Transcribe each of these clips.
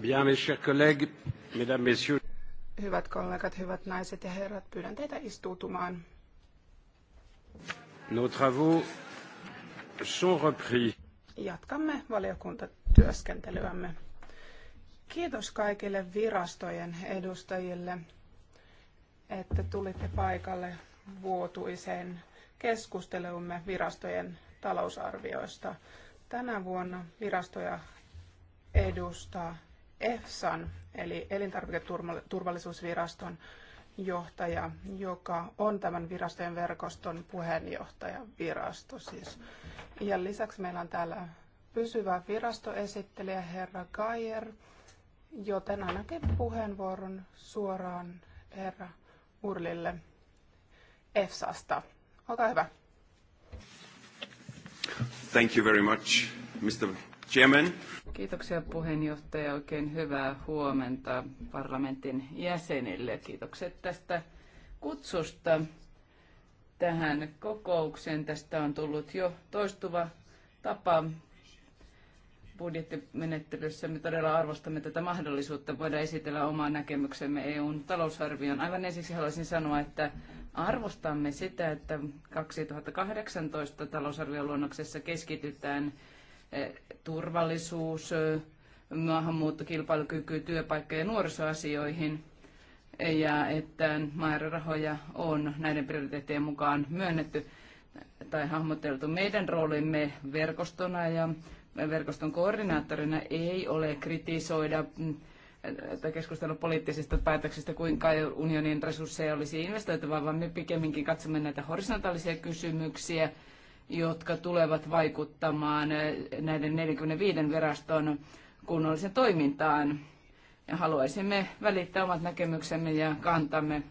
Bien, mes chers collègues, mesdames, messieurs. Hyvät kollegat, hyvät naiset ja herrat, pyydän teitä istuutumaan. Nos travaux sont repris. Jatkamme valiokuntatyöskentelyämme. Kiitos kaikille virastojen edustajille, että tulitte paikalle vuotuiseen keskusteluumme virastojen talousarvioista. Tänä vuonna virastoja edustaa EFSAn, eli elintarviketurvallisuusviraston johtaja, joka on tämän virastojen verkoston puheenjohtaja virasto siis. Ja lisäksi meillä on täällä pysyvä virastoesittelijä herra Gaier, joten ainakin puheenvuoron suoraan herra Urlille EFSAsta. Olkaa hyvä. Thank you very much, Mr. Chairman. Kiitoksia puheenjohtaja. Oikein hyvää huomenta parlamentin jäsenille. Kiitokset tästä kutsusta tähän kokoukseen. Tästä on tullut jo toistuva tapa budjettimenettelyssä. Me todella arvostamme tätä mahdollisuutta voida esitellä omaa näkemyksemme EUn talousarvioon. Aivan ensiksi haluaisin sanoa, että arvostamme sitä, että 2018 talousarvioluonnoksessa keskitytään turvallisuus, maahanmuutto, kilpailukyky, työpaikka- ja nuorisoasioihin ja että määrärahoja on näiden prioriteettien mukaan myönnetty tai hahmoteltu. Meidän roolimme verkostona ja verkoston koordinaattorina ei ole kritisoida mm, tai keskustella poliittisista päätöksistä, kuinka unionin resursseja olisi investoitava, vaan me pikemminkin katsomme näitä horisontaalisia kysymyksiä – jotka tulevat vaikuttamaan näiden 45 viraston kunnolliseen toimintaan. Ja haluaisimme välittää omat näkemyksemme ja kantamme,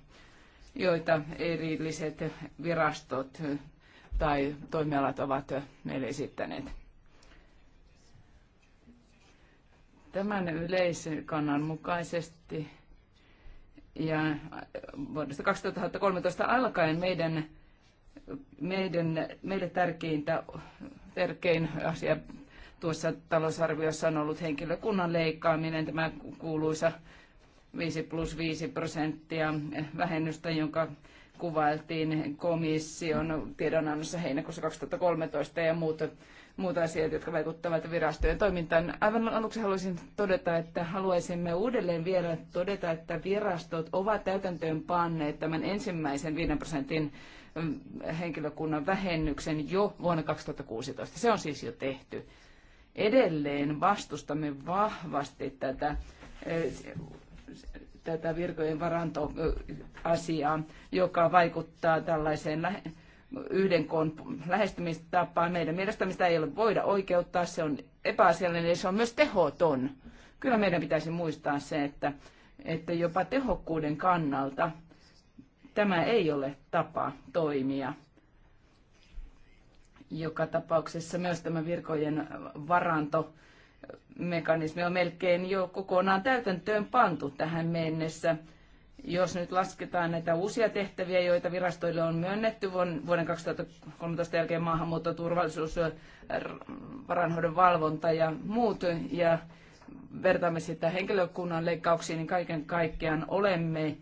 joita erilliset virastot tai toimialat ovat meille esittäneet. Tämän yleiskannan mukaisesti ja vuodesta 2013 alkaen meidän meidän, meille tärkeintä, tärkein asia tuossa talousarviossa on ollut henkilökunnan leikkaaminen, tämä kuuluisa 5 plus 5 prosenttia vähennystä, jonka kuvailtiin komission tiedonannossa heinäkuussa 2013 ja muut, muut asiat, jotka vaikuttavat virastojen toimintaan. Aivan aluksi haluaisin todeta, että haluaisimme uudelleen vielä todeta, että virastot ovat täytäntöön panneet tämän ensimmäisen 5 prosentin Mm, henkilökunnan vähennyksen jo vuonna 2016. Se on siis jo tehty. Edelleen vastustamme vahvasti tätä, eh, tätä virkojen varantoasiaa, joka vaikuttaa tällaiseen yhden koon lähestymistapaan. Meidän mielestämme sitä ei ole voida oikeuttaa, se on epäasiallinen ja se on myös tehoton. Kyllä meidän pitäisi muistaa se, että, että jopa tehokkuuden kannalta Tämä ei ole tapa toimia. Joka tapauksessa myös tämä virkojen varanto mekanismi on melkein jo kokonaan täytäntöön pantu tähän mennessä. Jos nyt lasketaan näitä uusia tehtäviä, joita virastoille on myönnetty vuoden 2013 jälkeen maahanmuutto, turvallisuus, varanhoidon valvonta ja muut, ja vertaamme sitä henkilökunnan leikkauksiin, niin kaiken kaikkiaan olemme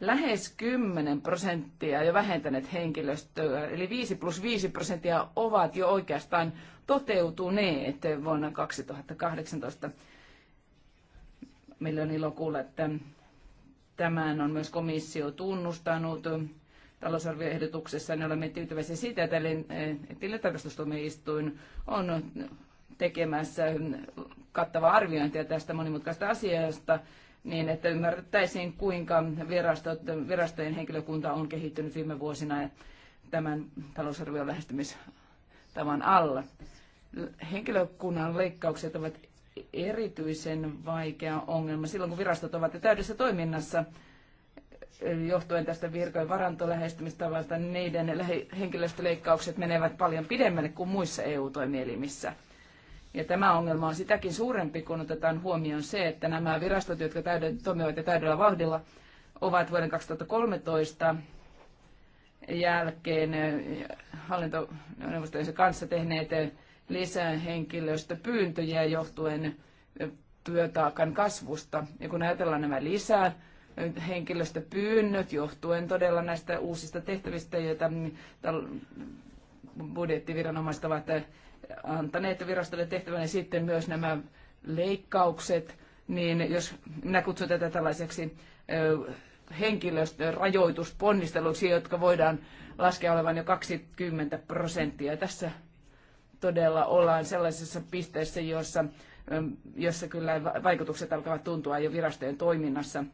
lähes 10 prosenttia jo vähentäneet henkilöstöä, eli 5 plus 5 prosenttia ovat jo oikeastaan toteutuneet vuonna 2018. Meillä on ilo kuulla, että tämän on myös komissio tunnustanut talousarvioehdotuksessa, niin olemme tyytyväisiä siitä, eh, että tilintarkastustuomioistuin on tekemässä kattavaa arviointia tästä monimutkaista asiasta niin, että ymmärrettäisiin, kuinka virastot, virastojen henkilökunta on kehittynyt viime vuosina tämän talousarvion lähestymistavan alla. Henkilökunnan leikkaukset ovat erityisen vaikea ongelma silloin, kun virastot ovat täydessä toiminnassa johtuen tästä virkojen varantolähestymistavasta, niiden henkilöstöleikkaukset menevät paljon pidemmälle kuin muissa EU-toimielimissä. Ja tämä ongelma on sitäkin suurempi, kun otetaan huomioon se, että nämä virastot, jotka täyden, toimivat ja täydellä vauhdilla, ovat vuoden 2013 jälkeen hallintoneuvostojensa kanssa tehneet lisää henkilöstöpyyntöjä johtuen työtaakan kasvusta. Ja kun ajatellaan nämä lisää henkilöstöpyynnöt johtuen todella näistä uusista tehtävistä, joita mm, budjettiviranomaiset ovat antaneet virastolle tehtävänä sitten myös nämä leikkaukset, niin jos minä kutsun tätä tällaiseksi henkilöstön jotka voidaan laskea olevan jo 20 prosenttia. Tässä todella ollaan sellaisessa pisteessä, jossa, jossa kyllä vaikutukset alkavat tuntua jo virastojen toiminnassa.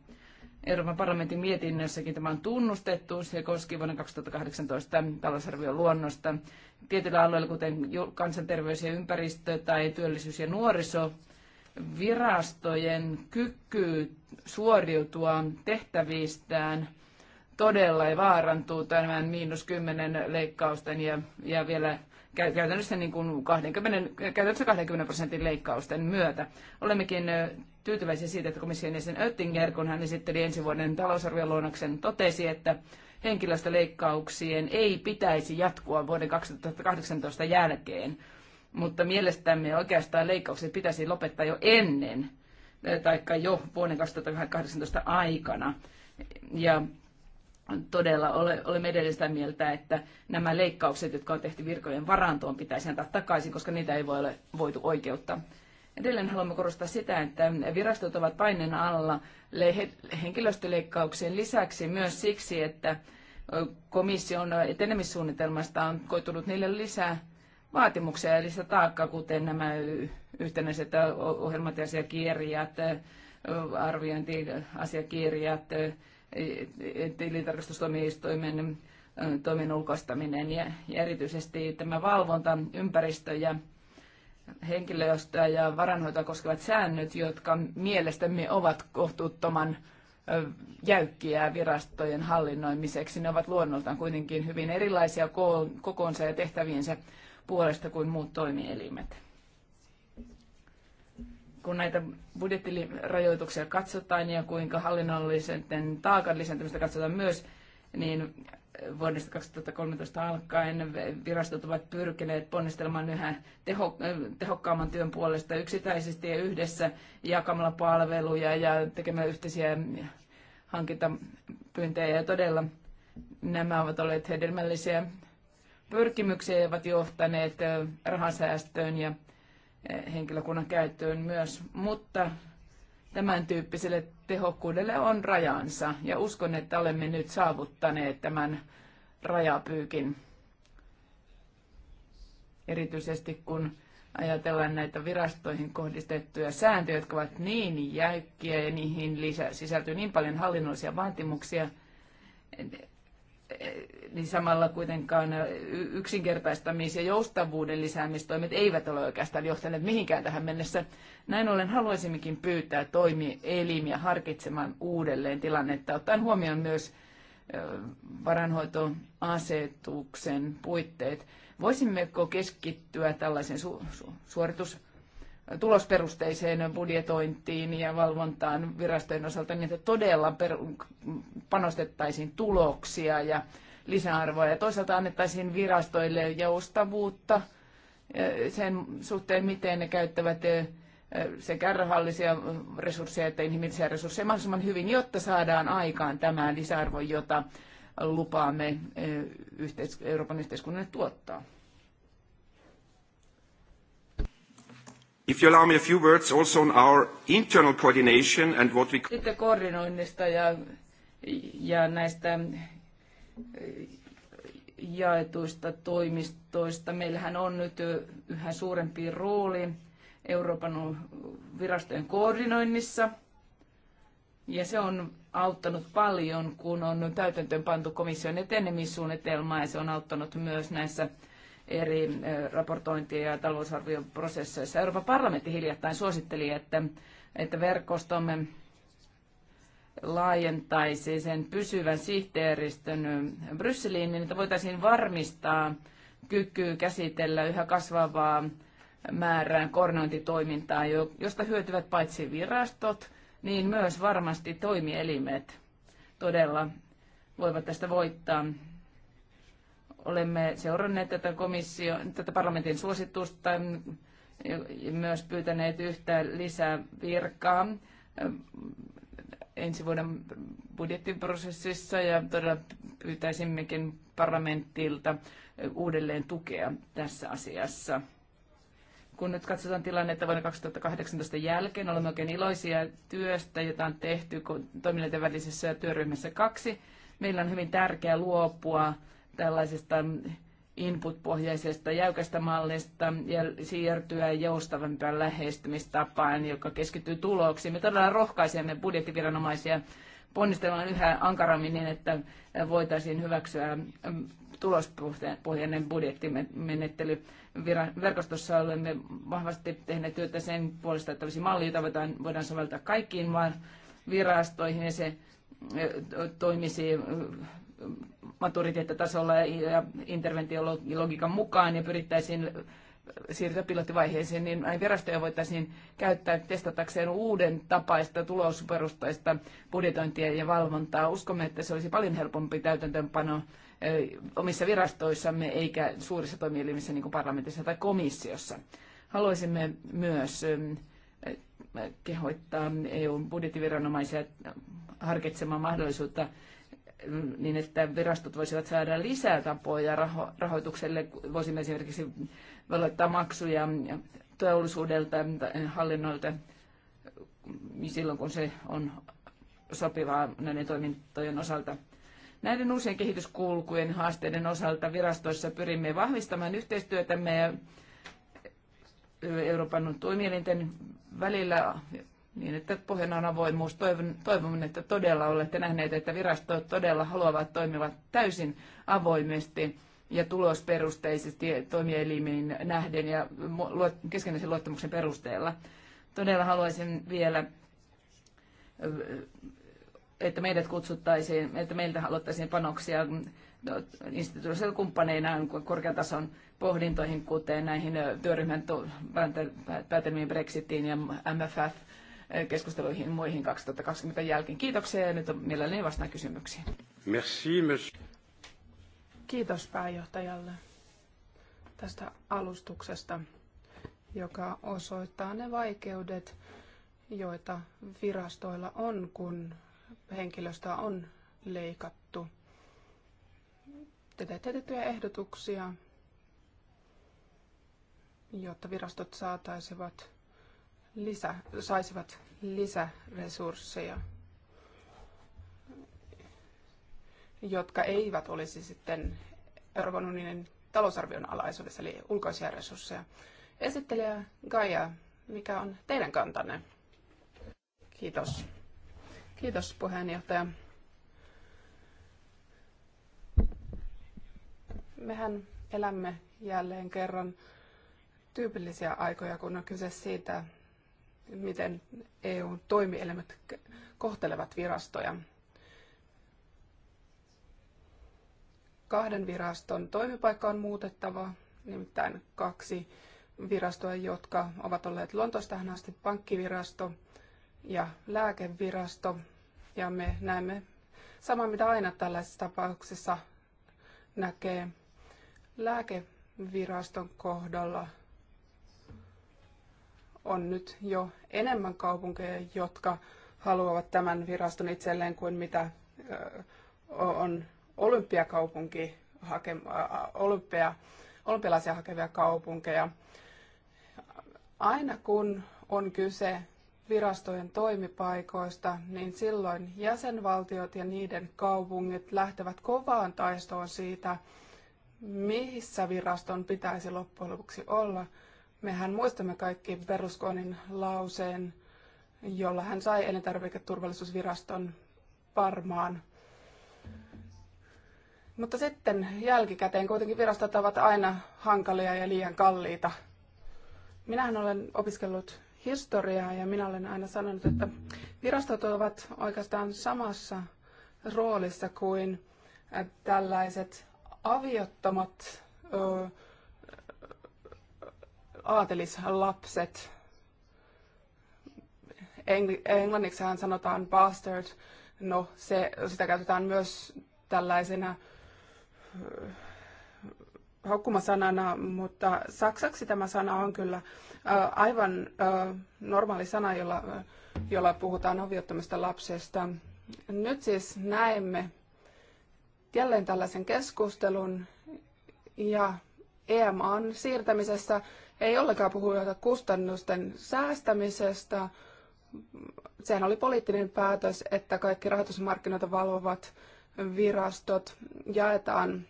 Euroopan parlamentin mietinnössäkin tämä on tunnustettu. Se koski vuonna 2018 talousarvion luonnosta. Tietyillä alueilla, kuten kansanterveys ja ympäristö tai työllisyys ja nuoriso, virastojen kyky suoriutua tehtävistään todella vaarantuu tämän miinus kymmenen leikkausten ja, ja vielä käytännössä, niin kuin 20, käytännössä 20 prosentin leikkausten myötä. Olemmekin tyytyväisiä siitä, että komission jäsen Oettinger, kun hän esitteli ensi vuoden talousarvioluonnoksen, totesi, että henkilöstöleikkauksien ei pitäisi jatkua vuoden 2018 jälkeen, mutta mielestämme oikeastaan leikkaukset pitäisi lopettaa jo ennen eh, tai jo vuoden 2018 aikana. Ja todella ole, olemme edelleen sitä mieltä, että nämä leikkaukset, jotka on tehty virkojen varantoon, pitäisi antaa takaisin, koska niitä ei voi ole voitu oikeuttaa. Edelleen haluamme korostaa sitä, että virastot ovat paineen alla henkilöstöleikkauksien lisäksi myös siksi, että komission etenemissuunnitelmasta on koitunut niille lisää vaatimuksia ja lisää taakkaa, kuten nämä yhtenäiset ohjelmat ja asiakirjat, arviointiasiakirjat, tilintarkastustoimistoimen toimen ulkoistaminen ja, ja erityisesti tämä valvonta, ympäristö ja henkilöstöä ja varanhoitoa koskevat säännöt, jotka mielestämme ovat kohtuuttoman jäykkiä virastojen hallinnoimiseksi. Ne ovat luonnoltaan kuitenkin hyvin erilaisia kokoonsa ja tehtäviensä puolesta kuin muut toimielimet. Kun näitä budjettirajoituksia katsotaan ja kuinka hallinnollisen taakan lisääntymistä katsotaan myös, niin vuodesta 2013 alkaen virastot ovat pyrkineet ponnistelemaan yhä teho, tehokkaamman työn puolesta yksittäisesti ja yhdessä jakamalla palveluja ja tekemällä yhteisiä hankintapyyntejä. Ja todella nämä ovat olleet hedelmällisiä pyrkimyksiä ja ovat johtaneet rahansäästöön ja henkilökunnan käyttöön myös, mutta tämän tyyppiselle tehokkuudelle on rajansa ja uskon, että olemme nyt saavuttaneet tämän rajapyykin. Erityisesti kun ajatellaan näitä virastoihin kohdistettuja sääntöjä, jotka ovat niin jäykkiä ja niihin lisä, sisältyy niin paljon hallinnollisia vaatimuksia, niin samalla kuitenkaan yksinkertaistamis- ja joustavuuden lisäämistoimet eivät ole oikeastaan johtaneet mihinkään tähän mennessä. Näin ollen haluaisimmekin pyytää toimielimiä harkitsemaan uudelleen tilannetta, ottaen huomioon myös varanhoitoasetuksen puitteet. Voisimmeko keskittyä tällaisen su- su- suoritus tulosperusteiseen budjetointiin ja valvontaan virastojen osalta, niin että todella per, panostettaisiin tuloksia ja lisäarvoa. Ja toisaalta annettaisiin virastoille joustavuutta e, sen suhteen, miten ne käyttävät e, sekä rahallisia resursseja että inhimillisiä resursseja mahdollisimman hyvin, jotta saadaan aikaan tämä lisäarvo, jota lupaamme e, Euroopan yhteiskunnalle tuottaa. If you allow me a few words also on our internal coordination and what we... Sitten koordinoinnista ja, ja näistä äh, jaetuista toimistoista. Meillähän on nyt äh, yhä suurempi rooli Euroopan virastojen koordinoinnissa. Ja se on auttanut paljon, kun on täytäntöön pantu komission etenemissuunnitelmaa ja se on auttanut myös näissä eri raportointia ja talousarvioprosesseissa. Euroopan parlamentti hiljattain suositteli, että, että verkostomme laajentaisi sen pysyvän sihteeristön Brysseliin, niin että voitaisiin varmistaa kyky käsitellä yhä kasvavaa määrää koordinointitoimintaa, josta hyötyvät paitsi virastot, niin myös varmasti toimielimet todella voivat tästä voittaa. Olemme seuranneet tätä, komissio, tätä parlamentin suositusta ja myös pyytäneet yhtä lisää virkaa ensi vuoden budjettiprosessissa ja todella pyytäisimmekin parlamentilta uudelleen tukea tässä asiassa. Kun nyt katsotaan tilannetta vuonna 2018 jälkeen, olemme oikein iloisia työstä, jota on tehty toimijoiden välisessä työryhmässä kaksi. Meillä on hyvin tärkeää luopua tällaisesta input-pohjaisesta jäykästä mallista ja siirtyä joustavampaan lähestymistapaan, joka keskittyy tuloksiin. Me todella rohkaisemme budjettiviranomaisia ponnistelemaan yhä ankarammin niin, että voitaisiin hyväksyä tulospohjainen budjettimenettely. Verkostossa olemme vahvasti tehneet työtä sen puolesta, että olisi malli, jota voidaan soveltaa kaikkiin vaan virastoihin ja se toimisi maturiteettitasolla ja interventiologiikan mukaan ja pyrittäisiin siirtyä pilottivaiheeseen, niin virastoja voitaisiin käyttää testatakseen uuden tapaista tulosperustaista budjetointia ja valvontaa. Uskomme, että se olisi paljon helpompi täytäntöönpano omissa virastoissamme eikä suurissa toimielimissä niin kuin parlamentissa tai komissiossa. Haluaisimme myös kehoittaa eu budjettiviranomaisia harkitsemaan mahdollisuutta niin että virastot voisivat saada lisää tapoja raho- rahoitukselle. Voisimme esimerkiksi valoittaa maksuja teollisuudelta, hallinnoilta silloin, kun se on sopivaa näiden toimintojen osalta. Näiden uusien kehityskulkujen haasteiden osalta virastoissa pyrimme vahvistamaan yhteistyötämme ja Euroopan toimielinten välillä niin että pohjana on avoimuus. Toivon, toivon, että todella olette nähneet, että virastot todella haluavat toimivat täysin avoimesti ja tulosperusteisesti toimielimiin nähden ja keskenäisen luottamuksen perusteella. Todella haluaisin vielä, että meidät kutsuttaisiin, että meiltä haluttaisiin panoksia no, instituutioiden kumppaneina korkeatason pohdintoihin, kuten näihin työryhmän päätelmiin Brexitiin ja MFF keskusteluihin muihin 2020 jälkeen. Kiitoksia ja nyt mielelläni vastaan kysymyksiin. Merci, Kiitos pääjohtajalle tästä alustuksesta, joka osoittaa ne vaikeudet, joita virastoilla on, kun henkilöstöä on leikattu. Te teette tiettyjä ehdotuksia, jotta virastot saataisivat lisä, saisivat lisäresursseja, jotka eivät olisi sitten Euroopan unionin talousarvion alaisuudessa, eli ulkoisia resursseja. Esittelijä Gaia, mikä on teidän kantanne? Kiitos. Kiitos puheenjohtaja. Mehän elämme jälleen kerran tyypillisiä aikoja, kun on kyse siitä, miten EUn toimielimet kohtelevat virastoja. Kahden viraston toimipaikka on muutettava, nimittäin kaksi virastoa, jotka ovat olleet Lontosta tähän asti, pankkivirasto ja lääkevirasto. Ja me näemme samaa, mitä aina tällaisissa tapauksissa näkee lääkeviraston kohdalla – on nyt jo enemmän kaupunkeja, jotka haluavat tämän viraston itselleen kuin mitä on olympiakaupunki, olympia, olympialaisia hakevia kaupunkeja. Aina kun on kyse virastojen toimipaikoista, niin silloin jäsenvaltiot ja niiden kaupungit lähtevät kovaan taistoon siitä, missä viraston pitäisi loppujen lopuksi olla – Mehän muistamme kaikki Berlusconin lauseen, jolla hän sai elintarviketurvallisuusviraston Parmaan. Mutta sitten jälkikäteen kuitenkin virastot ovat aina hankalia ja liian kalliita. Minähän olen opiskellut historiaa ja minä olen aina sanonut, että virastot ovat oikeastaan samassa roolissa kuin äh, tällaiset aviottomat ö, aatelislapset. hän sanotaan bastard. No, se, sitä käytetään myös tällaisena hokkumasanana, äh, mutta saksaksi tämä sana on kyllä äh, aivan äh, normaali sana, jolla, jolla puhutaan aviottomista lapsesta. Nyt siis näemme jälleen tällaisen keskustelun ja EM on siirtämisessä ei ollenkaan puhuta kustannusten säästämisestä. Sehän oli poliittinen päätös, että kaikki rahoitusmarkkinoita valvovat virastot jaetaan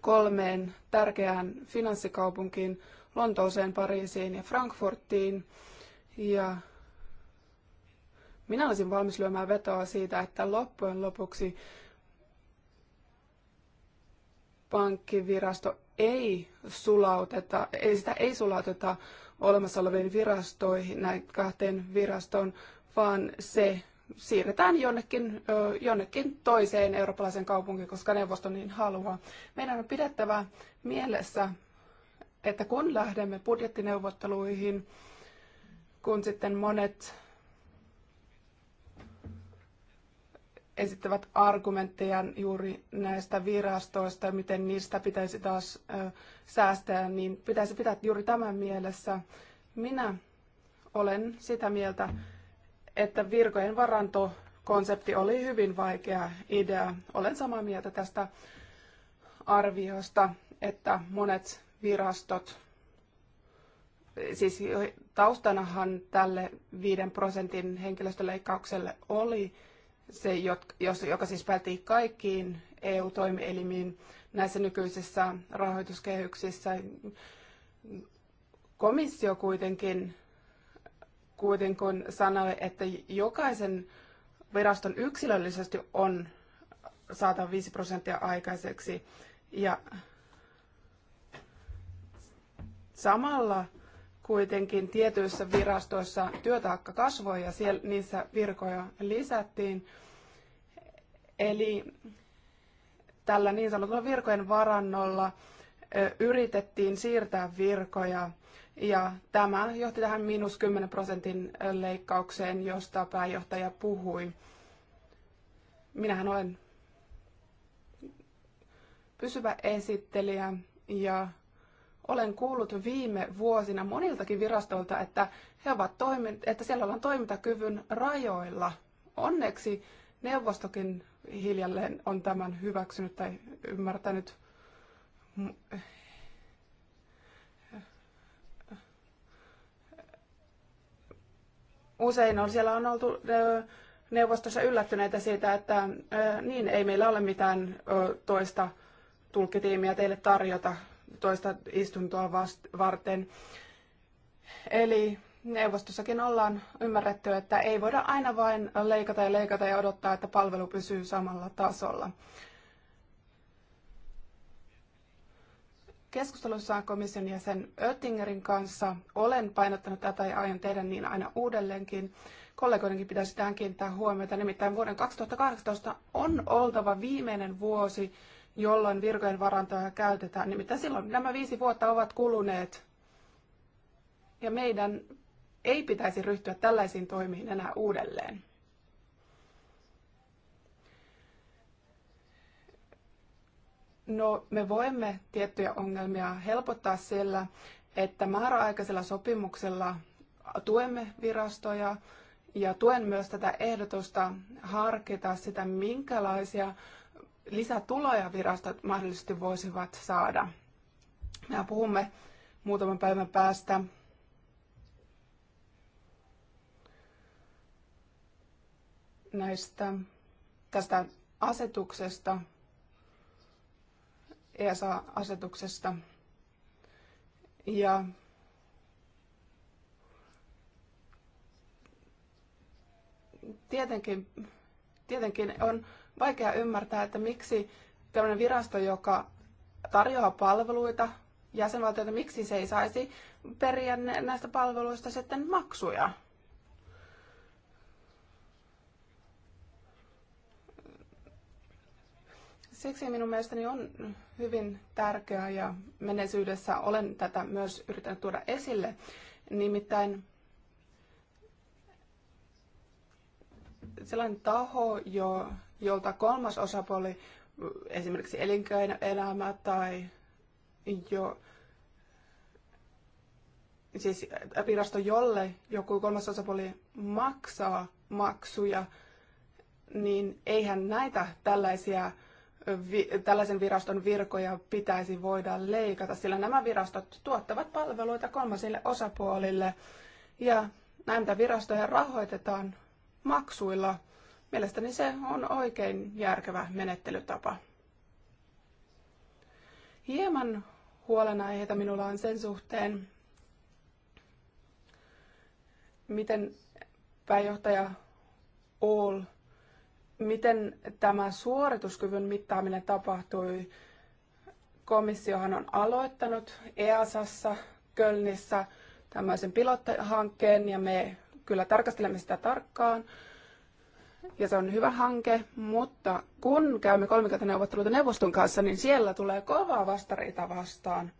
kolmeen tärkeään finanssikaupunkiin, Lontooseen, Pariisiin ja Frankfurtiin. Ja minä olisin valmis lyömään vetoa siitä, että loppujen lopuksi pankkivirasto ei sulauteta, ei sitä ei sulauteta olemassa oleviin virastoihin, näin kahteen virastoon, vaan se siirretään jonnekin, jonnekin toiseen eurooppalaisen kaupunkiin, koska neuvosto niin haluaa. Meidän on pidettävä mielessä, että kun lähdemme budjettineuvotteluihin, kun sitten monet esittävät argumentteja juuri näistä virastoista, miten niistä pitäisi taas säästää, niin pitäisi pitää juuri tämän mielessä. Minä olen sitä mieltä, että virkojen varantokonsepti oli hyvin vaikea idea. Olen samaa mieltä tästä arviosta, että monet virastot, siis taustanahan tälle 5 prosentin henkilöstöleikkaukselle oli, se, joka siis pätee kaikkiin EU-toimielimiin näissä nykyisissä rahoituskehyksissä. Komissio kuitenkin, kuitenkin sanoi, että jokaisen viraston yksilöllisesti on saatava 5 prosenttia aikaiseksi. Ja samalla kuitenkin tietyissä virastoissa työtaakka kasvoi ja siellä, niissä virkoja lisättiin. Eli tällä niin sanotulla virkojen varannolla yritettiin siirtää virkoja ja tämä johti tähän miinus 10 prosentin leikkaukseen, josta pääjohtaja puhui. Minähän olen pysyvä esittelijä ja olen kuullut viime vuosina moniltakin virastoilta, että, he ovat toimi, että siellä ollaan toimintakyvyn rajoilla. Onneksi neuvostokin hiljalleen on tämän hyväksynyt tai ymmärtänyt. Usein on siellä on oltu neuvostossa yllättyneitä siitä, että niin ei meillä ole mitään toista tulkkitiimiä teille tarjota toista istuntoa vast- varten. Eli neuvostossakin ollaan ymmärretty, että ei voida aina vain leikata ja leikata ja odottaa, että palvelu pysyy samalla tasolla. Keskustelussa komission jäsen Oettingerin kanssa olen painottanut tätä ja aion tehdä niin aina uudelleenkin. Kollegoidenkin pitäisi tähän kiinnittää huomiota. Nimittäin vuoden 2018 on oltava viimeinen vuosi, jolloin virkojen varantoja käytetään. Nimittäin silloin nämä viisi vuotta ovat kuluneet ja meidän ei pitäisi ryhtyä tällaisiin toimiin enää uudelleen. No, me voimme tiettyjä ongelmia helpottaa sillä, että määräaikaisella sopimuksella tuemme virastoja ja tuen myös tätä ehdotusta harkita sitä, minkälaisia lisätuloja virastot mahdollisesti voisivat saada. Me puhumme muutaman päivän päästä näistä tästä asetuksesta, ESA-asetuksesta. Ja tietenkin, tietenkin on vaikea ymmärtää, että miksi tämmöinen virasto, joka tarjoaa palveluita jäsenvaltioita, miksi se ei saisi periä näistä palveluista sitten maksuja. Siksi minun mielestäni on hyvin tärkeää ja menneisyydessä olen tätä myös yrittänyt tuoda esille. Nimittäin sellainen taho, jo, jolta kolmas osapuoli, esimerkiksi elinkeinoelämä tai jo, siis virasto, jolle joku kolmas osapuoli maksaa maksuja, niin eihän näitä tällaisia vi, tällaisen viraston virkoja pitäisi voida leikata, sillä nämä virastot tuottavat palveluita kolmasille osapuolille ja näitä virastoja rahoitetaan maksuilla – Mielestäni se on oikein järkevä menettelytapa. Hieman huolenaiheita minulla on sen suhteen, miten pääjohtaja ol, miten tämä suorituskyvyn mittaaminen tapahtui. Komissiohan on aloittanut EASassa, Kölnissä tämmöisen pilottihankkeen ja me kyllä tarkastelemme sitä tarkkaan ja se on hyvä hanke, mutta kun käymme kolmikantaneuvotteluita neuvoston kanssa, niin siellä tulee kovaa vastariita vastaan.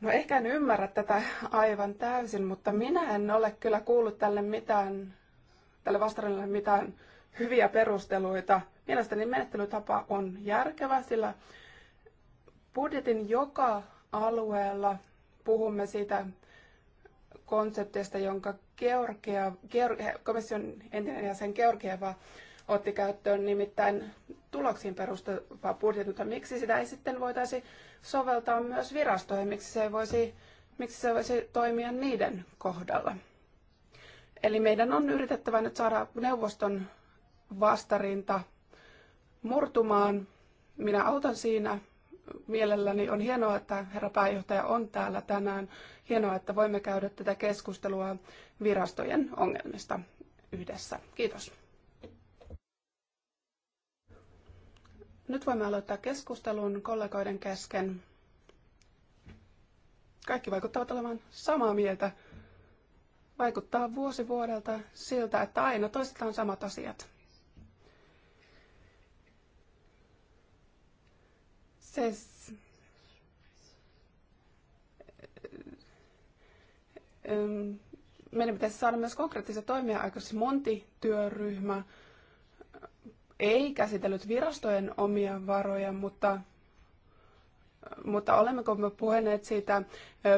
No ehkä en ymmärrä tätä aivan täysin, mutta minä en ole kyllä kuullut tälle mitään, tälle vastarinnalle mitään hyviä perusteluita. Mielestäni menettelytapa on järkevä, sillä budjetin joka alueella puhumme siitä, konsepteista, jonka Georgia, Georgia, komission entinen jäsen Georgieva otti käyttöön, nimittäin tuloksiin perustuva budjetti, mutta miksi sitä ei sitten voitaisi soveltaa myös virastoihin, miksi se ei voisi, miksi se voisi toimia niiden kohdalla. Eli meidän on yritettävä nyt saada neuvoston vastarinta murtumaan. Minä autan siinä mielelläni. On hienoa, että herra pääjohtaja on täällä tänään. Hienoa, että voimme käydä tätä keskustelua virastojen ongelmista yhdessä. Kiitos. Nyt voimme aloittaa keskustelun kollegoiden kesken. Kaikki vaikuttavat olevan samaa mieltä. Vaikuttaa vuosi vuodelta siltä, että aina toistetaan samat asiat. se meidän pitäisi saada myös konkreettisia toimia aikaisemmin. Monti-työryhmä ei käsitellyt virastojen omia varoja, mutta, mutta olemmeko me puhuneet siitä,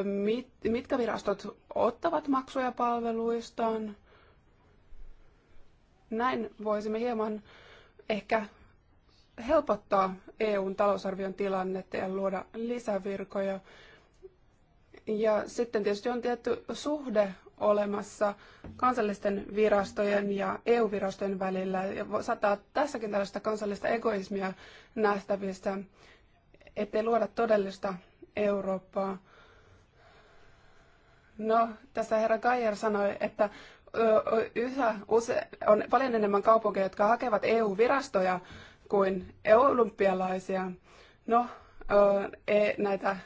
mit, mitkä virastot ottavat maksuja palveluistaan? Näin voisimme hieman ehkä helpottaa EUn talousarvion tilannetta ja luoda lisävirkoja. Ja sitten tietysti on tietty suhde olemassa kansallisten virastojen ja EU-virastojen välillä. Ja saattaa tässäkin tällaista kansallista egoismia nähtävissä, ettei luoda todellista Eurooppaa. No, tässä herra Geyer sanoi, että yhä use, on paljon enemmän kaupunkeja, jotka hakevat EU-virastoja kuin olympialaisia. No, e, näitä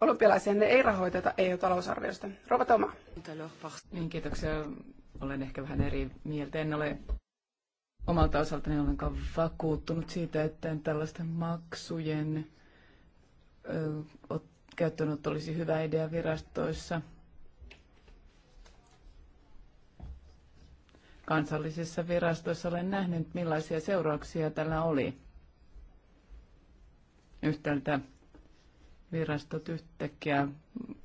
olympialaisia ne ei rahoiteta EU-talousarviosta. Rova Toma. Niin, kiitoksia. Olen ehkä vähän eri mieltä. En ole omalta osaltani ollenkaan vakuuttunut siitä, että tällaisten maksujen ö, käyttöönotto olisi hyvä idea virastoissa – kansallisissa virastoissa. Olen nähnyt, millaisia seurauksia tällä oli. Yhtäältä virastot yhtäkkiä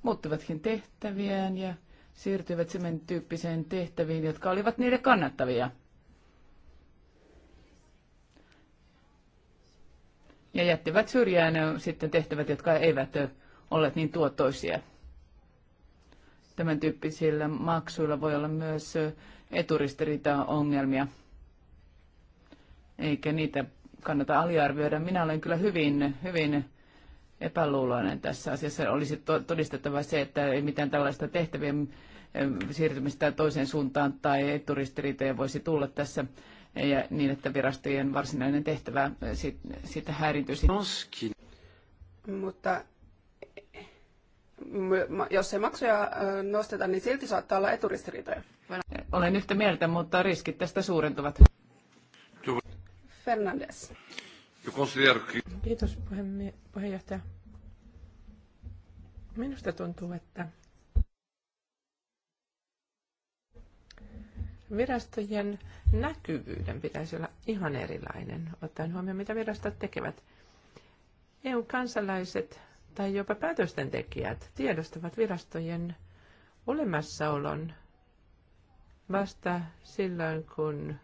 muuttivatkin tehtäviään ja siirtyivät sen tyyppiseen tehtäviin, jotka olivat niille kannattavia. Ja jättivät syrjään sitten tehtävät, jotka eivät olleet niin tuottoisia. Tämän tyyppisillä maksuilla voi olla myös eturistiriita-ongelmia, eikä niitä kannata aliarvioida. Minä olen kyllä hyvin, hyvin epäluuloinen tässä asiassa. Olisi todistettava se, että ei mitään tällaista tehtävien mm, eh, siirtymistä toiseen suuntaan tai eturistiriitoja voisi tulla tässä ja niin, että virastojen varsinainen tehtävä eh, siitä häirintyisi. Mutta jos ei maksuja nosteta, niin silti saattaa olla eturistiriitoja. Olen yhtä mieltä, mutta riskit tästä suurentuvat. Fernandes. Kiitos puheenjohtaja. Minusta tuntuu, että virastojen näkyvyyden pitäisi olla ihan erilainen, ottaen huomioon, mitä virastot tekevät. EU-kansalaiset tai jopa päätösten tekijät tiedostavat virastojen olemassaolon vasta silloin, kun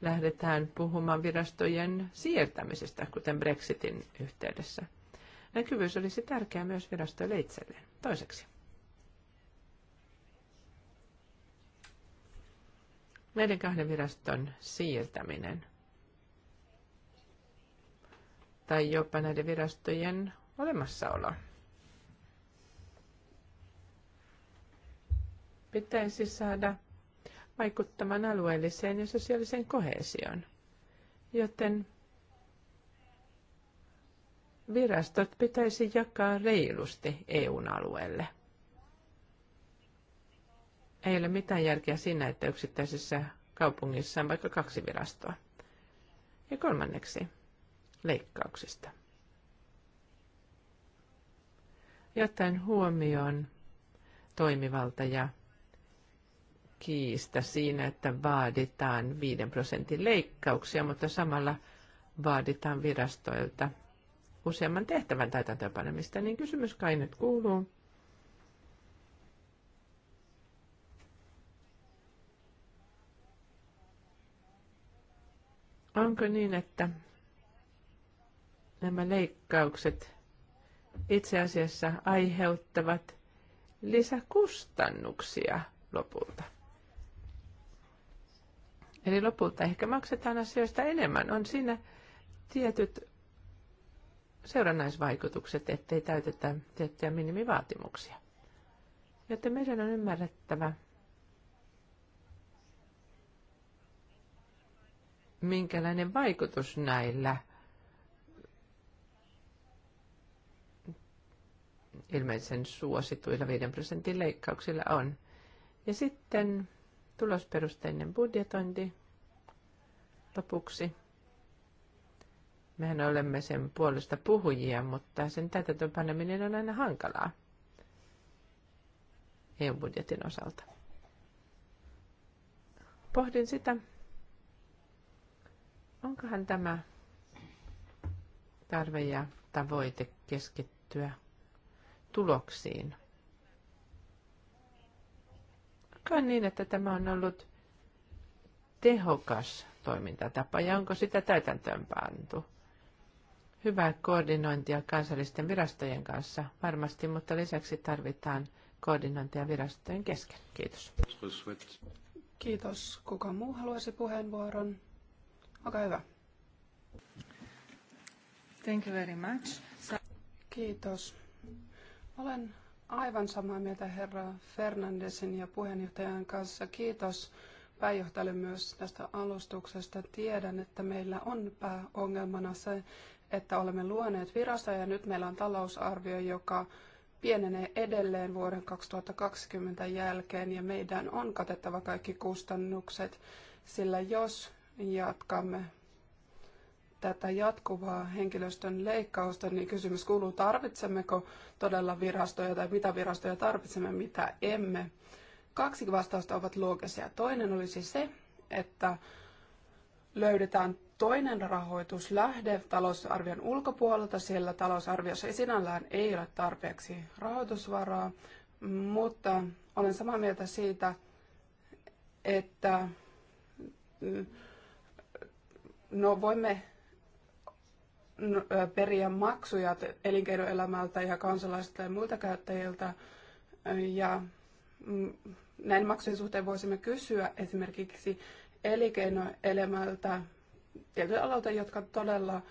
lähdetään puhumaan virastojen siirtämisestä, kuten Brexitin yhteydessä. Näkyvyys olisi tärkeää myös virastoille itselleen. Toiseksi. Näiden kahden viraston siirtäminen tai jopa näiden virastojen olemassaoloa. Pitäisi saada vaikuttamaan alueelliseen ja sosiaaliseen kohesioon, joten virastot pitäisi jakaa reilusti EUn alueelle. Ei ole mitään järkeä siinä, että yksittäisessä kaupungissa on vaikka kaksi virastoa. Ja kolmanneksi leikkauksista. jotain huomioon toimivalta ja kiista siinä, että vaaditaan 5 prosentin leikkauksia, mutta samalla vaaditaan virastoilta useamman tehtävän täytäntöönpanemista, niin kysymys kai nyt kuuluu. Onko niin, että nämä leikkaukset itse asiassa aiheuttavat lisäkustannuksia lopulta. Eli lopulta ehkä maksetaan asioista enemmän. On siinä tietyt seurannaisvaikutukset, ettei täytetä tiettyjä minimivaatimuksia. Joten meidän on ymmärrettävä, minkälainen vaikutus näillä ilmeisen suosituilla 5 prosentin leikkauksilla on. Ja sitten tulosperusteinen budjetointi lopuksi. Mehän olemme sen puolesta puhujia, mutta sen täytäntöön paneminen on aina hankalaa EU-budjetin osalta. Pohdin sitä, onkohan tämä tarve ja tavoite keskittyä tuloksiin. Kai niin, että tämä on ollut tehokas toimintatapa ja onko sitä täytäntöön pantu? Hyvää koordinointia kansallisten virastojen kanssa varmasti, mutta lisäksi tarvitaan koordinointia virastojen kesken. Kiitos. Kiitos. Kuka muu haluaisi puheenvuoron? Olkaa hyvä. Thank you very much. Kiitos. Olen aivan samaa mieltä herra Fernandesin ja puheenjohtajan kanssa. Kiitos pääjohtajalle myös tästä alustuksesta. Tiedän, että meillä on pääongelmana se, että olemme luoneet virasta ja nyt meillä on talousarvio, joka pienenee edelleen vuoden 2020 jälkeen ja meidän on katettava kaikki kustannukset, sillä jos jatkamme tätä jatkuvaa henkilöstön leikkausta, niin kysymys kuuluu, tarvitsemmeko todella virastoja tai mitä virastoja tarvitsemme, mitä emme. Kaksi vastausta ovat loogisia. Toinen olisi se, että löydetään toinen rahoituslähde talousarvion ulkopuolelta, siellä talousarviossa ei sinällään ei ole tarpeeksi rahoitusvaraa, mutta olen samaa mieltä siitä, että mm, no voimme No, periä maksuja elinkeinoelämältä ja kansalaisilta ja muilta käyttäjiltä. Ja mm, näin maksujen suhteen voisimme kysyä esimerkiksi elinkeinoelämältä tietyiltä aloilta, jotka todella,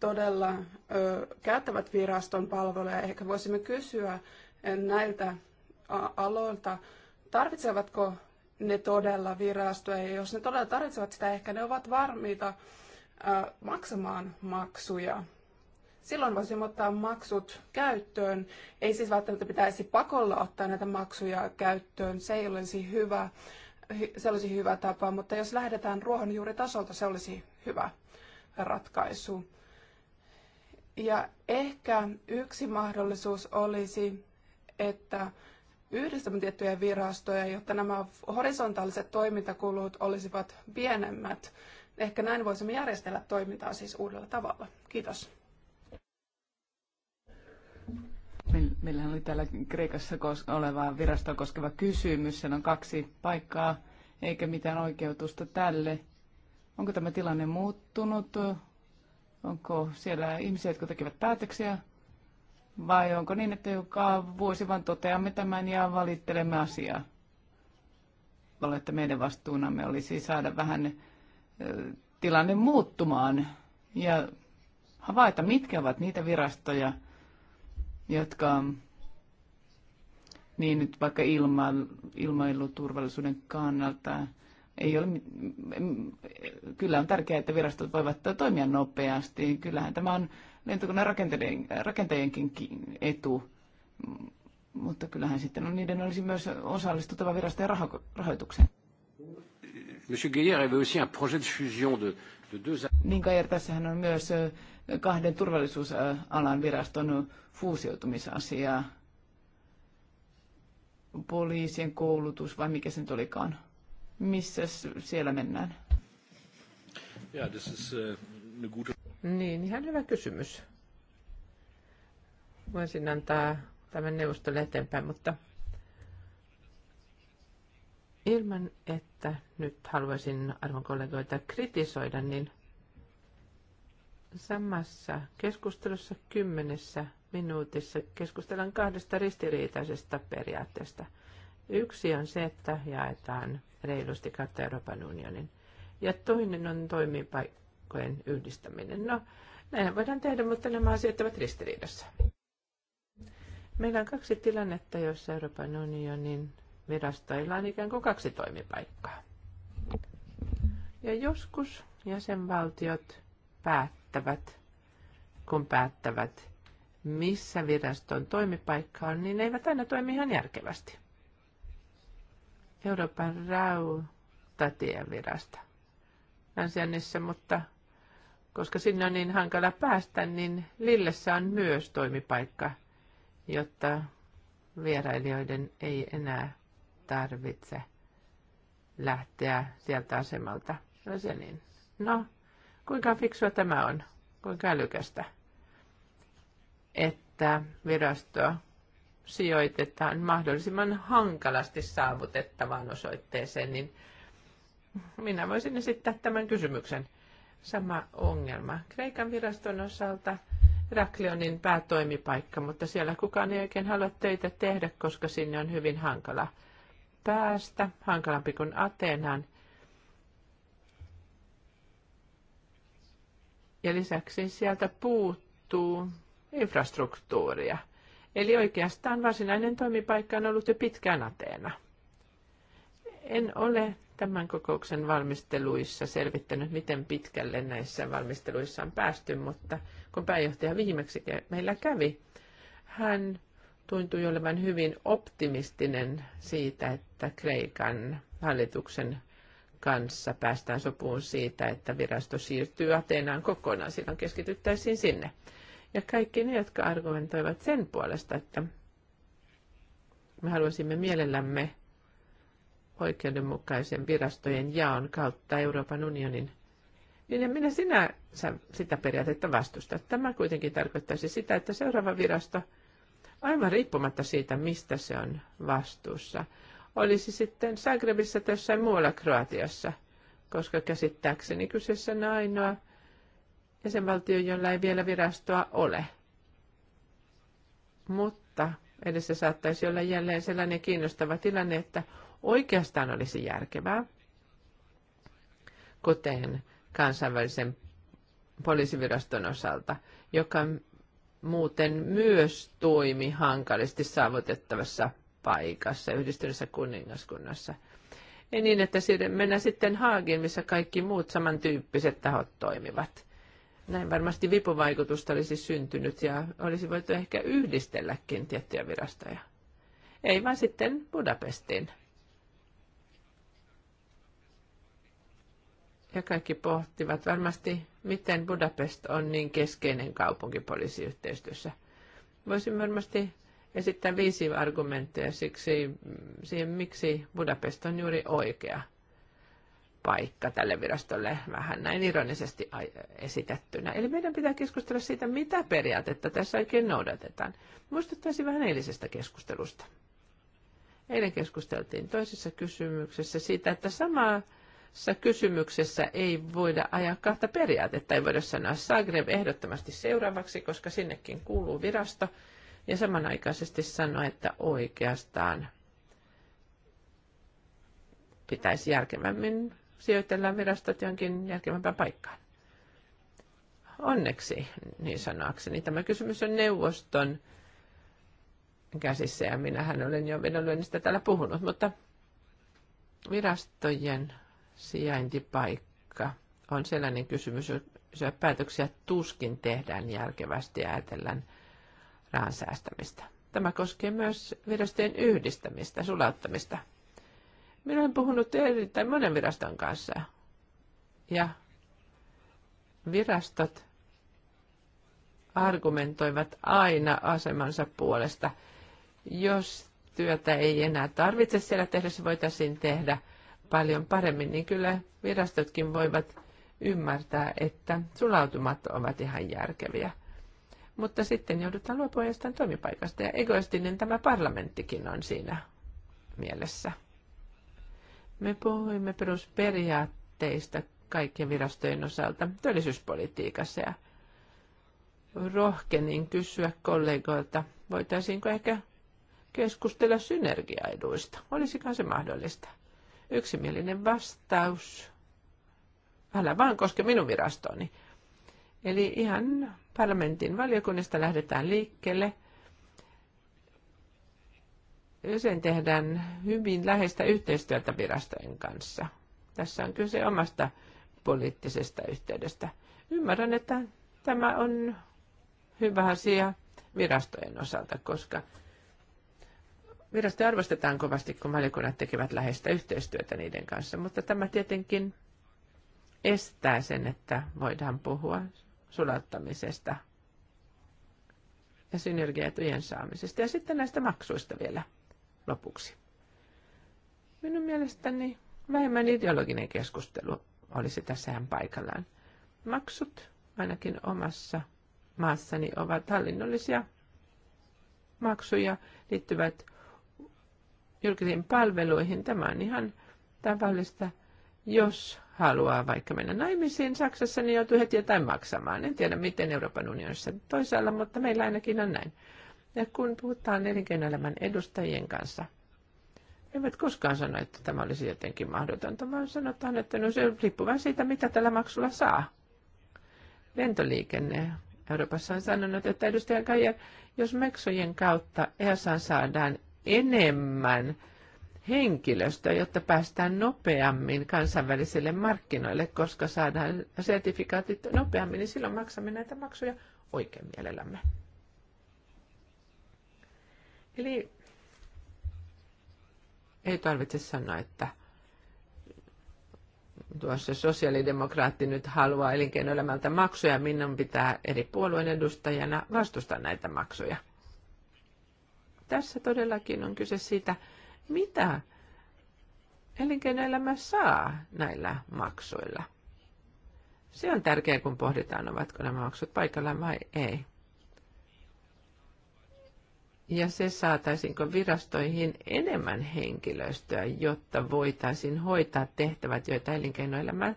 todella ö, käyttävät viraston palveluja. Ehkä voisimme kysyä näiltä aloilta, tarvitsevatko ne todella virastoja, ja jos ne todella tarvitsevat sitä, ehkä ne ovat varmiita maksamaan maksuja. Silloin voisi ottaa maksut käyttöön. Ei siis välttämättä pitäisi pakolla ottaa näitä maksuja käyttöön. Se ei olisi hyvä, se olisi hyvä tapa, mutta jos lähdetään ruohonjuuritasolta, se olisi hyvä ratkaisu. Ja ehkä yksi mahdollisuus olisi, että yhdistämme tiettyjä virastoja, jotta nämä horisontaaliset toimintakulut olisivat pienemmät. Ehkä näin voisimme järjestellä toimintaa siis uudella tavalla. Kiitos. Meillähän oli täällä Kreikassa olevaa virastoa koskeva kysymys. Sen on kaksi paikkaa, eikä mitään oikeutusta tälle. Onko tämä tilanne muuttunut? Onko siellä ihmisiä, jotka tekevät päätöksiä? Vai onko niin, että joka vuosi vain toteamme tämän ja valittelemme asiaa? Olette meidän vastuunamme olisi siis saada vähän tilanne muuttumaan ja havaita, mitkä ovat niitä virastoja, jotka niin nyt vaikka ilma, ilmailuturvallisuuden kannalta ei ole, kyllä on tärkeää, että virastot voivat toimia nopeasti. Kyllähän tämä on lentokoneen rakentajien, rakentajienkin etu, mutta kyllähän sitten on, niiden olisi myös osallistuttava virastojen raho, rahoitukseen. Minkä Niin tässähän on myös kahden turvallisuusalan viraston fuusioitumisasia. Poliisien koulutus vai mikä se nyt olikaan? Missä siellä mennään? Yeah, this is, äh, eine good... Niin, ihan hyvä kysymys. Voisin antaa tämän neuvoston eteenpäin, mutta Ilman, että nyt haluaisin arvon kollegoita kritisoida, niin samassa keskustelussa kymmenessä minuutissa keskustellaan kahdesta ristiriitaisesta periaatteesta. Yksi on se, että jaetaan reilusti kautta Euroopan unionin, ja toinen on toimipaikkojen yhdistäminen. No, näin voidaan tehdä, mutta nämä asiat ovat ristiriidassa. Meillä on kaksi tilannetta, joissa Euroopan unionin virastoilla on ikään kuin kaksi toimipaikkaa. Ja joskus jäsenvaltiot päättävät, kun päättävät, missä viraston toimipaikka on, niin ne eivät aina toimi ihan järkevästi. Euroopan virasta. Länsiannissa, mutta koska sinne on niin hankala päästä, niin Lillessä on myös toimipaikka, jotta vierailijoiden ei enää tarvitse lähteä sieltä asemalta. No se niin. No, kuinka fiksua tämä on? Kuinka älykästä? Että virasto sijoitetaan mahdollisimman hankalasti saavutettavaan osoitteeseen, niin minä voisin esittää tämän kysymyksen. Sama ongelma. Kreikan viraston osalta Raklionin päätoimipaikka, mutta siellä kukaan ei oikein halua töitä tehdä, koska sinne on hyvin hankala päästä, hankalampi kuin Ateenaan. Ja lisäksi sieltä puuttuu infrastruktuuria. Eli oikeastaan varsinainen toimipaikka on ollut jo pitkään Ateena. En ole tämän kokouksen valmisteluissa selvittänyt, miten pitkälle näissä valmisteluissa on päästy, mutta kun pääjohtaja viimeksi meillä kävi, hän tuntui olevan hyvin optimistinen siitä, että Kreikan hallituksen kanssa päästään sopuun siitä, että virasto siirtyy Ateenaan kokonaan. Silloin keskityttäisiin sinne. Ja kaikki ne, jotka argumentoivat sen puolesta, että me haluaisimme mielellämme oikeudenmukaisen virastojen jaon kautta Euroopan unionin, niin en minä sinä sitä periaatetta vastusta. Tämä kuitenkin tarkoittaisi sitä, että seuraava virasto – aivan riippumatta siitä, mistä se on vastuussa. Olisi sitten Zagrebissa tai jossain muualla Kroatiassa, koska käsittääkseni kyseessä on ainoa jäsenvaltio, jolla ei vielä virastoa ole. Mutta edessä saattaisi olla jälleen sellainen kiinnostava tilanne, että oikeastaan olisi järkevää, kuten kansainvälisen poliisiviraston osalta, joka muuten myös toimi hankalasti saavutettavassa paikassa yhdistyneessä kuningaskunnassa. Ei niin, että mennään sitten Haagin, missä kaikki muut samantyyppiset tahot toimivat. Näin varmasti vipuvaikutusta olisi syntynyt ja olisi voitu ehkä yhdistelläkin tiettyjä virastoja. Ei vaan sitten Budapestin. Ja kaikki pohtivat varmasti, miten Budapest on niin keskeinen kaupunki poliisiyhteistyössä. Voisin varmasti esittää viisi argumentteja siksi, siihen, miksi Budapest on juuri oikea paikka tälle virastolle vähän näin ironisesti esitettynä. Eli meidän pitää keskustella siitä, mitä periaatetta tässä oikein noudatetaan. Muistuttaisin vähän eilisestä keskustelusta. Eilen keskusteltiin toisessa kysymyksessä siitä, että samaa tässä kysymyksessä ei voida ajaa kahta periaatetta, ei voida sanoa Zagreb ehdottomasti seuraavaksi, koska sinnekin kuuluu virasto, ja samanaikaisesti sanoa, että oikeastaan pitäisi järkevämmin sijoitella virastot jonkin järkevämpään paikkaan. Onneksi, niin sanoakseni, tämä kysymys on neuvoston käsissä, ja minähän olen jo vedonlyönnistä täällä puhunut, mutta virastojen sijaintipaikka on sellainen kysymys, jossa päätöksiä tuskin tehdään järkevästi ja ajatellaan rahan säästämistä. Tämä koskee myös virastojen yhdistämistä, sulauttamista. Minä olen puhunut erittäin monen viraston kanssa. Ja virastot argumentoivat aina asemansa puolesta. Jos työtä ei enää tarvitse siellä tehdä, se voitaisiin tehdä – paljon paremmin, niin kyllä virastotkin voivat ymmärtää, että sulautumat ovat ihan järkeviä. Mutta sitten joudutaan luopumaan jostain toimipaikasta ja egoistinen tämä parlamenttikin on siinä mielessä. Me puhuimme perusperiaatteista kaikkien virastojen osalta työllisyyspolitiikassa ja rohkenin kysyä kollegoilta, voitaisiinko ehkä keskustella synergiaeduista. Olisikohan se mahdollista? Yksimielinen vastaus. Älä vaan koske minun virastoni. Eli ihan parlamentin valiokunnista lähdetään liikkeelle. Usein tehdään hyvin läheistä yhteistyötä virastojen kanssa. Tässä on kyse omasta poliittisesta yhteydestä. Ymmärrän, että tämä on hyvä asia virastojen osalta, koska Virasto arvostetaan kovasti, kun valiokunnat tekevät läheistä yhteistyötä niiden kanssa, mutta tämä tietenkin estää sen, että voidaan puhua sulattamisesta ja synergiaetujen saamisesta. Ja sitten näistä maksuista vielä lopuksi. Minun mielestäni vähemmän ideologinen keskustelu olisi tässähän paikallaan. Maksut ainakin omassa maassani ovat hallinnollisia maksuja, liittyvät julkisiin palveluihin. Tämä on ihan tavallista, jos haluaa vaikka mennä naimisiin Saksassa, niin joutuu heti jotain maksamaan. En tiedä, miten Euroopan unionissa toisaalla, mutta meillä ainakin on näin. Ja kun puhutaan elinkeinoelämän edustajien kanssa, eivät koskaan sano, että tämä olisi jotenkin mahdotonta, vaan sanotaan, että no se riippuu vain siitä, mitä tällä maksulla saa. Lentoliikenne Euroopassa on sanonut, että edustaja Kajer, jos meksojen kautta EASAan saadaan enemmän henkilöstöä, jotta päästään nopeammin kansainvälisille markkinoille, koska saadaan sertifikaatit nopeammin, niin silloin maksamme näitä maksuja oikein mielellämme. Eli ei tarvitse sanoa, että tuossa sosiaalidemokraatti nyt haluaa elinkeinoelämältä maksuja, minun pitää eri puolueen edustajana vastustaa näitä maksuja tässä todellakin on kyse siitä, mitä elinkeinoelämä saa näillä maksuilla. Se on tärkeää, kun pohditaan, ovatko nämä maksut paikallaan vai ei. Ja se saataisiinko virastoihin enemmän henkilöstöä, jotta voitaisiin hoitaa tehtävät, joita elinkeinoelämä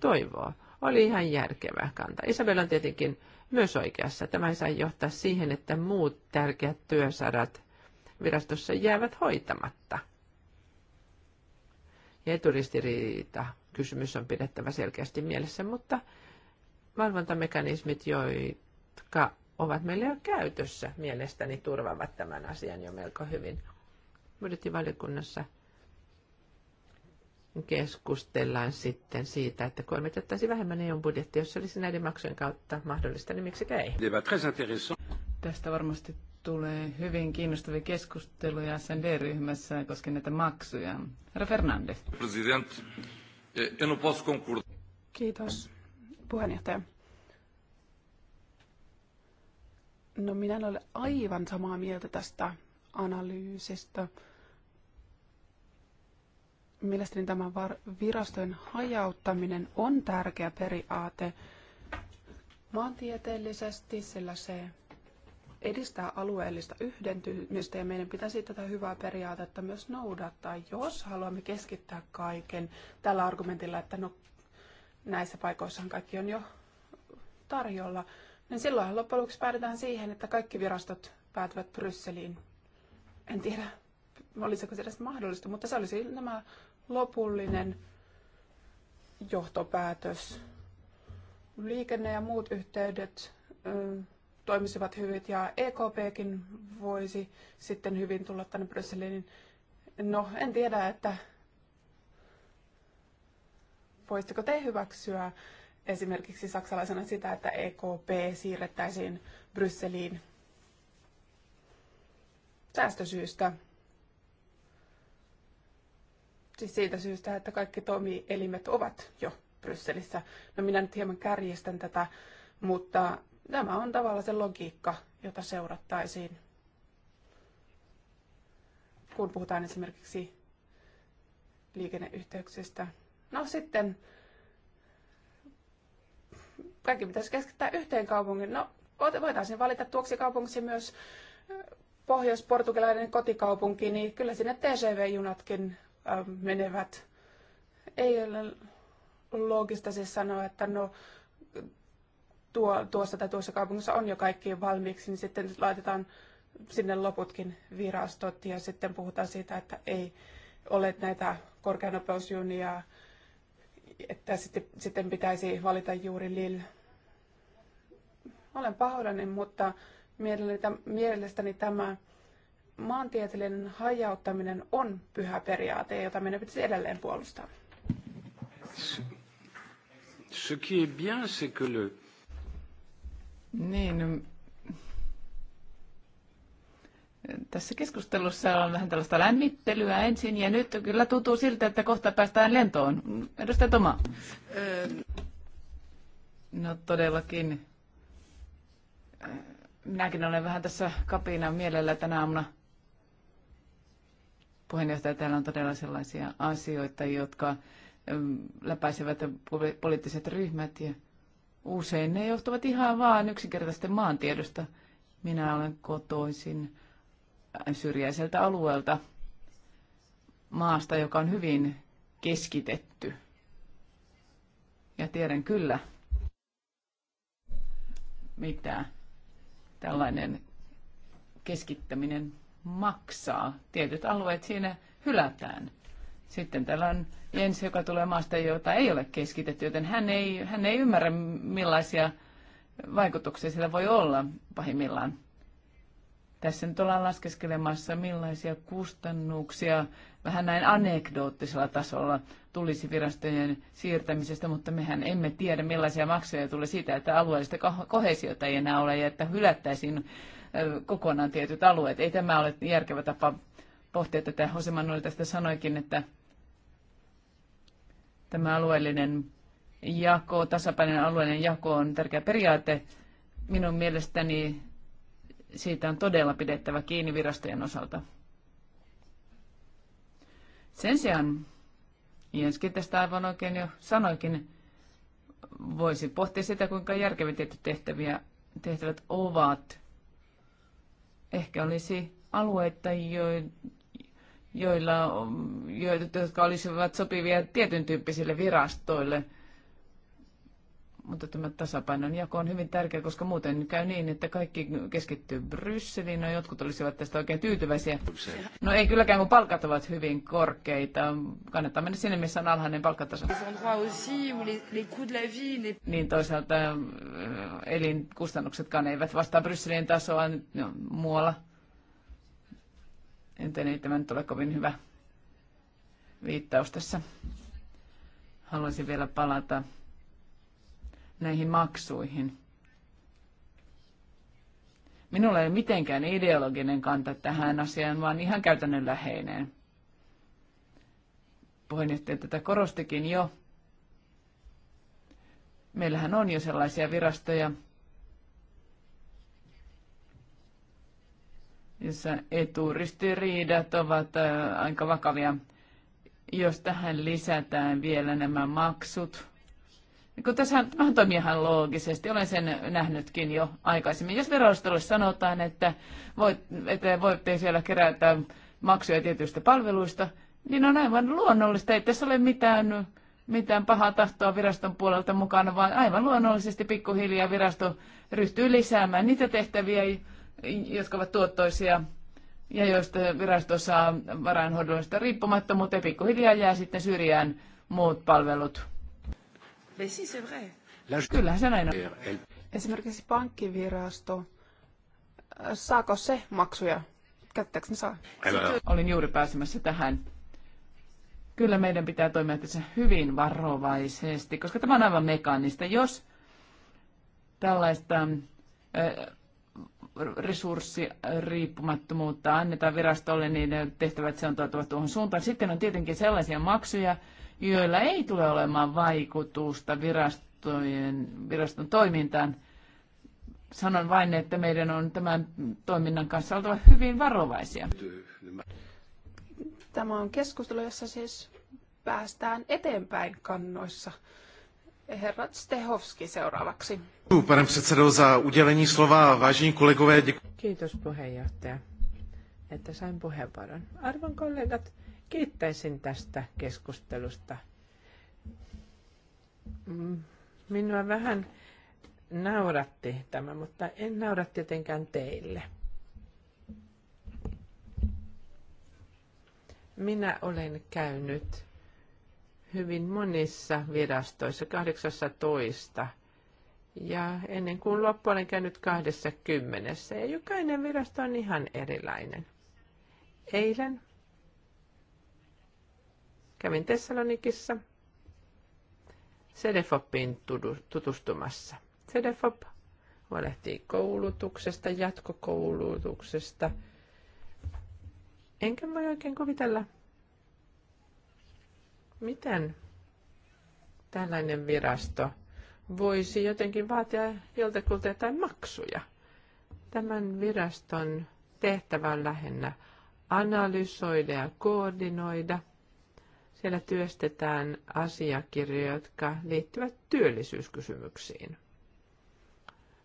toivoo. Oli ihan järkevä kanta. Isabel on tietenkin myös oikeassa. Tämä ei saa johtaa siihen, että muut tärkeät työsarat virastossa jäävät hoitamatta. Ja eturistiriita kysymys on pidettävä selkeästi mielessä, mutta valvontamekanismit, jotka ovat meillä jo käytössä, mielestäni turvaavat tämän asian jo melko hyvin. Budjettivaliokunnassa keskustellaan sitten siitä, että kuormitettaisiin vähemmän eu budjetti, jos se olisi näiden maksujen kautta mahdollista, niin miksi ei. Tästä varmasti tulee hyvin kiinnostavia keskusteluja d ryhmässä koskien näitä maksuja. Herra Fernandes. President, en Kiitos, puheenjohtaja. No minä en ole aivan samaa mieltä tästä analyysistä. Mielestäni tämä virastojen hajauttaminen on tärkeä periaate maantieteellisesti, sillä se edistää alueellista yhdentymistä ja meidän pitäisi tätä hyvää periaatetta myös noudattaa, jos haluamme keskittää kaiken tällä argumentilla, että no näissä paikoissa kaikki on jo tarjolla, niin silloin loppujen lopuksi päädytään siihen, että kaikki virastot päätyvät Brysseliin. En tiedä, olisiko se edes mahdollista, mutta se olisi nämä lopullinen johtopäätös. Liikenne ja muut yhteydet toimisivat hyvin ja EKPkin voisi sitten hyvin tulla tänne Brysseliin. No, en tiedä, että voisitteko te hyväksyä esimerkiksi saksalaisena sitä, että EKP siirrettäisiin Brysseliin säästösyystä. Siis siitä syystä, että kaikki toimielimet ovat jo Brysselissä. No minä nyt hieman kärjestän tätä, mutta Tämä on tavallaan se logiikka, jota seurattaisiin, kun puhutaan esimerkiksi liikenneyhteyksistä. No sitten kaikki pitäisi keskittää yhteen kaupungin. No voitaisiin valita tuoksi kaupungiksi myös eh, pohjois portugilainen kotikaupunki, niin kyllä sinne TCV-junatkin eh, menevät. Ei ole loogista siis sanoa, että no tuo, tuossa tai tuossa kaupungissa on jo kaikki valmiiksi, niin sitten laitetaan sinne loputkin virastot ja sitten puhutaan siitä, että ei ole näitä korkeanopeusjunia, että sitten, sitten pitäisi valita juuri Lille. Olen pahoillani, mutta mielestäni tämä maantieteellinen hajauttaminen on pyhä periaate, jota meidän pitäisi edelleen puolustaa. Ce qui est bien, c'est que le, niin, no, tässä keskustelussa on vähän tällaista lämmittelyä ensin ja nyt kyllä tuntuu siltä, että kohta päästään lentoon. Edustaja Toma. No todellakin. Minäkin olen vähän tässä kapinan mielellä tänä aamuna. Puheenjohtaja, täällä on todella sellaisia asioita, jotka mm, läpäisevät poliittiset ryhmät ja Usein ne johtuvat ihan vaan yksinkertaisesti maantiedosta. Minä olen kotoisin syrjäiseltä alueelta maasta, joka on hyvin keskitetty. Ja tiedän kyllä, mitä tällainen keskittäminen maksaa. Tietyt alueet siinä hylätään. Sitten täällä on Jens, joka tulee maasta, jota ei ole keskitetty, joten hän ei, hän ei ymmärrä, millaisia vaikutuksia sillä voi olla pahimmillaan. Tässä nyt ollaan laskeskelemassa, millaisia kustannuksia vähän näin anekdoottisella tasolla tulisi virastojen siirtämisestä, mutta mehän emme tiedä, millaisia maksuja tulee siitä, että alueellista kohesiota ei enää ole ja että hylättäisiin kokonaan tietyt alueet. Ei tämä ole järkevä tapa pohtia tätä. Jose oli tästä sanoikin, että Tämä alueellinen jako, tasapainoinen alueellinen jako on tärkeä periaate. Minun mielestäni siitä on todella pidettävä kiinni virastojen osalta. Sen sijaan, Jenski tästä aivan oikein jo sanoikin, voisi pohtia sitä, kuinka järkeviä tietyt tehtäviä, tehtävät ovat. Ehkä olisi alueita, joilla, jotka olisivat sopivia tietyn tyyppisille virastoille. Mutta tämä tasapainon jako on hyvin tärkeä, koska muuten käy niin, että kaikki keskittyy Brysseliin. No jotkut olisivat tästä oikein tyytyväisiä. No ei kylläkään, kun palkat ovat hyvin korkeita. Kannattaa mennä sinne, missä on alhainen palkkataso. Niin toisaalta äh, elinkustannuksetkaan eivät vastaa Brysselin tasoa. No, muualla joten ei tämä nyt ole kovin hyvä viittaus tässä. Haluaisin vielä palata näihin maksuihin. Minulla ei ole mitenkään ideologinen kanta tähän asiaan, vaan ihan käytännönläheinen. Puheenjohtaja tätä korostikin jo. Meillähän on jo sellaisia virastoja, jossa eturistiriidat ovat äh, aika vakavia. Jos tähän lisätään vielä nämä maksut, kun tässähän, tämähän toimii ihan loogisesti, olen sen nähnytkin jo aikaisemmin. Jos verostolle sanotaan, että, voit, että voitte siellä kerätä maksuja tietyistä palveluista, niin on aivan luonnollista. ettei tässä ole mitään, mitään pahaa tahtoa viraston puolelta mukana, vaan aivan luonnollisesti pikkuhiljaa virasto ryhtyy lisäämään niitä tehtäviä, jotka ovat tuottoisia ja joista virasto saa varainhoidollista riippumatta, ja pikkuhiljaa jää sitten syrjään muut palvelut. Kyllä se näin on. Esimerkiksi pankkivirasto, äh, saako se maksuja? Käyttääkö ne saa? Olin juuri pääsemässä tähän. Kyllä meidän pitää toimia tässä hyvin varovaisesti, koska tämä on aivan mekaanista. Jos tällaista äh, resurssiriippumattomuutta annetaan virastolle, niin tehtävät se on tuotava tuohon suuntaan. Sitten on tietenkin sellaisia maksuja, joilla ei tule olemaan vaikutusta virastojen, viraston toimintaan. Sanon vain, että meidän on tämän toiminnan kanssa oltava hyvin varovaisia. Tämä on keskustelu, jossa siis päästään eteenpäin kannoissa. Herra Stehovski seuraavaksi. Pane předsedo, za udělení slova, vážení kolegové. Kiitos puheenjohtaja, että sain puheenvuoron. Arvon kollegat, kiittäisin tästä keskustelusta. Mm, minua vähän nauratti tämä, mutta en naura tietenkään teille. Minä olen käynyt hyvin monissa virastoissa, 18, ja ennen kuin loppu olen käynyt 20, ja jokainen virasto on ihan erilainen. Eilen kävin Tessalonikissa sedefopin tutustumassa. Sedefop huolehtii koulutuksesta, jatkokoulutuksesta. Enkä voi oikein kuvitella, Miten tällainen virasto voisi jotenkin vaatia joltakulta jotain maksuja? Tämän viraston tehtävä on lähinnä analysoida ja koordinoida. Siellä työstetään asiakirjoja, jotka liittyvät työllisyyskysymyksiin.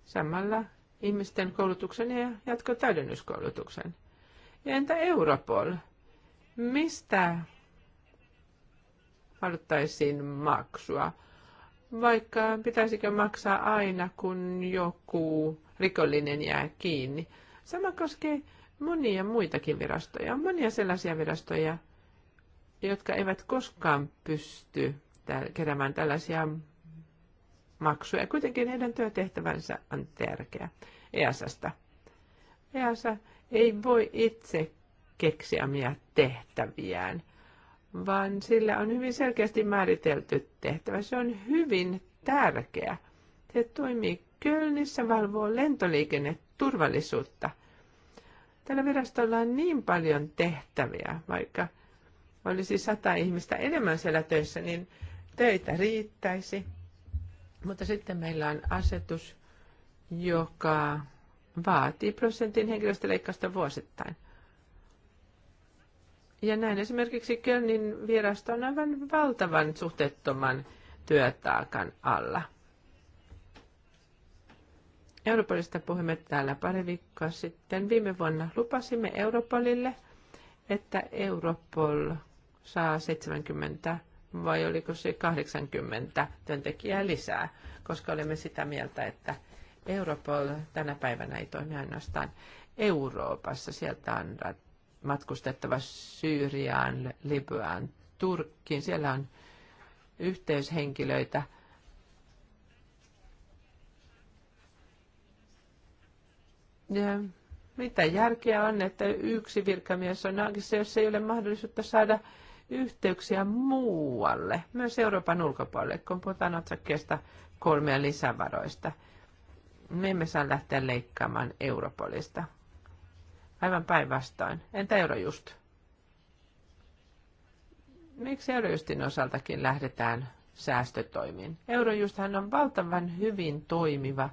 Samalla ihmisten koulutuksen ja jatkotäydennyskoulutuksen. Ja entä Europol? Mistä haluttaisiin maksua, vaikka pitäisikö maksaa aina, kun joku rikollinen jää kiinni. Sama koskee monia muitakin virastoja. On monia sellaisia virastoja, jotka eivät koskaan pysty keräämään tällaisia maksuja. Kuitenkin heidän työtehtävänsä on tärkeä EASasta. EASA ei voi itse keksiä tehtäviään vaan sillä on hyvin selkeästi määritelty tehtävä. Se on hyvin tärkeä. Se toimii Kölnissä, valvoo lentoliikenneturvallisuutta. Tällä virastolla on niin paljon tehtäviä, vaikka olisi sata ihmistä enemmän siellä töissä, niin töitä riittäisi. Mutta sitten meillä on asetus, joka vaatii prosentin henkilöstöleikkausta vuosittain. Ja näin esimerkiksi Kölnin virasto on aivan valtavan suhteettoman työtaakan alla. Europolista puhumme täällä pari viikkoa sitten. Viime vuonna lupasimme Europolille, että Europol saa 70 vai oliko se 80 työntekijää lisää, koska olemme sitä mieltä, että Europol tänä päivänä ei toimi ainoastaan Euroopassa. Sieltä on matkustettava Syyriaan, Libyaan, Turkkiin. Siellä on yhteyshenkilöitä. Ja mitä järkeä on, että yksi virkamies on naakissa, jos ei ole mahdollisuutta saada yhteyksiä muualle, myös Euroopan ulkopuolelle, kun puhutaan otsakkeesta kolmea lisävaroista. Me emme saa lähteä leikkaamaan Europolista. Aivan päinvastoin. Entä Eurojust? Miksi Eurojustin osaltakin lähdetään säästötoimiin? Eurojusthan on valtavan hyvin toimiva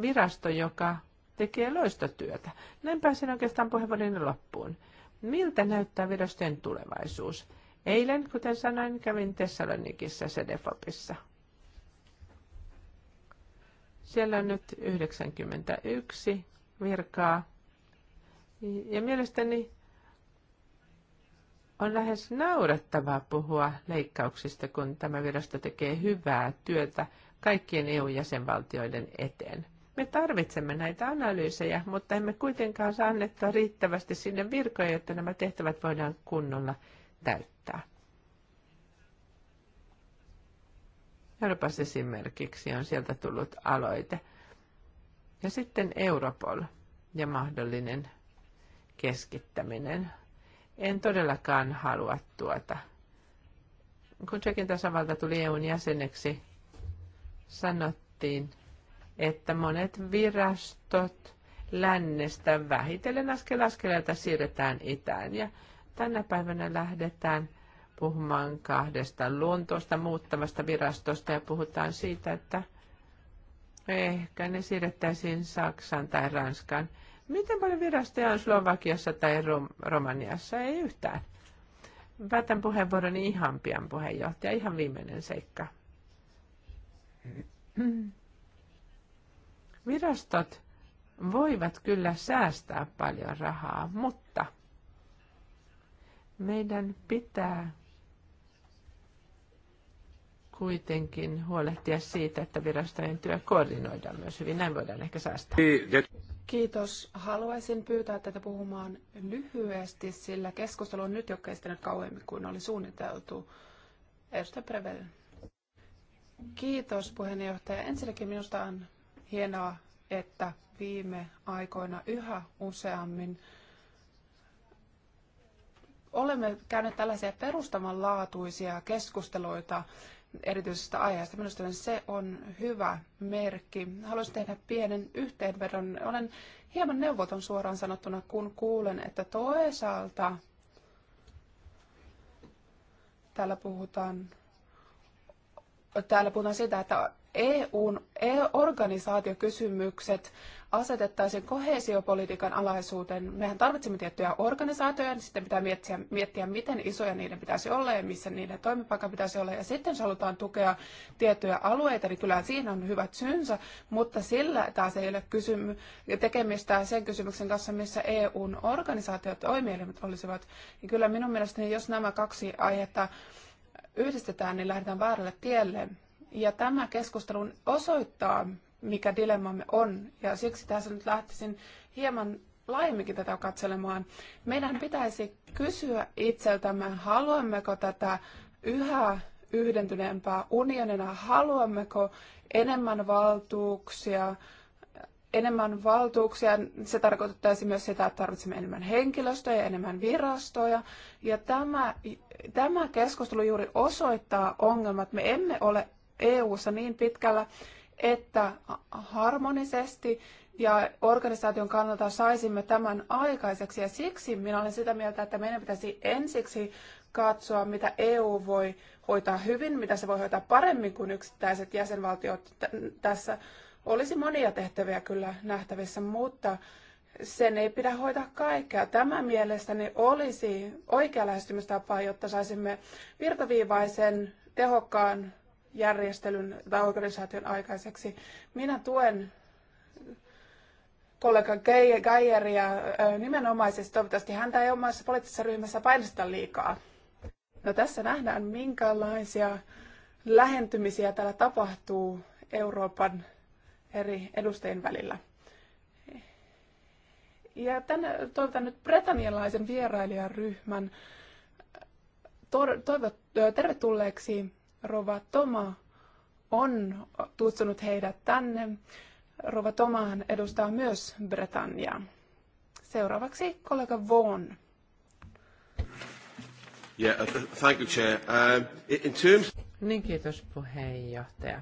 virasto, joka tekee loistotyötä. Näin pääsen oikeastaan puheenvuoron loppuun. Miltä näyttää virastojen tulevaisuus? Eilen, kuten sanoin, kävin Tessalonikissa Sedefopissa. Siellä on nyt 91 virkaa ja mielestäni on lähes naurettavaa puhua leikkauksista, kun tämä virasto tekee hyvää työtä kaikkien EU-jäsenvaltioiden eteen. Me tarvitsemme näitä analyysejä, mutta emme kuitenkaan saa annettua riittävästi sinne virkoja, jotta nämä tehtävät voidaan kunnolla täyttää. Euroopassa esimerkiksi on sieltä tullut aloite. Ja sitten Europol ja mahdollinen keskittäminen. En todellakaan halua tuota. Kun Tsekin tasavalta tuli EUn jäseneksi, sanottiin, että monet virastot lännestä vähitellen askel askeleelta siirretään itään. Ja tänä päivänä lähdetään puhumaan kahdesta luontoista muuttavasta virastosta ja puhutaan siitä, että ehkä ne siirrettäisiin Saksan tai Ranskan. Miten paljon virastoja on Slovakiassa tai Romaniassa? Ei yhtään. Päätän puheenvuoroni ihan pian puheenjohtaja, ihan viimeinen seikka. Virastot voivat kyllä säästää paljon rahaa, mutta meidän pitää kuitenkin huolehtia siitä, että virastojen työ koordinoidaan myös hyvin. Näin voidaan ehkä säästää. Kiitos. Haluaisin pyytää tätä puhumaan lyhyesti, sillä keskustelu on nyt jo kestänyt kauemmin kuin oli suunniteltu. Edustaja Prevel. Kiitos puheenjohtaja. Ensinnäkin minusta on hienoa, että viime aikoina yhä useammin olemme käyneet tällaisia perustavanlaatuisia keskusteluita erityisestä aiheesta. Minusta se on hyvä merkki. Haluaisin tehdä pienen yhteenvedon. Olen hieman neuvoton suoraan sanottuna, kun kuulen, että toisaalta täällä puhutaan, täällä puhutaan siitä, että EUn e-, organisaatiokysymykset asetettaisiin kohesiopolitiikan alaisuuteen. Mehän tarvitsemme tiettyjä organisaatioja, niin sitten pitää miettiä, miettiä, miten isoja niiden pitäisi olla ja missä niiden toimipaikka pitäisi olla. Ja sitten jos halutaan tukea tiettyjä alueita, niin kyllä siinä on hyvät syynsä, mutta sillä taas ei ole kysymy- tekemistä sen kysymyksen kanssa, missä EUn organisaatiot toimielimet olisivat. Ja kyllä minun mielestäni, jos nämä kaksi aihetta yhdistetään, niin lähdetään väärälle tielle. Ja tämä keskustelu osoittaa mikä dilemmamme on. Ja siksi tässä nyt lähtisin hieman laajemminkin tätä katselemaan. Meidän pitäisi kysyä itseltämme, haluammeko tätä yhä yhdentyneempää unionina, haluammeko enemmän valtuuksia, enemmän valtuuksia. Se tarkoittaisi myös sitä, että tarvitsemme enemmän henkilöstöä ja enemmän virastoja. Ja tämä, tämä keskustelu juuri osoittaa ongelmat. Me emme ole EU:ssa niin pitkällä, että harmonisesti ja organisaation kannalta saisimme tämän aikaiseksi. Ja siksi minä olen sitä mieltä, että meidän pitäisi ensiksi katsoa, mitä EU voi hoitaa hyvin, mitä se voi hoitaa paremmin kuin yksittäiset jäsenvaltiot. Tässä olisi monia tehtäviä kyllä nähtävissä, mutta sen ei pidä hoitaa kaikkea. Tämä mielestäni olisi oikea lähestymistapa, jotta saisimme virtaviivaisen, tehokkaan järjestelyn tai organisaation aikaiseksi. Minä tuen kollega Geijeriä nimenomaisesti. Toivottavasti häntä ei omassa poliittisessa ryhmässä painosta liikaa. No tässä nähdään, minkälaisia lähentymisiä täällä tapahtuu Euroopan eri edustajien välillä. Ja tänne toivotan nyt bretanialaisen vierailijaryhmän toivot, tervetulleeksi Rova Toma on tutsunut heidät tänne. Rova Tomahan edustaa myös Britanniaa. Seuraavaksi kollega Vaughan. Yeah, uh, thank you, Chair. Um, in terms... Niin, kiitos puheenjohtaja.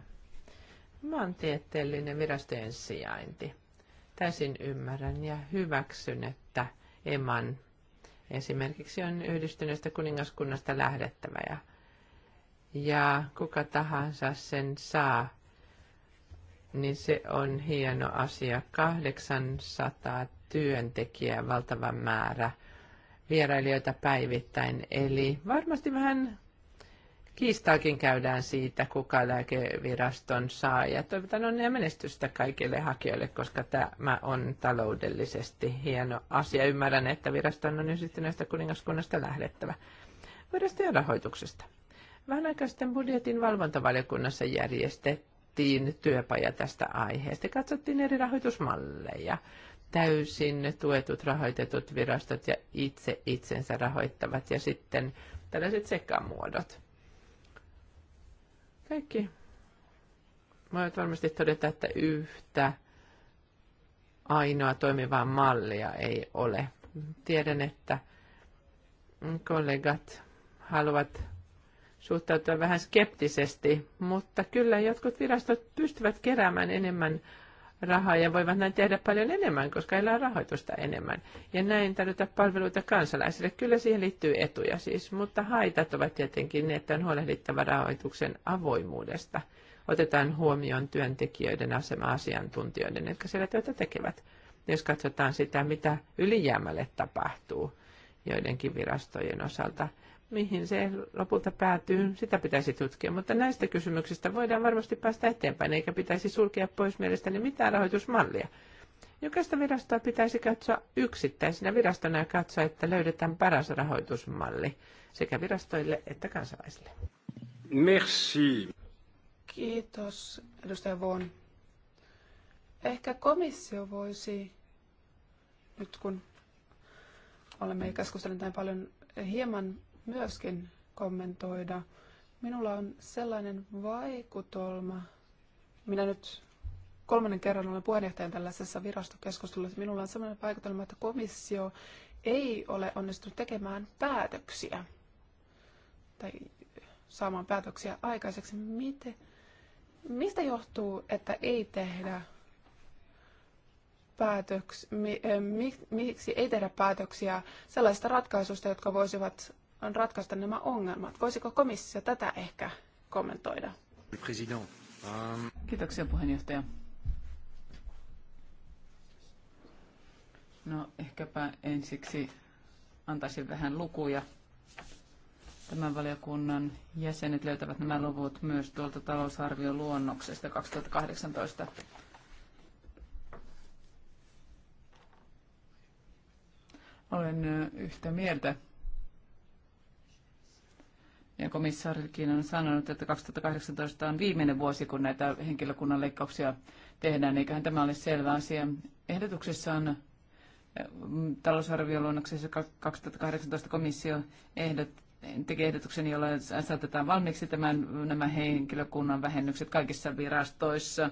Maantieteellinen virastojen sijainti. Täysin ymmärrän ja hyväksyn, että EMAN esimerkiksi on yhdistyneestä kuningaskunnasta lähdettävä ja ja kuka tahansa sen saa, niin se on hieno asia. 800 työntekijää, valtava määrä vierailijoita päivittäin. Eli varmasti vähän kiistaakin käydään siitä, kuka lääkeviraston saa. Ja toivotan onnea menestystä kaikille hakijoille, koska tämä on taloudellisesti hieno asia. Ymmärrän, että viraston on yhdistyneestä kuningaskunnasta lähdettävä. Viraston rahoituksesta. Vähän aikaa sitten budjetin valvontavaliokunnassa järjestettiin työpaja tästä aiheesta. Katsottiin eri rahoitusmalleja. Täysin tuetut rahoitetut virastot ja itse itsensä rahoittavat ja sitten tällaiset sekamuodot. Kaikki voit varmasti todeta, että yhtä ainoa toimivaa mallia ei ole. Tiedän, että kollegat haluavat suhtautua vähän skeptisesti, mutta kyllä jotkut virastot pystyvät keräämään enemmän rahaa ja voivat näin tehdä paljon enemmän, koska heillä on rahoitusta enemmän. Ja näin tarjota palveluita kansalaisille. Kyllä siihen liittyy etuja siis, mutta haitat ovat tietenkin ne, että on huolehdittava rahoituksen avoimuudesta. Otetaan huomioon työntekijöiden asema asiantuntijoiden, jotka siellä työtä tekevät. Jos katsotaan sitä, mitä ylijäämälle tapahtuu joidenkin virastojen osalta – mihin se lopulta päätyy, sitä pitäisi tutkia. Mutta näistä kysymyksistä voidaan varmasti päästä eteenpäin, eikä pitäisi sulkea pois mielestäni mitään rahoitusmallia. Jokaista virastoa pitäisi katsoa yksittäisenä virastona ja katsoa, että löydetään paras rahoitusmalli sekä virastoille että kansalaisille. Merci. Kiitos, edustaja Vuon. Ehkä komissio voisi, nyt kun olemme keskustelleet näin paljon, hieman myöskin kommentoida. Minulla on sellainen vaikutelma, minä nyt kolmannen kerran olen puheenjohtajan tällaisessa virastokeskustelussa, minulla on sellainen vaikutelma, että komissio ei ole onnistunut tekemään päätöksiä tai saamaan päätöksiä aikaiseksi. Miten, mistä johtuu, että ei tehdä päätöks, mi, eh, mi, miksi ei tehdä päätöksiä sellaisista ratkaisuista, jotka voisivat on ratkaista nämä ongelmat. Voisiko komissio tätä ehkä kommentoida? Um, Kiitoksia puheenjohtaja. No ehkäpä ensiksi antaisin vähän lukuja. Tämän valiokunnan jäsenet löytävät nämä luvut myös tuolta talousarvion luonnoksesta 2018. Olen yhtä mieltä ja komissaarikin on sanonut, että 2018 on viimeinen vuosi, kun näitä henkilökunnan leikkauksia tehdään, eiköhän tämä ole selvä asia. Ehdotuksessa on mm, talousarvioluonnoksessa 2018 komissio ehdot, teki ehdotuksen, jolla saatetaan valmiiksi tämän, nämä henkilökunnan vähennykset kaikissa virastoissa.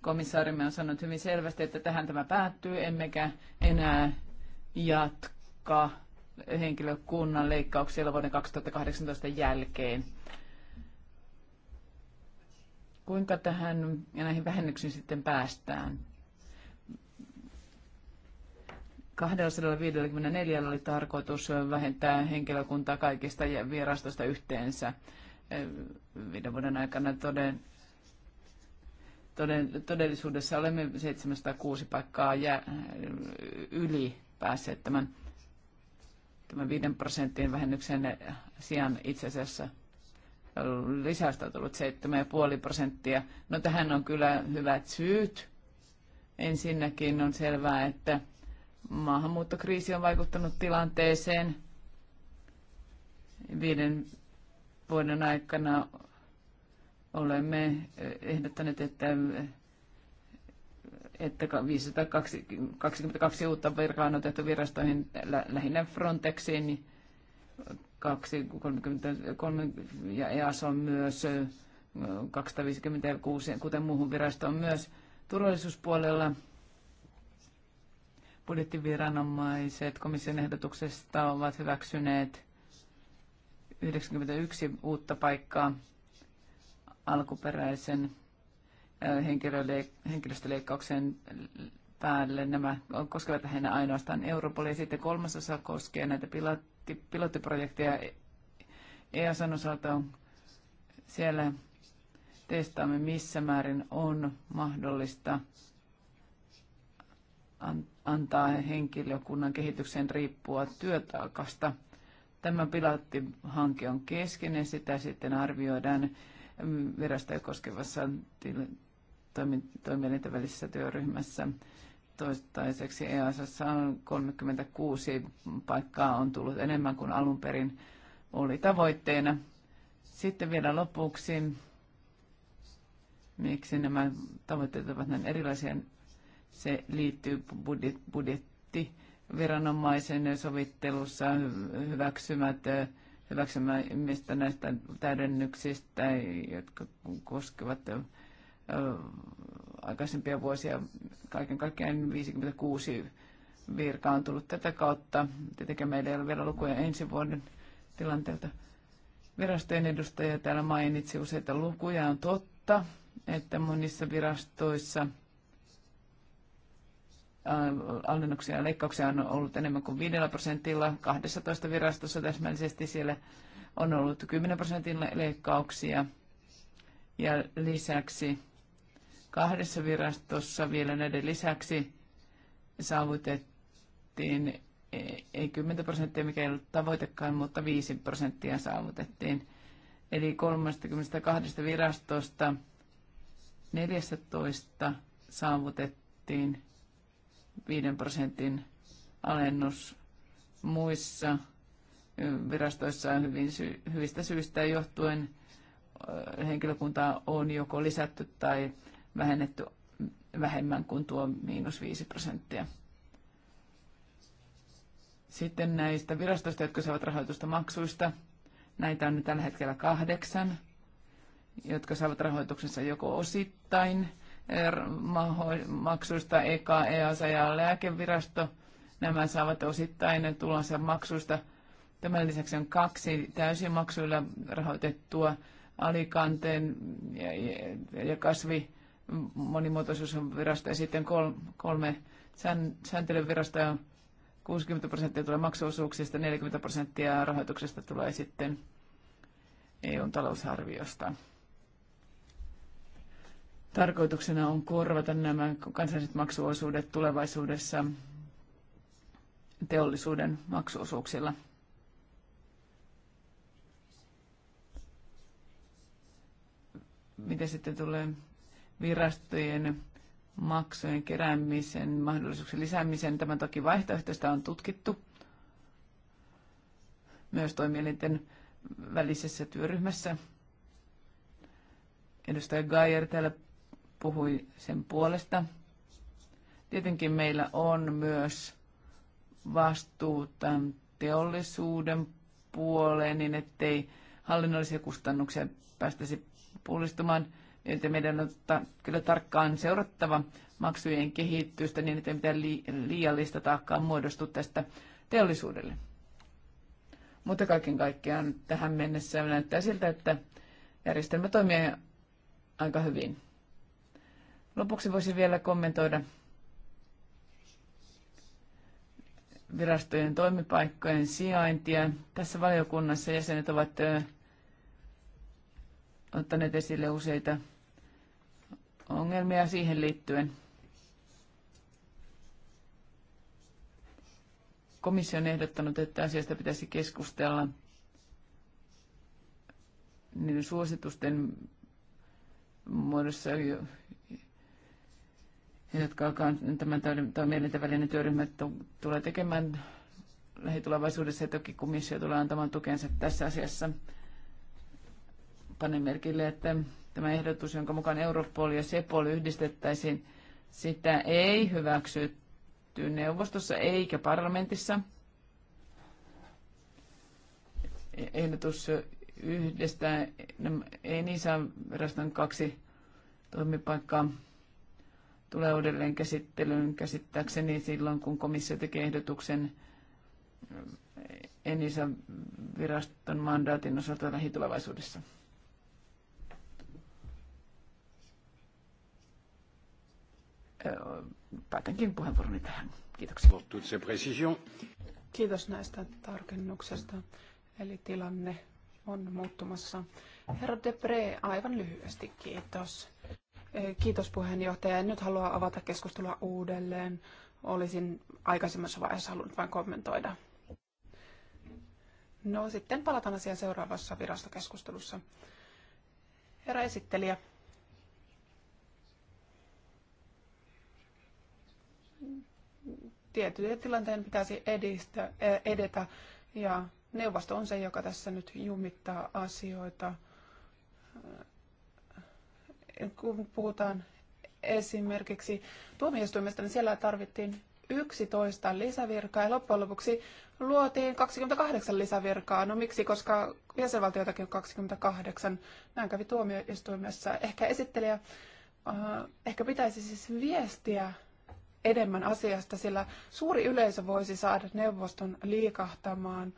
Komissaarimme on sanonut hyvin selvästi, että tähän tämä päättyy, emmekä enää jatka henkilökunnan leikkauksilla vuoden 2018 jälkeen. Kuinka tähän ja näihin vähennyksiin sitten päästään? 254 oli tarkoitus vähentää henkilökuntaa kaikista virastosta yhteensä viiden vuoden aikana toden, toden, todellisuudessa olemme 706 paikkaa ja yli päässeet tämän tämän 5 prosentin vähennyksen sijaan itse asiassa lisäystä on tullut 7,5 prosenttia. No tähän on kyllä hyvät syyt. Ensinnäkin on selvää, että maahanmuuttokriisi on vaikuttanut tilanteeseen. Viiden vuoden aikana olemme ehdottaneet, että että 522 uutta virkaa on otettu virastoihin lähinnä Frontexiin, 233 ja EAS on myös 256, kuten muuhun virastoon myös turvallisuuspuolella. Budjettiviranomaiset komission ehdotuksesta ovat hyväksyneet 91 uutta paikkaa alkuperäisen Äh, henkilöstöleikkauksen päälle. Nämä koskevat lähinnä ainoastaan Europolia. Sitten kolmas osa koskee näitä pilotti, pilottiprojekteja EASan osalta. On siellä testaamme, missä määrin on mahdollista antaa henkilökunnan kehityksen riippua työtaakasta. Tämä pilottihanke on kesken ja sitä sitten arvioidaan mm, virastoja koskevassa toimielinten välisessä työryhmässä toistaiseksi EASassa on 36 paikkaa on tullut enemmän kuin alun perin oli tavoitteena. Sitten vielä lopuksi, miksi nämä tavoitteet ovat näin erilaisia, se liittyy budjetti viranomaisen sovittelussa hyväksymät hyväksymistä näistä täydennyksistä, jotka koskevat aikaisempia vuosia. Kaiken kaikkiaan 56 virkaa on tullut tätä kautta. Tietenkin meillä ei ole vielä lukuja ensi vuoden tilanteelta. Virastojen edustaja täällä mainitsi useita lukuja. On totta, että monissa virastoissa alennuksia ja leikkauksia on ollut enemmän kuin 5 prosentilla. 12 virastossa täsmällisesti siellä on ollut 10 prosentin leikkauksia. Ja lisäksi kahdessa virastossa vielä näiden lisäksi saavutettiin ei 10 prosenttia, mikä ei ollut tavoitekaan, mutta 5 prosenttia saavutettiin. Eli 32 virastosta 14 saavutettiin 5 prosentin alennus muissa virastoissa hyvin sy- hyvistä syistä johtuen henkilökuntaa on joko lisätty tai vähennetty vähemmän kuin tuo miinus 5 prosenttia. Sitten näistä virastoista, jotka saavat rahoitusta maksuista, näitä on nyt tällä hetkellä kahdeksan, jotka saavat rahoituksensa joko osittain eh, maksuista, EKA, EASA ja lääkevirasto. Nämä saavat osittain tulonsa maksuista. Tämän lisäksi on kaksi täysin maksuilla rahoitettua alikanteen ja kasvi monimuotoisuusvirasto ja sitten kolme sääntelyvirasto ja 60 prosenttia tulee maksuosuuksista, 40 prosenttia rahoituksesta tulee sitten eu talousarviosta. Tarkoituksena on korvata nämä kansalliset maksuosuudet tulevaisuudessa teollisuuden maksuosuuksilla. Mitä sitten tulee virastojen maksujen keräämisen mahdollisuuksien lisäämisen. Tämän toki vaihtoehtoista on tutkittu myös toimielinten välisessä työryhmässä. Edustaja Geyer täällä puhui sen puolesta. Tietenkin meillä on myös vastuuta teollisuuden puoleen, niin ettei hallinnollisia kustannuksia päästäisi pullistumaan että meidän on kyllä tarkkaan seurattava maksujen kehitystä niin, että mitään liiallista taakkaa muodostu tästä teollisuudelle. Mutta kaiken kaikkiaan tähän mennessä näyttää siltä, että järjestelmä toimii aika hyvin. Lopuksi voisin vielä kommentoida virastojen toimipaikkojen sijaintia. Tässä valiokunnassa jäsenet ovat ottaneet esille useita ongelmia siihen liittyen. Komissio on ehdottanut, että asiasta pitäisi keskustella niiden suositusten muodossa, jotka alkaa tämän toimielintävälinen työryhmä tulee tekemään lähitulevaisuudessa. Toki komissio tulee antamaan tukensa tässä asiassa. Panen merkille, että Tämä ehdotus, jonka mukaan Europol ja Sepol yhdistettäisiin, sitä ei hyväksytty neuvostossa eikä parlamentissa. Ehdotus yhdestä no, Enisa-viraston kaksi toimipaikkaa tulee uudelleen käsittelyyn käsittääkseni silloin, kun komissio tekee ehdotuksen Enisan viraston mandaatin osalta lähitulevaisuudessa. päätänkin puheenvuoroni tähän. Kiitoksia. Kiitos näistä tarkennuksesta. Eli tilanne on muuttumassa. Herra Depre, aivan lyhyesti kiitos. E, kiitos puheenjohtaja. En nyt halua avata keskustelua uudelleen. Olisin aikaisemmassa vaiheessa halunnut vain kommentoida. No sitten palataan asiaan seuraavassa virastokeskustelussa. Herra esittelijä. tiettyjen tilanteen pitäisi edistä, e, edetä ja neuvosto on se, joka tässä nyt jumittaa asioita. Kun puhutaan esimerkiksi tuomioistuimesta, niin siellä tarvittiin 11 lisävirkaa ja loppujen lopuksi luotiin 28 lisävirkaa. No miksi, koska jäsenvaltioitakin on 28. Näin kävi tuomioistuimessa. Ehkä esittelijä, äh, ehkä pitäisi siis viestiä enemmän asiasta, sillä suuri yleisö voisi saada neuvoston liikahtamaan.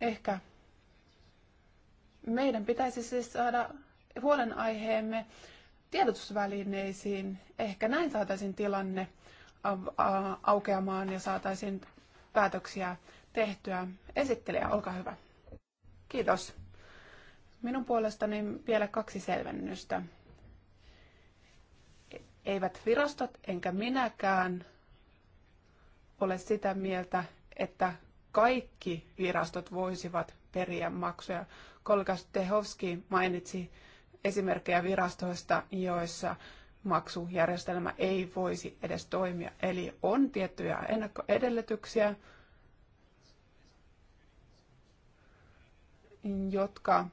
Ehkä meidän pitäisi siis saada huolenaiheemme tiedotusvälineisiin. Ehkä näin saataisiin tilanne aukeamaan ja saataisiin päätöksiä tehtyä. Esittelijä, olkaa hyvä. Kiitos. Minun puolestani vielä kaksi selvennystä. Eivät virastot enkä minäkään ole sitä mieltä, että kaikki virastot voisivat periä maksuja. Kolkas Stehovski mainitsi esimerkkejä virastoista, joissa maksujärjestelmä ei voisi edes toimia. Eli on tiettyjä ennakkoedellytyksiä, jotka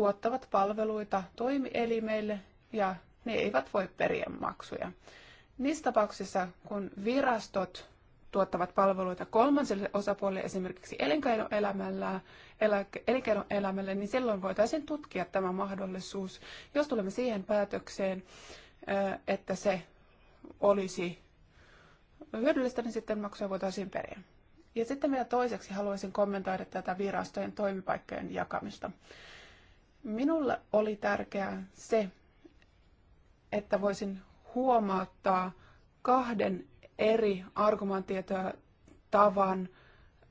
tuottavat palveluita toimielimeille ja ne eivät voi periä maksuja. Niissä tapauksissa, kun virastot tuottavat palveluita kolmanselle osapuolelle, esimerkiksi elinkeinoelämälle, niin silloin voitaisiin tutkia tämä mahdollisuus, jos tulemme siihen päätökseen, eh, että se olisi hyödyllistä, niin sitten maksuja voitaisiin periä. Ja sitten vielä toiseksi haluaisin kommentoida tätä virastojen toimipaikkojen jakamista. Minulle oli tärkeää se, että voisin huomauttaa kahden eri tavan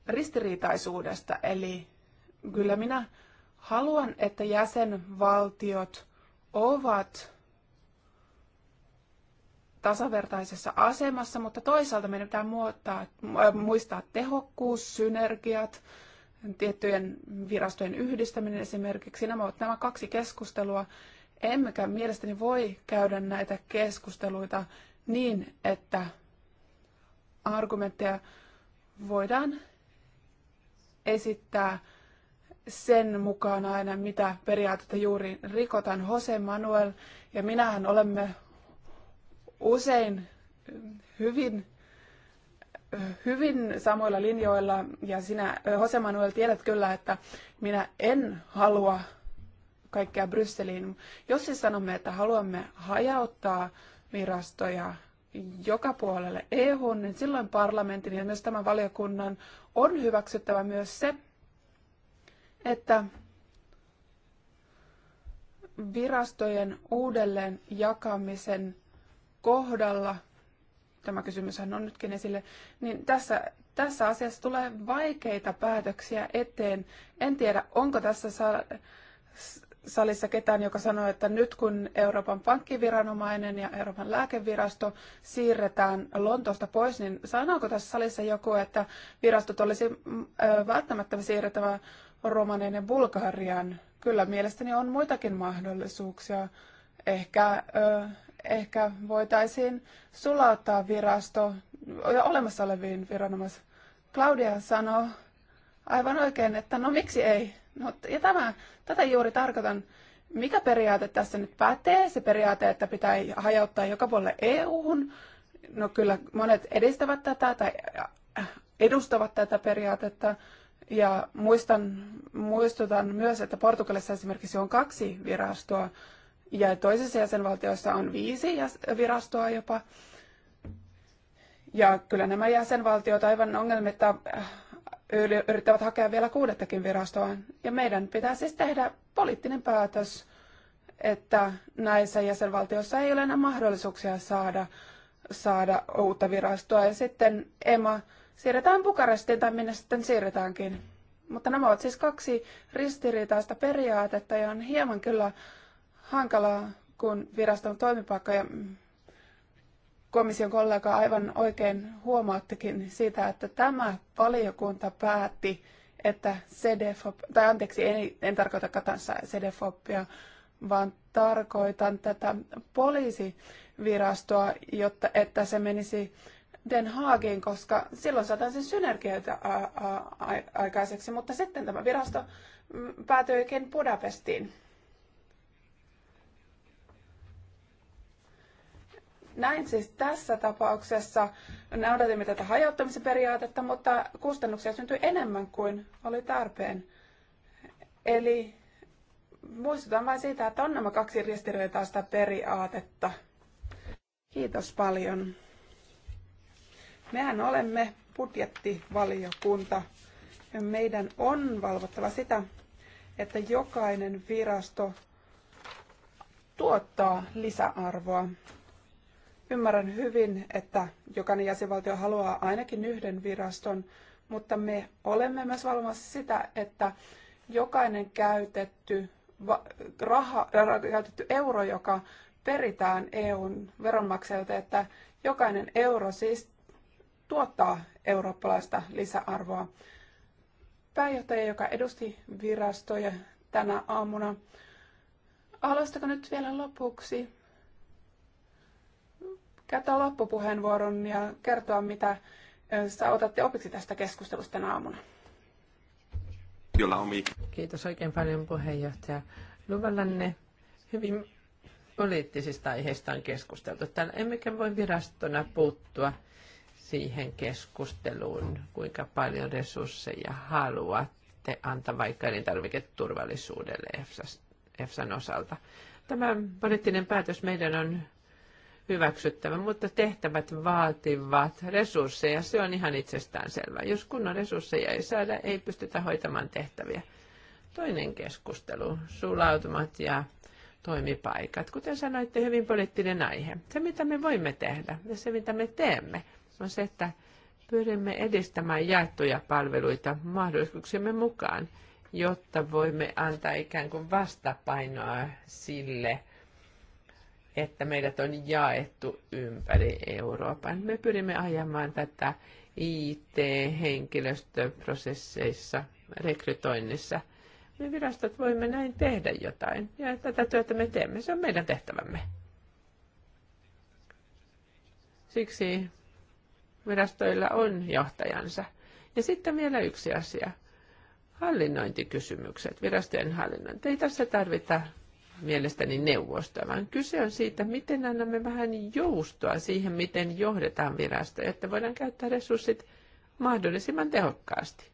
ristiriitaisuudesta. Eli kyllä minä haluan, että jäsenvaltiot ovat tasavertaisessa asemassa, mutta toisaalta meidän pitää muistaa tehokkuus, synergiat, tiettyjen virastojen yhdistäminen esimerkiksi. Nämä ovat nämä kaksi keskustelua. Emmekä mielestäni voi käydä näitä keskusteluita niin, että argumentteja voidaan esittää sen mukaan aina, mitä periaatetta juuri rikotaan. Jose Manuel ja minähän olemme usein hyvin hyvin samoilla linjoilla ja sinä, Jose Manuel, tiedät kyllä, että minä en halua kaikkea Brysseliin. Jos siis sanomme, että haluamme hajauttaa virastoja joka puolelle EU, niin silloin parlamentin ja myös tämän valiokunnan on hyväksyttävä myös se, että virastojen uudelleen jakamisen kohdalla – tämä kysymyshän on nytkin esille, niin tässä, tässä asiassa tulee vaikeita päätöksiä eteen. En tiedä, onko tässä salissa ketään, joka sanoo, että nyt kun Euroopan pankkiviranomainen ja Euroopan lääkevirasto siirretään Lontoosta pois, niin sanooko tässä salissa joku, että virastot olisi mm, välttämättä siirrettävä Romanian ja Bulgarian? Kyllä mielestäni on muitakin mahdollisuuksia. Ehkä ehkä voitaisiin sulauttaa virasto jo olemassa oleviin viranomais. Claudia sanoo aivan oikein, että no miksi ei? No, ja tämä, tätä juuri tarkoitan. Mikä periaate tässä nyt pätee? Se periaate, että pitää hajauttaa joka puolelle EU-hun. No kyllä monet edistävät tätä tai äh, edustavat tätä periaatetta. Ja muistan, muistutan myös, että Portugalissa esimerkiksi on kaksi virastoa, ja toisessa jäsenvaltiossa on viisi virastoa jopa. Ja kyllä nämä jäsenvaltiot aivan ongelmitta äh, yrittävät hakea vielä kuudettakin virastoa. Ja meidän pitää siis tehdä poliittinen päätös, että näissä jäsenvaltioissa ei ole enää mahdollisuuksia saada, saada uutta virastoa. Ja sitten EMA siirretään Bukarestiin tai minne sitten siirretäänkin. Mutta nämä ovat siis kaksi ristiriitaista periaatetta ja on hieman kyllä hankalaa, kun viraston toimipaikka ja komission kollega aivan oikein huomauttikin siitä, että tämä valiokunta päätti, että CDFOP, tai anteeksi, en, en tarkoita katansa CDFOPia, vaan tarkoitan tätä poliisivirastoa, jotta, että se menisi Den Haagiin, koska silloin saadaan sen synergioita aikaiseksi, mutta sitten tämä virasto mm, päätyikin Budapestiin. Näin siis tässä tapauksessa noudatimme tätä hajauttamisen periaatetta, mutta kustannuksia syntyi enemmän kuin oli tarpeen. Eli muistutan vain siitä, että on nämä kaksi sitä periaatetta. Kiitos paljon. Mehän olemme budjettivaliokunta ja meidän on valvottava sitä, että jokainen virasto tuottaa lisäarvoa. Ymmärrän hyvin, että jokainen jäsenvaltio haluaa ainakin yhden viraston, mutta me olemme myös valvomassa sitä, että jokainen käytetty, raha, käytetty euro, joka peritään EUn veronmaksajilta, että jokainen euro siis tuottaa eurooppalaista lisäarvoa. Pääjohtaja, joka edusti virastoja tänä aamuna, haluaisitko nyt vielä lopuksi käyttää loppupuheenvuoron ja kertoa, mitä sä otatte opiksi tästä keskustelusta tänä aamuna. Kiitos oikein paljon puheenjohtaja. Luvallanne hyvin poliittisista aiheista on keskusteltu. Täällä emmekä voi virastona puuttua siihen keskusteluun, kuinka paljon resursseja haluatte antaa vaikka elintarviketurvallisuudelle EFSAn osalta. Tämä poliittinen päätös meidän on hyväksyttävä, mutta tehtävät vaativat resursseja. Se on ihan itsestäänselvää. Jos kunnon resursseja ei saada, ei pystytä hoitamaan tehtäviä. Toinen keskustelu, sulautumat ja toimipaikat. Kuten sanoitte, hyvin poliittinen aihe. Se, mitä me voimme tehdä ja se, mitä me teemme, on se, että pyrimme edistämään jaettuja palveluita mahdollisuuksiemme mukaan, jotta voimme antaa ikään kuin vastapainoa sille – että meidät on jaettu ympäri Euroopan. Me pyrimme ajamaan tätä IT-henkilöstöprosesseissa, rekrytoinnissa. Me virastot voimme näin tehdä jotain, ja tätä työtä me teemme. Se on meidän tehtävämme. Siksi virastoilla on johtajansa. Ja sitten vielä yksi asia. Hallinnointikysymykset, virastojen hallinnointi. Ei tässä tarvita mielestäni neuvosta, vaan kyse on siitä, miten annamme vähän joustoa siihen, miten johdetaan virastoja, että voidaan käyttää resurssit mahdollisimman tehokkaasti.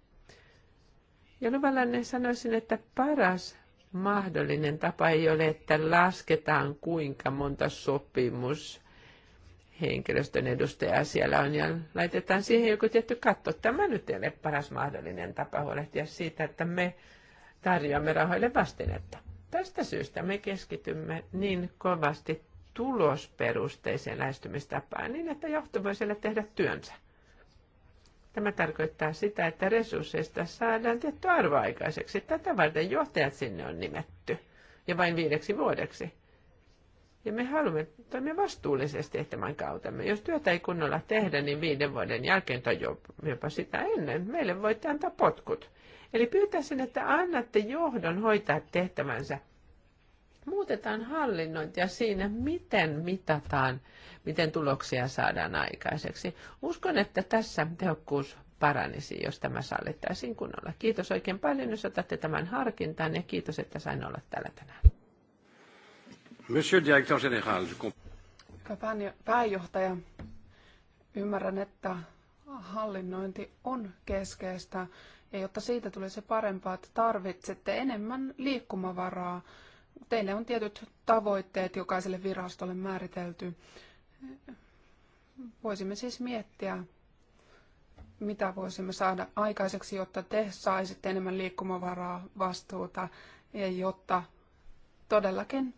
Ja luvalla sanoisin, että paras mahdollinen tapa ei ole, että lasketaan kuinka monta sopimus henkilöstön edustajaa siellä on ja laitetaan siihen joku tietty katto. Tämä nyt ei ole paras mahdollinen tapa huolehtia siitä, että me tarjoamme rahoille vastinetta. Tästä syystä me keskitymme niin kovasti tulosperusteiseen lähestymistapaan niin, että johto voi siellä tehdä työnsä. Tämä tarkoittaa sitä, että resursseista saadaan tietty arvo aikaiseksi. Tätä varten johtajat sinne on nimetty, ja vain viideksi vuodeksi. Ja me haluamme toimia vastuullisesti tämän kautemme. Jos työtä ei kunnolla tehdä, niin viiden vuoden jälkeen tai jopa sitä ennen meille voitte antaa potkut. Eli pyytäisin, että annatte johdon hoitaa tehtävänsä. Muutetaan hallinnointia siinä, miten mitataan, miten tuloksia saadaan aikaiseksi. Uskon, että tässä tehokkuus paranisi, jos tämä sallittaisiin kunnolla. Kiitos oikein paljon, jos otatte tämän harkintaan ja kiitos, että sain olla täällä tänään. Monsieur Directeur Général, Pääjohtaja, ymmärrän, että hallinnointi on keskeistä ja jotta siitä tulee se parempaa, että tarvitsette enemmän liikkumavaraa. Teille on tietyt tavoitteet jokaiselle virastolle määritelty. Voisimme siis miettiä, mitä voisimme saada aikaiseksi, jotta te saisitte enemmän liikkumavaraa, vastuuta ja jotta todellakin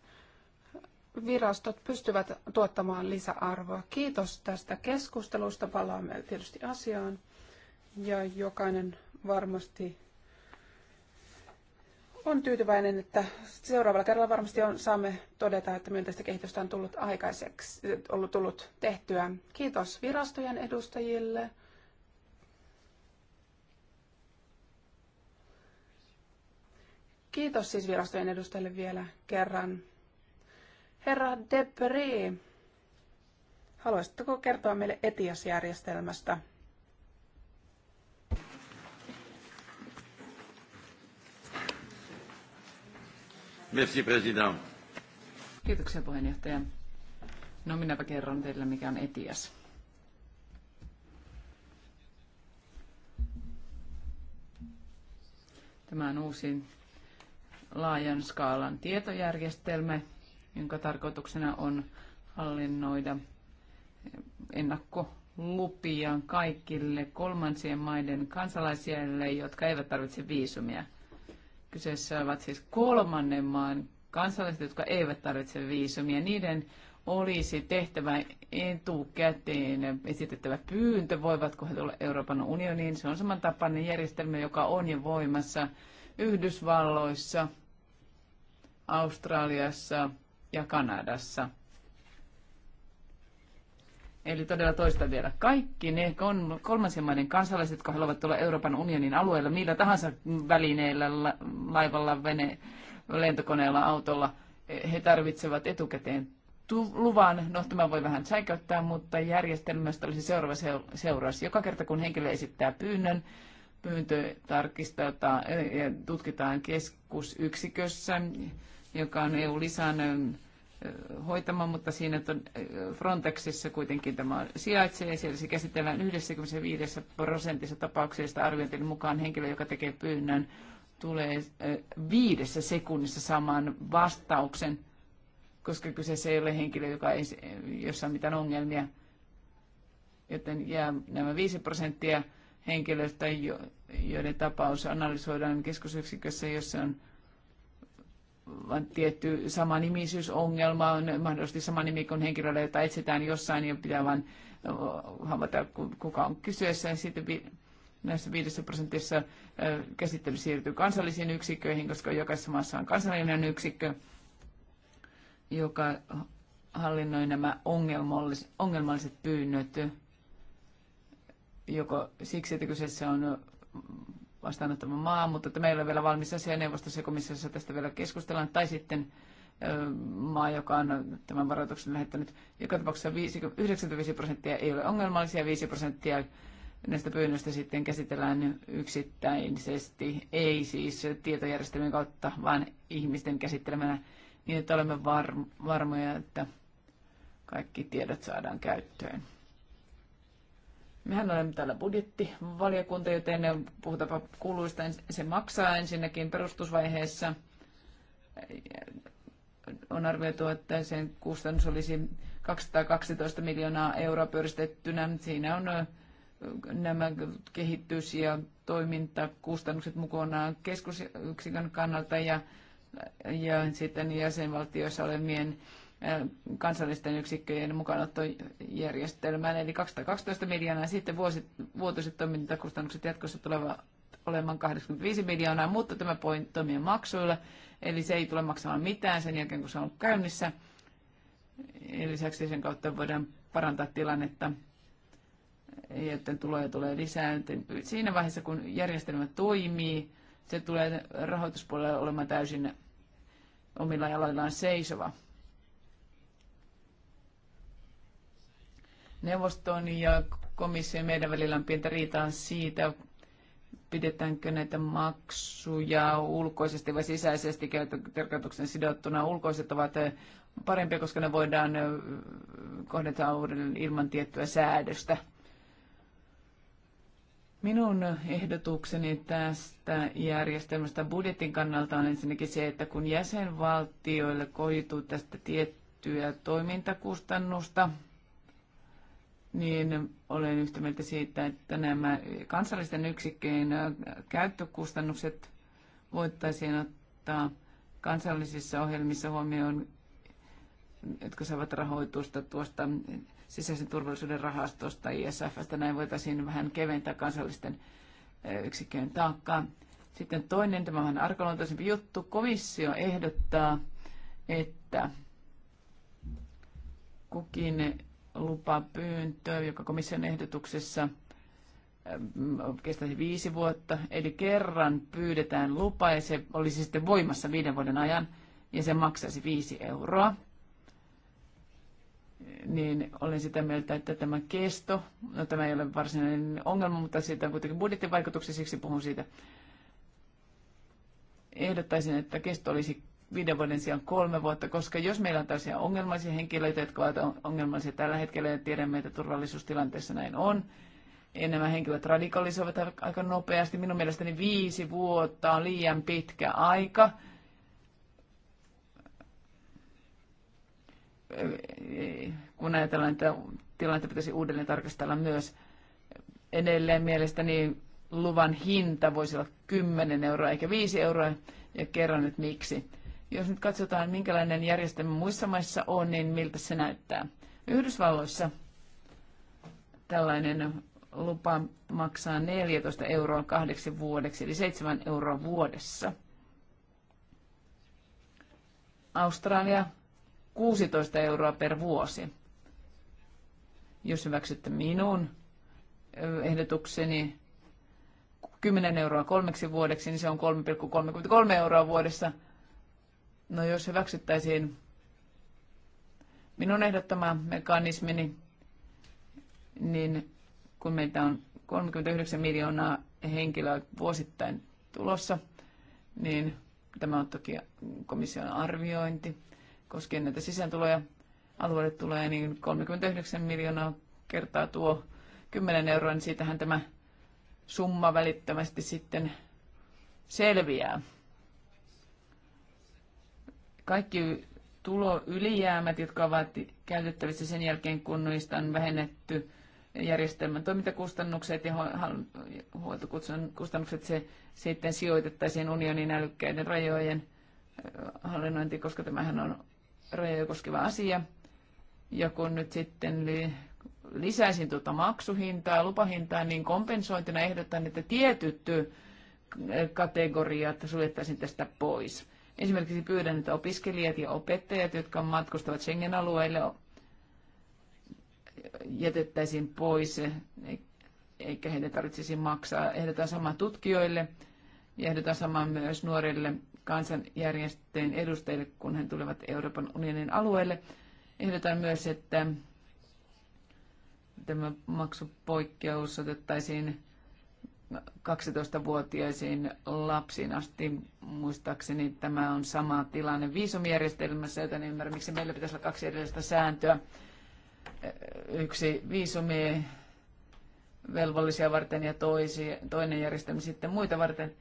virastot pystyvät tuottamaan lisäarvoa. Kiitos tästä keskustelusta. Palaamme tietysti asiaan ja jokainen varmasti on tyytyväinen, että seuraavalla kerralla varmasti on, saamme todeta, että myönteistä kehitystä on tullut aikaiseksi, ollut tullut tehtyä. Kiitos virastojen edustajille. Kiitos siis virastojen edustajille vielä kerran. Herra Depri, haluaisitteko kertoa meille Etiasjärjestelmästä? järjestelmästä Merci, president. Kiitoksia puheenjohtaja. No minäpä kerron teille, mikä on ETIAS. Tämä on uusi laajan skaalan tietojärjestelmä, jonka tarkoituksena on hallinnoida ennakkolupia kaikille kolmansien maiden kansalaisille, jotka eivät tarvitse viisumia – Kyseessä ovat siis kolmannen maan kansalaiset, jotka eivät tarvitse viisumia. Niiden olisi tehtävä etukäteen esitettävä pyyntö, voivatko he tulla Euroopan unioniin. Se on samantapainen järjestelmä, joka on jo voimassa Yhdysvalloissa, Australiassa ja Kanadassa. Eli todella toista vielä. Kaikki ne kolmansien maiden kansalaiset, jotka haluavat tulla Euroopan unionin alueella millä tahansa välineellä laivalla, vene, lentokoneella, autolla, he tarvitsevat etukäteen luvan. No tämä voi vähän säikäyttää, mutta järjestelmästä olisi seuraava seuraus. Joka kerta kun henkilö esittää pyynnön, pyyntö tarkistetaan ja tutkitaan keskusyksikössä, joka on EU-lisän hoitamaan, mutta siinä on Frontexissa kuitenkin tämä sijaitsee. Siellä se käsitellään 95 prosentissa tapauksista arviointien mukaan henkilö, joka tekee pyynnön, tulee viidessä sekunnissa saamaan vastauksen, koska kyseessä ei ole henkilö, joka ei, jossa on mitään ongelmia. Joten jää nämä 5 prosenttia henkilöistä, joiden tapaus analysoidaan keskusyksikössä, jossa on on tietty samanimisyysongelma, on mahdollisesti sama nimi kuin henkilöllä, jota etsitään jossain niin pitää vain havaita, kuka on kyseessä. Ja sitten näissä viidessä prosentissa käsittely siirtyy kansallisiin yksiköihin, koska jokaisessa maassa on kansallinen yksikkö, joka hallinnoi nämä ongelmalliset, ongelmalliset pyynnöt joko siksi, että kyseessä on vastaanottava maa, mutta että meillä on vielä valmis asia neuvostossa ja komissiossa tästä vielä keskustellaan, tai sitten maa, joka on tämän varoituksen lähettänyt. Joka tapauksessa 95 prosenttia ei ole ongelmallisia, 5 prosenttia näistä pyynnöistä sitten käsitellään yksittäisesti, ei siis tietojärjestelmien kautta, vaan ihmisten käsittelemänä niin, että olemme varmoja, että kaikki tiedot saadaan käyttöön. Mehän olemme täällä budjettivaliokunta, joten puhutaanpa kuluista. Se maksaa ensinnäkin perustusvaiheessa. On arvioitu, että sen kustannus olisi 212 miljoonaa euroa pyöristettynä. Siinä on nämä kehitys- ja toimintakustannukset mukana keskusyksikön kannalta ja, ja sitten jäsenvaltioissa olevien kansallisten yksikköjen mukaanottojärjestelmään, eli 212 miljoonaa. Sitten vuosi, vuotuiset toimintakustannukset jatkossa tuleva olemaan 85 miljoonaa, mutta tämä toimii maksuilla, eli se ei tule maksamaan mitään sen jälkeen, kun se on ollut käynnissä. Lisäksi sen kautta voidaan parantaa tilannetta, joten tuloja tulee lisää. Siinä vaiheessa, kun järjestelmä toimii, se tulee rahoituspuolella olemaan täysin omilla jaloillaan seisova. neuvoston ja komission meidän välillä on pientä riitaa siitä, pidetäänkö näitä maksuja ulkoisesti vai sisäisesti käyttötarkoituksen sidottuna. Ulkoiset ovat parempia, koska ne voidaan kohdentaa uudelleen ilman tiettyä säädöstä. Minun ehdotukseni tästä järjestelmästä budjetin kannalta on ensinnäkin se, että kun jäsenvaltioille koituu tästä tiettyä toimintakustannusta, niin olen yhtä mieltä siitä, että nämä kansallisten yksikköjen käyttökustannukset voitaisiin ottaa kansallisissa ohjelmissa huomioon, jotka saavat rahoitusta tuosta sisäisen turvallisuuden rahastosta, ISFstä. Näin voitaisiin vähän keventää kansallisten yksikköjen taakkaa. Sitten toinen, tämä on arkaluontoisempi juttu. Komissio ehdottaa, että kukin lupapyyntö, joka komission ehdotuksessa ähm, kestäisi viisi vuotta. Eli kerran pyydetään lupa ja se olisi sitten voimassa viiden vuoden ajan ja se maksaisi viisi euroa. Niin olen sitä mieltä, että tämä kesto, no tämä ei ole varsinainen ongelma, mutta siitä on kuitenkin budjettivaikutuksia, siksi puhun siitä ehdottaisin, että kesto olisi viiden vuoden sijaan kolme vuotta, koska jos meillä on tällaisia ongelmaisia henkilöitä, jotka ovat ongelmaisia tällä hetkellä ja tiedämme, että turvallisuustilanteessa näin on, niin nämä henkilöt radikalisoivat aika nopeasti. Minun mielestäni viisi vuotta on liian pitkä aika. Kun ajatellaan, että tilannetta pitäisi uudelleen tarkastella myös edelleen mielestäni luvan hinta voisi olla 10 euroa eikä 5 euroa ja kerron nyt miksi. Jos nyt katsotaan, minkälainen järjestelmä muissa maissa on, niin miltä se näyttää. Yhdysvalloissa tällainen lupa maksaa 14 euroa kahdeksi vuodeksi, eli 7 euroa vuodessa. Australia 16 euroa per vuosi. Jos hyväksytte minun ehdotukseni 10 euroa kolmeksi vuodeksi, niin se on 3,33 euroa vuodessa – No jos hyväksyttäisiin minun ehdottama mekanismini, niin kun meitä on 39 miljoonaa henkilöä vuosittain tulossa, niin tämä on toki komission arviointi koskien näitä sisääntuloja. Alueelle tulee niin 39 miljoonaa kertaa tuo 10 euroa, niin siitähän tämä summa välittömästi sitten selviää. Kaikki tuloylijäämät, jotka ovat käytettävissä sen jälkeen, kun niistä on vähennetty järjestelmän toimintakustannukset ja huoltokustannukset, se sitten sijoitettaisiin unionin älykkäiden rajojen hallinnointi koska tämähän on rajoja koskeva asia. Ja kun nyt sitten lisäisin tuota maksuhintaa, lupahintaa, niin kompensointina ehdotan, että tietyt kategoriat suljettaisiin tästä pois. Esimerkiksi pyydän, että opiskelijat ja opettajat, jotka matkustavat Schengen-alueelle, jätettäisiin pois, eikä heidän tarvitsisi maksaa. Ehdotan samaa tutkijoille ja ehdotan samaa myös nuorille kansanjärjestöjen edustajille, kun he tulevat Euroopan unionin alueelle. Ehdotan myös, että tämä maksupoikkeus otettaisiin 12-vuotiaisiin lapsiin asti. Muistaakseni tämä on sama tilanne viisumijärjestelmässä, joten ymmärrän, miksi meillä pitäisi olla kaksi erillistä sääntöä. Yksi viisumi velvollisia varten ja toisi, toinen järjestelmä sitten muita varten.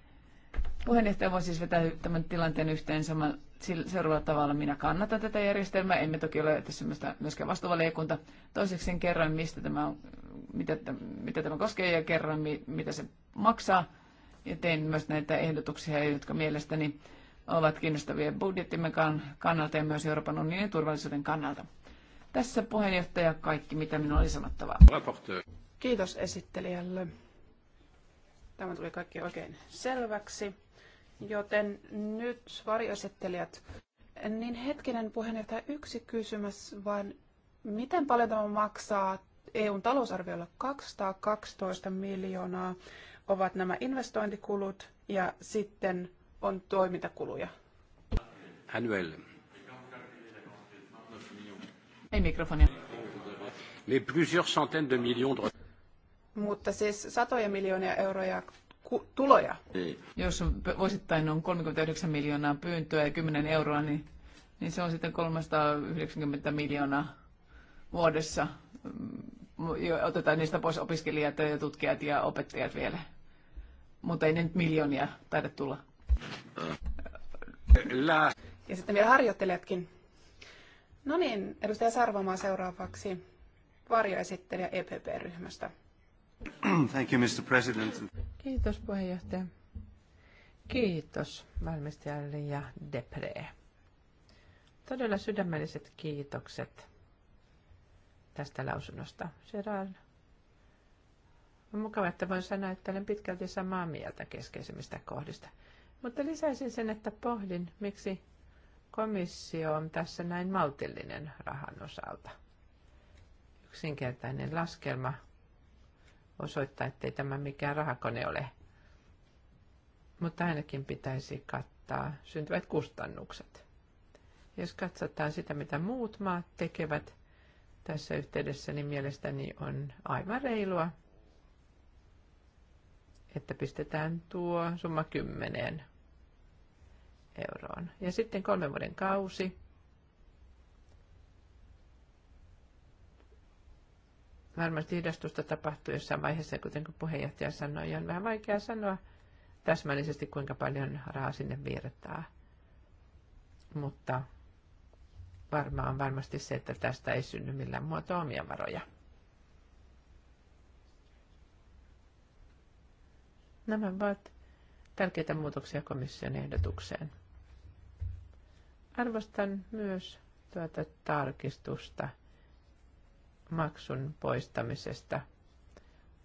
Puheenjohtaja voi siis vetää tämän tilanteen yhteen saman, seuraavalla tavalla. Minä kannatan tätä järjestelmää. Emme toki ole tässä myöskään vastuvaliokunta. Toiseksi kerroin, mistä tämä on mitä, mitä tämä koskee ja kerron, mitä se maksaa. Ja tein myös näitä ehdotuksia, jotka mielestäni ovat kiinnostavia budjettimme kannalta ja myös Euroopan unionin turvallisuuden kannalta. Tässä puheenjohtaja kaikki, mitä minulla oli sanottavaa. Kiitos esittelijälle. Tämä tuli kaikki oikein selväksi. Joten nyt varjoesittelijät. Niin hetkinen puheenjohtaja, yksi kysymys, vaan miten paljon tämä maksaa EUn talousarviolla 212 miljoonaa ovat nämä investointikulut ja sitten on toimintakuluja. Annuel. Ei mikrofonia. Mais plusieurs centaines de millions de... Mutta siis satoja miljoonia euroja tuloja. Jos vuosittain on 39 miljoonaa pyyntöä ja 10 euroa, niin, niin se on sitten 390 miljoonaa vuodessa mm, otetaan niistä pois opiskelijat ja tutkijat ja opettajat vielä. Mutta ei ne nyt miljoonia taida tulla. Kyllä. Ja sitten vielä harjoittelijatkin. No niin, edustaja Sarvamaa seuraavaksi varjoesittelijä EPP-ryhmästä. Thank you, Mr. President. Kiitos puheenjohtaja. Kiitos valmistajalle ja Depre. Todella sydämelliset kiitokset tästä lausunnosta. Se On mukava, että voin sanoa, että olen pitkälti samaa mieltä keskeisimmistä kohdista. Mutta lisäisin sen, että pohdin, miksi komissio on tässä näin maltillinen rahan osalta. Yksinkertainen laskelma osoittaa, ettei tämä mikään rahakone ole. Mutta ainakin pitäisi kattaa syntyvät kustannukset. Jos katsotaan sitä, mitä muut maat tekevät, tässä yhteydessä, niin mielestäni on aivan reilua, että pistetään tuo summa 10 euroon. Ja sitten kolmen vuoden kausi. Varmasti hidastusta tapahtuu jossain vaiheessa, kuten puheenjohtaja sanoi, on vähän vaikea sanoa täsmällisesti, kuinka paljon rahaa sinne virtaa. Mutta varmaa on varmasti se, että tästä ei synny millään muotoa omia varoja. Nämä ovat tärkeitä muutoksia komission ehdotukseen. Arvostan myös tuota tarkistusta maksun poistamisesta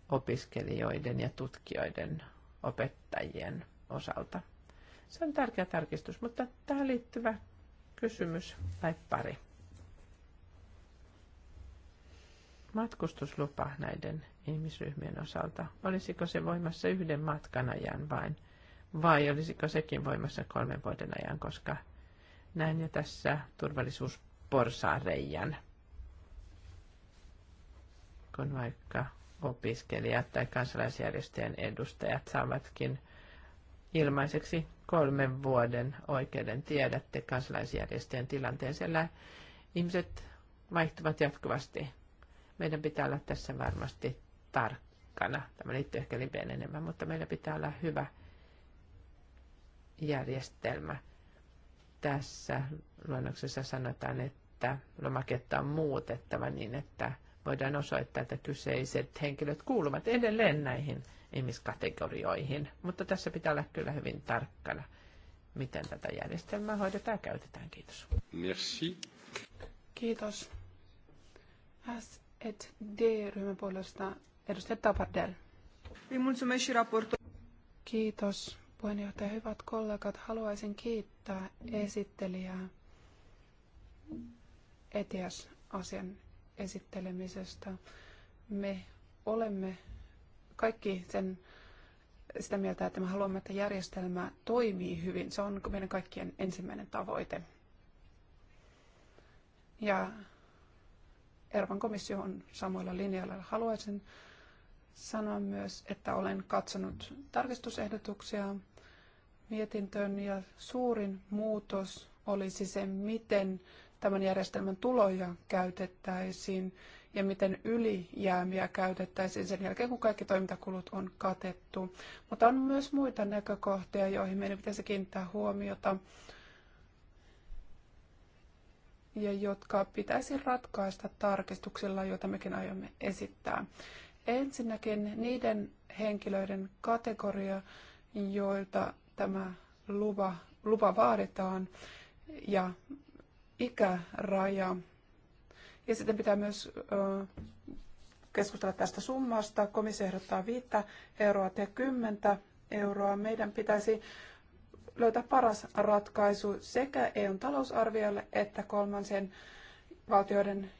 opiskelijoiden ja tutkijoiden opettajien osalta. Se on tärkeä tarkistus, mutta tähän liittyvä Kysymys tai pari. Matkustuslupa näiden ihmisryhmien osalta, olisiko se voimassa yhden matkan ajan vain, vai olisiko sekin voimassa kolmen vuoden ajan, koska näin jo tässä turvallisuusporsaareijan, kun vaikka opiskelijat tai kansalaisjärjestöjen edustajat saavatkin – ilmaiseksi kolmen vuoden oikeuden. Tiedätte kansalaisjärjestöjen tilanteen. Siellä ihmiset vaihtuvat jatkuvasti. Meidän pitää olla tässä varmasti tarkkana. Tämä liittyy ehkä libeen enemmän, mutta meillä pitää olla hyvä järjestelmä. Tässä luonnoksessa sanotaan, että lomaketta on muutettava niin, että voidaan osoittaa, että kyseiset henkilöt kuuluvat edelleen näihin ihmiskategorioihin. Mutta tässä pitää olla kyllä hyvin tarkkana, miten tätä järjestelmää hoidetaan ja käytetään. Kiitos. Merci. Kiitos. D ryhmän puolesta edustaja Tapardel. Kiitos puheenjohtaja. Hyvät kollegat, haluaisin kiittää esittelijää ETIAS-asian esittelemisestä. Me olemme kaikki sen, sitä mieltä, että me haluamme, että järjestelmä toimii hyvin. Se on meidän kaikkien ensimmäinen tavoite. Ja Euroopan komissio on samoilla linjoilla. Haluaisin sanoa myös, että olen katsonut tarkistusehdotuksia mietintöön ja suurin muutos olisi se, miten tämän järjestelmän tuloja käytettäisiin ja miten ylijäämiä käytettäisiin sen jälkeen, kun kaikki toimintakulut on katettu. Mutta on myös muita näkökohtia, joihin meidän pitäisi kiinnittää huomiota ja jotka pitäisi ratkaista tarkistuksilla, joita mekin aiomme esittää. Ensinnäkin niiden henkilöiden kategoria, joilta tämä lupa, lupa vaaditaan, ja ikäraja. Ja sitten pitää myös keskustella tästä summasta. Komissio ehdottaa 5 euroa ja 10 euroa. Meidän pitäisi löytää paras ratkaisu sekä EUn talousarviolle että kolmansien valtioiden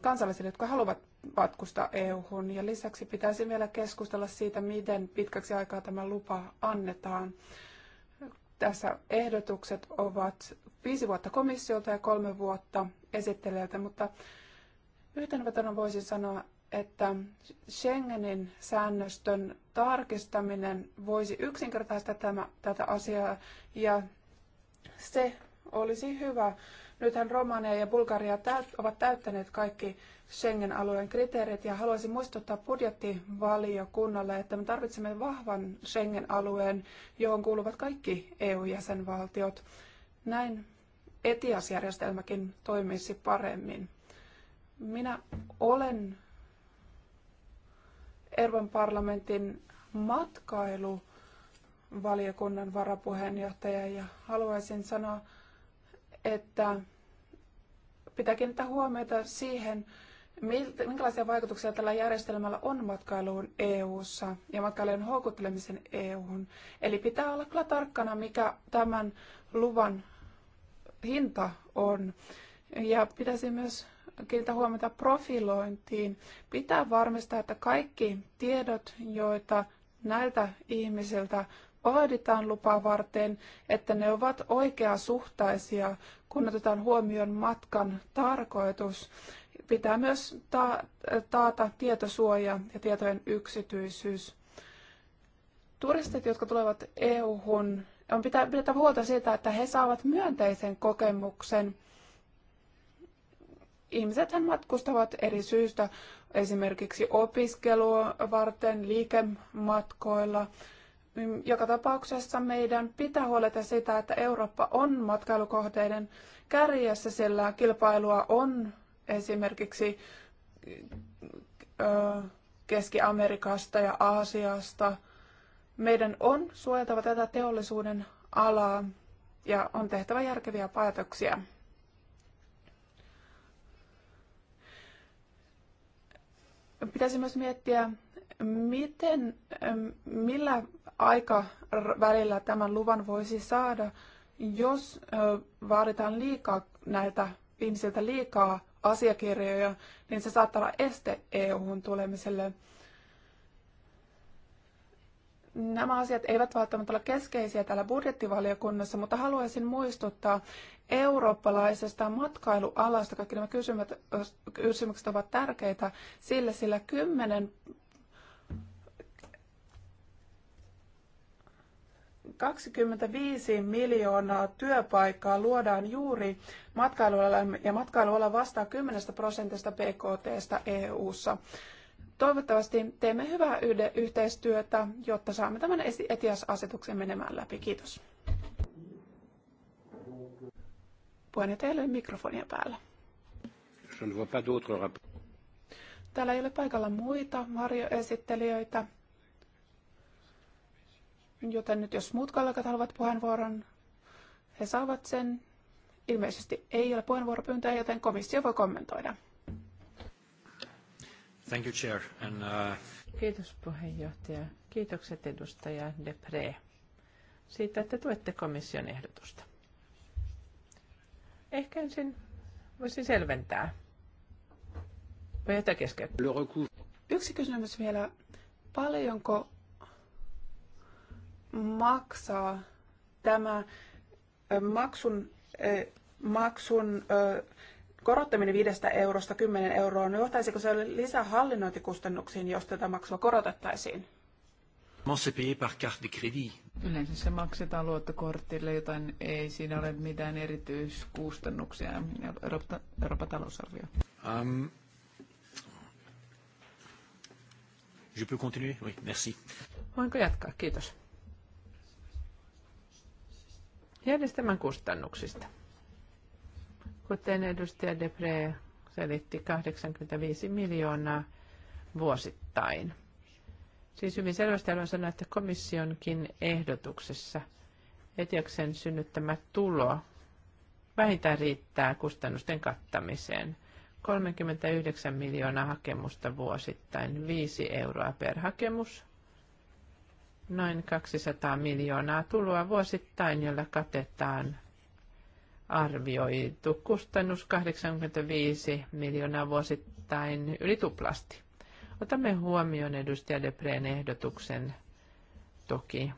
kansalaisille, jotka haluavat matkustaa EU-hun. Ja lisäksi pitäisi vielä keskustella siitä, miten pitkäksi aikaa tämä lupa annetaan. Tässä ehdotukset ovat viisi vuotta komissiolta ja kolme vuotta esittelijältä, mutta yhtenvetona voisin sanoa, että Schengenin säännöstön tarkistaminen voisi yksinkertaistaa tämä, tätä asiaa ja se olisi hyvä Nythän Romania ja Bulgaria täyt- ovat täyttäneet kaikki Schengen-alueen kriteerit ja haluaisin muistuttaa budjettivaliokunnalle, että me tarvitsemme vahvan Schengen-alueen, johon kuuluvat kaikki EU-jäsenvaltiot. Näin ETIAS-järjestelmäkin toimisi paremmin. Minä olen Euroopan parlamentin matkailuvaliokunnan varapuheenjohtaja ja haluaisin sanoa, että pitää kiinnittää huomiota siihen, minkälaisia vaikutuksia tällä järjestelmällä on matkailuun EU:ssa ja matkailijan houkuttelemisen EU:hun. Eli pitää olla kyllä tarkkana, mikä tämän luvan hinta on. Ja pitäisi myös kiinnittää huomiota profilointiin. Pitää varmistaa, että kaikki tiedot, joita näiltä ihmisiltä vaaditaan lupaa varten, että ne ovat oikeasuhtaisia, kun otetaan huomioon matkan tarkoitus. Pitää myös taata tietosuoja ja tietojen yksityisyys. Turistit, jotka tulevat EU-hun, on pitää, pitää huolta siitä, että he saavat myönteisen kokemuksen. Ihmiset matkustavat eri syistä, esimerkiksi opiskelua varten, liikematkoilla – niin joka tapauksessa meidän pitää huolehtia sitä, että Eurooppa on matkailukohteiden kärjessä, sillä kilpailua on esimerkiksi Keski-Amerikasta ja Aasiasta. Meidän on suojeltava tätä teollisuuden alaa ja on tehtävä järkeviä päätöksiä. Pitäisi myös miettiä Miten, ähm, millä aikavälillä tämän luvan voisi saada, jos vaaditaan liikaa näiltä ihmisiltä liikaa asiakirjoja, niin se saattaa olla este EU-hun tulemiselle. Nämä asiat eivät välttämättä ole keskeisiä täällä budjettivaliokunnassa, mutta haluaisin muistuttaa eurooppalaisesta matkailualasta. Kaikki nämä kysymykset ovat tärkeitä sillä, sillä 10 25 miljoonaa työpaikkaa luodaan juuri matkailualalla ja matkailuala vastaa 10 prosentista BKTstä EU-ssa. Toivottavasti teemme hyvää yhteistyötä, jotta saamme tämän ETIAS-asetuksen menemään läpi. Kiitos. Puheenjohtajalle mikrofonia päällä. Täällä ei ole paikalla muita varjoesittelijöitä. Joten nyt jos muut kollegat haluavat puheenvuoron, he saavat sen. Ilmeisesti ei ole puheenvuoropyyntöä, joten komissio voi kommentoida. Thank you, Chair. And, uh... Kiitos puheenjohtaja. Kiitokset edustaja Depre siitä, että tuette komission ehdotusta. Ehkä ensin voisin selventää. Puheenjohtaja keskeyttää. Yksi kysymys vielä. Paljonko maksaa tämä maksun, maksun korottaminen 5 eurosta 10 euroon, niin johtaisiko se lisää hallinnointikustannuksiin, jos tätä maksua korotettaisiin? Yleensä se maksetaan luottokortille, joten ei siinä ole mitään erityiskustannuksia. Euroopan, talousarvio. Um, je peux continuer? Oui, merci. Voinko jatkaa? Kiitos järjestelmän kustannuksista. Kuten edustaja Depre selitti, 85 miljoonaa vuosittain. Siis hyvin selvästi haluan sanoa, että komissionkin ehdotuksessa Etiaksen synnyttämä tulo vähintään riittää kustannusten kattamiseen. 39 miljoonaa hakemusta vuosittain, 5 euroa per hakemus noin 200 miljoonaa tuloa vuosittain, jolla katetaan arvioitu kustannus 85 miljoonaa vuosittain yli tuplasti. Otamme huomioon edustaja Depreen ehdotuksen toki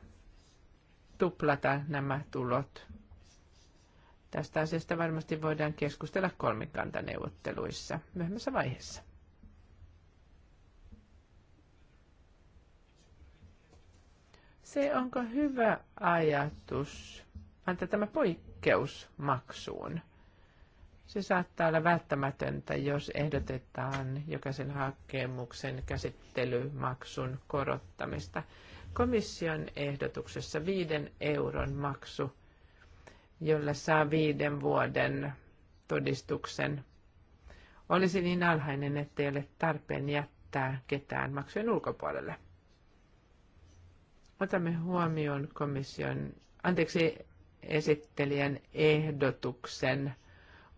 tuplata nämä tulot. Tästä asiasta varmasti voidaan keskustella kolmikantaneuvotteluissa myöhemmässä vaiheessa. se, onko hyvä ajatus antaa tämä poikkeus maksuun. Se saattaa olla välttämätöntä, jos ehdotetaan jokaisen hakemuksen käsittelymaksun korottamista. Komission ehdotuksessa viiden euron maksu, jolla saa viiden vuoden todistuksen, olisi niin alhainen, ettei ole tarpeen jättää ketään maksujen ulkopuolelle otamme huomioon komission, anteeksi, esittelijän ehdotuksen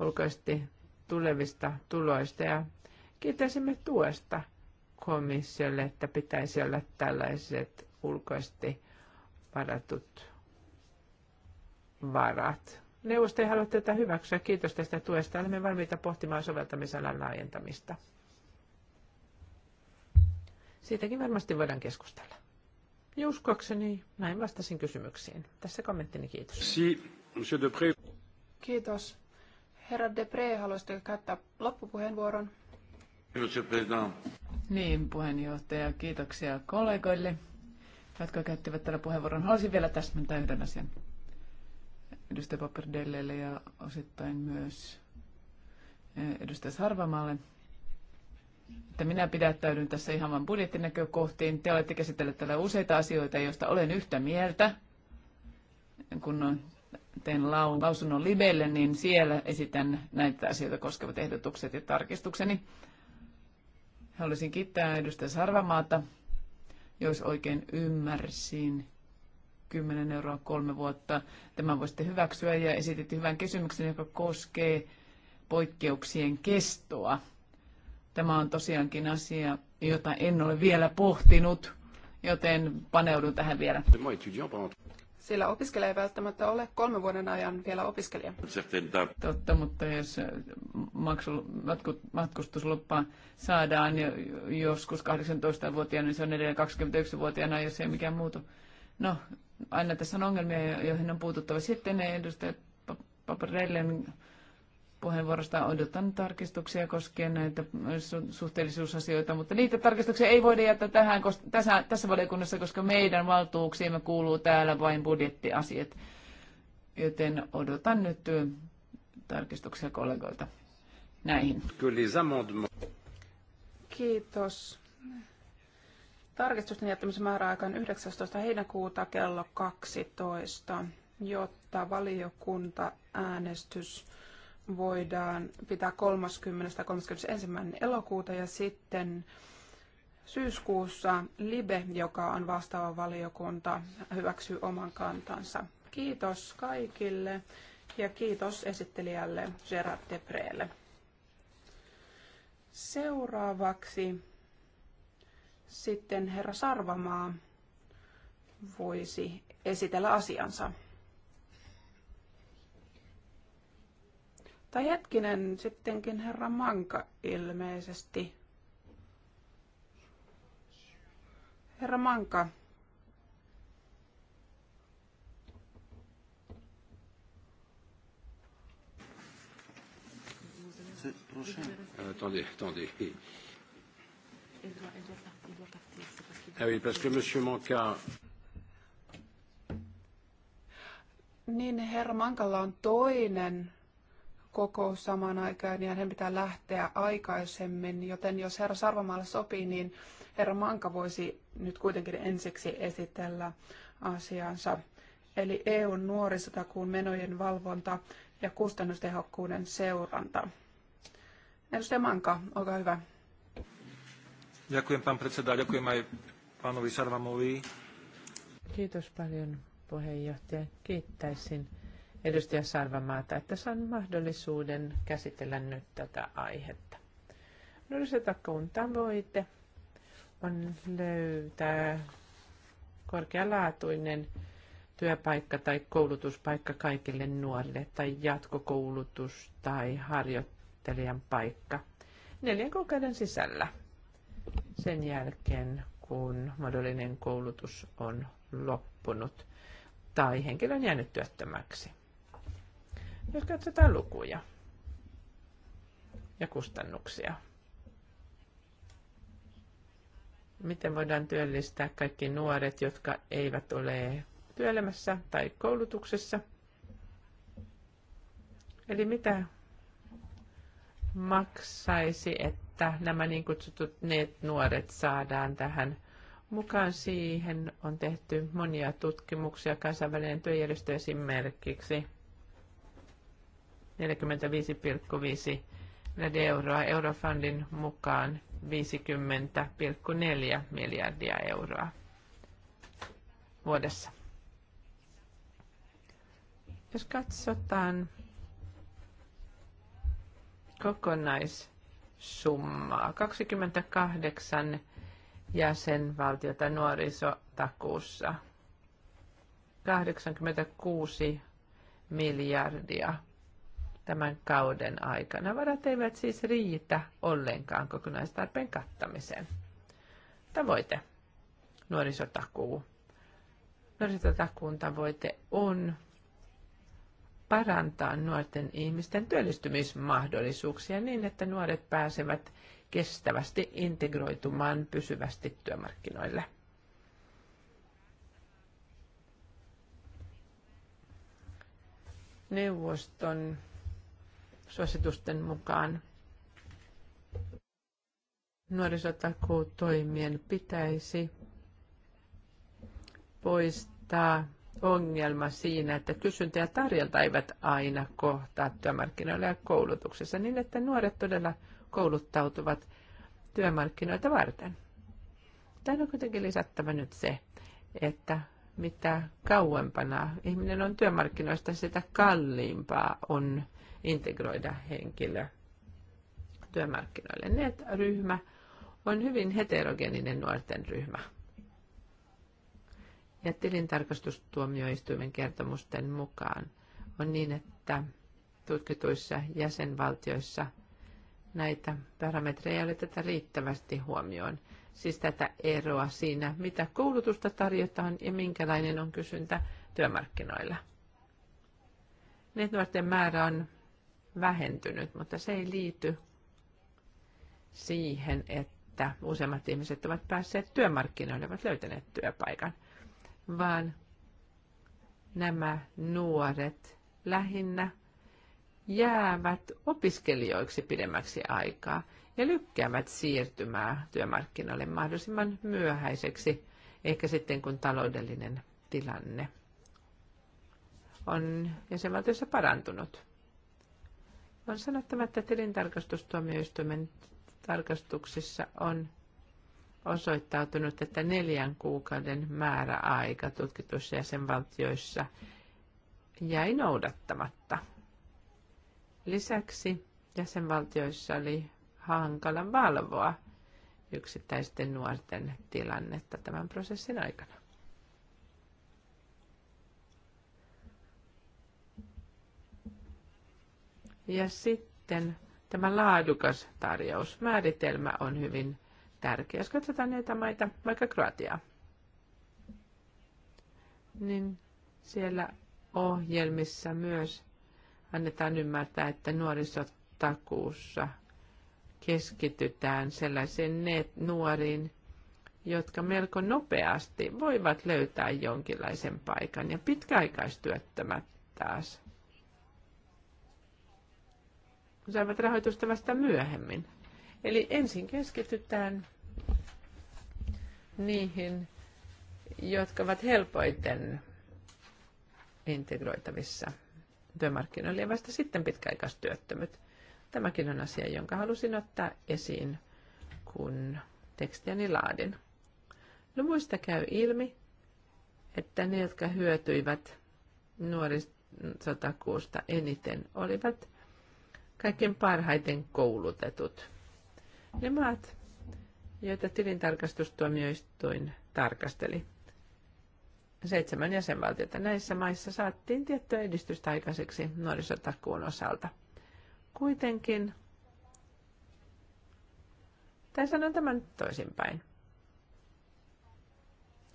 ulkoisesti tulevista tuloista ja kiittäisimme tuosta komissiolle, että pitäisi olla tällaiset ulkoisesti varatut varat. Neuvosto ei halua tätä hyväksyä. Kiitos tästä tuesta. Olemme valmiita pohtimaan soveltamisalan laajentamista. Siitäkin varmasti voidaan keskustella. Ja uskoakseni näin vastasin kysymyksiin. Tässä kommenttini kiitos. Si, monsieur Depré. Kiitos. Herra Depré, haluaisitteko käyttää loppupuheenvuoron? Monsieur President. Niin, puheenjohtaja. Kiitoksia kollegoille, jotka käyttivät tällä puheenvuoron. Haluaisin vielä täsmentää yhden asian edustaja Papperdellelle ja osittain myös eh, edustaja Sarvamaalle että minä pidättäydyn tässä ihan vain budjettinäkökohtiin. Te olette käsitelleet täällä useita asioita, joista olen yhtä mieltä. Kun teen lausunnon libelle, niin siellä esitän näitä asioita koskevat ehdotukset ja tarkistukseni. Haluaisin kiittää edustaja Sarvamaata, jos oikein ymmärsin. 10 euroa kolme vuotta. Tämän voisitte hyväksyä ja esititte hyvän kysymyksen, joka koskee poikkeuksien kestoa Tämä on tosiaankin asia, jota en ole vielä pohtinut, joten paneudun tähän vielä. Sillä opiskelija ei välttämättä ole kolmen vuoden ajan vielä opiskelija. Totta, mutta jos äh, maksu, matkustusluppa saadaan joskus 18-vuotiaana, niin se on edelleen 21-vuotiaana, jos ei mikään muutu. No, aina tässä on ongelmia, joihin on puututtava. Sitten edustaja Paparellen puheenvuorosta. Odotan tarkistuksia koskien näitä suhteellisuusasioita, mutta niitä tarkistuksia ei voida jättää tähän, tässä, tässä valiokunnassa, koska meidän valtuuksiimme kuuluu täällä vain budjettiasiat. Joten odotan nyt tarkistuksia kollegoilta näihin. Kiitos. Tarkistusten jättämisen määräaika on 19. heinäkuuta kello 12, jotta valiokunta äänestys voidaan pitää 30. 31. elokuuta ja sitten syyskuussa LIBE, joka on vastaava valiokunta, hyväksyy oman kantansa. Kiitos kaikille ja kiitos esittelijälle Gerard Depreelle. Seuraavaksi sitten herra Sarvamaa voisi esitellä asiansa. Tai hetkinen, sittenkin herra Manka ilmeisesti. Herra Manka. Euh, attendez, attendez. Ah oui, parce que Monsieur Manka. Niin, herra Mankalla on toinen kokous samaan aikaan ja niin hän pitää lähteä aikaisemmin, joten jos herra Sarvamaalle sopii, niin herra Manka voisi nyt kuitenkin ensiksi esitellä asiansa. Eli EUn nuorisotakuun menojen valvonta ja kustannustehokkuuden seuranta. Edustaja Manka, olkaa hyvä. Ďakujem, pán predseda. Ďakujem aj pánovi Sarvamovi. Kiitos paljon, puheenjohtaja. Kiittäisin edustaja Sarvamaata, että saan mahdollisuuden käsitellä nyt tätä aihetta. Nuorisotakuun tavoite on löytää korkealaatuinen työpaikka tai koulutuspaikka kaikille nuorille tai jatkokoulutus tai harjoittelijan paikka neljän kuukauden sisällä sen jälkeen, kun mahdollinen koulutus on loppunut tai henkilö on jäänyt työttömäksi. Jos katsotaan lukuja ja kustannuksia, miten voidaan työllistää kaikki nuoret, jotka eivät ole työelämässä tai koulutuksessa. Eli mitä maksaisi, että nämä niin kutsutut neet nuoret saadaan tähän mukaan siihen on tehty monia tutkimuksia kansainvälinen työjärjestö esimerkiksi 45,5 miljardia euroa, Eurofundin mukaan 50,4 miljardia euroa vuodessa. Jos katsotaan kokonaissummaa, 28 jäsenvaltiota nuorisotakuussa, 86 miljardia tämän kauden aikana. Varat eivät siis riitä ollenkaan kokonaistarpeen kattamiseen. Tavoite. Nuorisotakuu. Nuorisotakuun tavoite on parantaa nuorten ihmisten työllistymismahdollisuuksia niin, että nuoret pääsevät kestävästi integroitumaan pysyvästi työmarkkinoille. Neuvoston suositusten mukaan nuorisotakuutoimien pitäisi poistaa ongelma siinä, että kysyntä ja tarjonta eivät aina kohtaa työmarkkinoilla ja koulutuksessa niin, että nuoret todella kouluttautuvat työmarkkinoita varten. Tämä on kuitenkin lisättävä nyt se, että mitä kauempana ihminen on työmarkkinoista, sitä kalliimpaa on integroida henkilö työmarkkinoille. NET-ryhmä on hyvin heterogeninen nuorten ryhmä. Ja tilintarkastustuomioistuimen kertomusten mukaan on niin, että tutkituissa jäsenvaltioissa näitä parametreja ei tätä riittävästi huomioon. Siis tätä eroa siinä, mitä koulutusta tarjotaan ja minkälainen on kysyntä työmarkkinoilla. Net nuorten määrä on vähentynyt, mutta se ei liity siihen, että useimmat ihmiset ovat päässeet työmarkkinoille, ovat löytäneet työpaikan, vaan nämä nuoret lähinnä jäävät opiskelijoiksi pidemmäksi aikaa ja lykkäävät siirtymää työmarkkinoille mahdollisimman myöhäiseksi, ehkä sitten kun taloudellinen tilanne on jäsenvaltiossa parantunut. On sanottava, että tilintarkastustuomioistuimen tarkastuksissa on osoittautunut, että neljän kuukauden määräaika tutkituissa jäsenvaltioissa jäi noudattamatta. Lisäksi jäsenvaltioissa oli hankala valvoa yksittäisten nuorten tilannetta tämän prosessin aikana. Ja sitten tämä laadukas tarjous. Määritelmä on hyvin tärkeä. Jos katsotaan näitä maita, vaikka Kroatiaa, niin siellä ohjelmissa myös annetaan ymmärtää, että nuorisotakuussa keskitytään sellaisiin nuoriin, jotka melko nopeasti voivat löytää jonkinlaisen paikan. Ja pitkäaikaistyöttömät taas saivat rahoitusta vasta myöhemmin. Eli ensin keskitytään niihin, jotka ovat helpoiten integroitavissa työmarkkinoille ja vasta sitten pitkäaikaistyöttömät. Tämäkin on asia, jonka halusin ottaa esiin, kun tekstiäni laadin. Luvuista no käy ilmi, että ne, jotka hyötyivät nuorisotakuusta eniten, olivat kaikkein parhaiten koulutetut. Ne maat, joita tilintarkastustuomioistuin tarkasteli. Seitsemän jäsenvaltiota näissä maissa saattiin tiettyä edistystä aikaiseksi nuorisotakuun osalta. Kuitenkin, tai sanon tämän toisinpäin,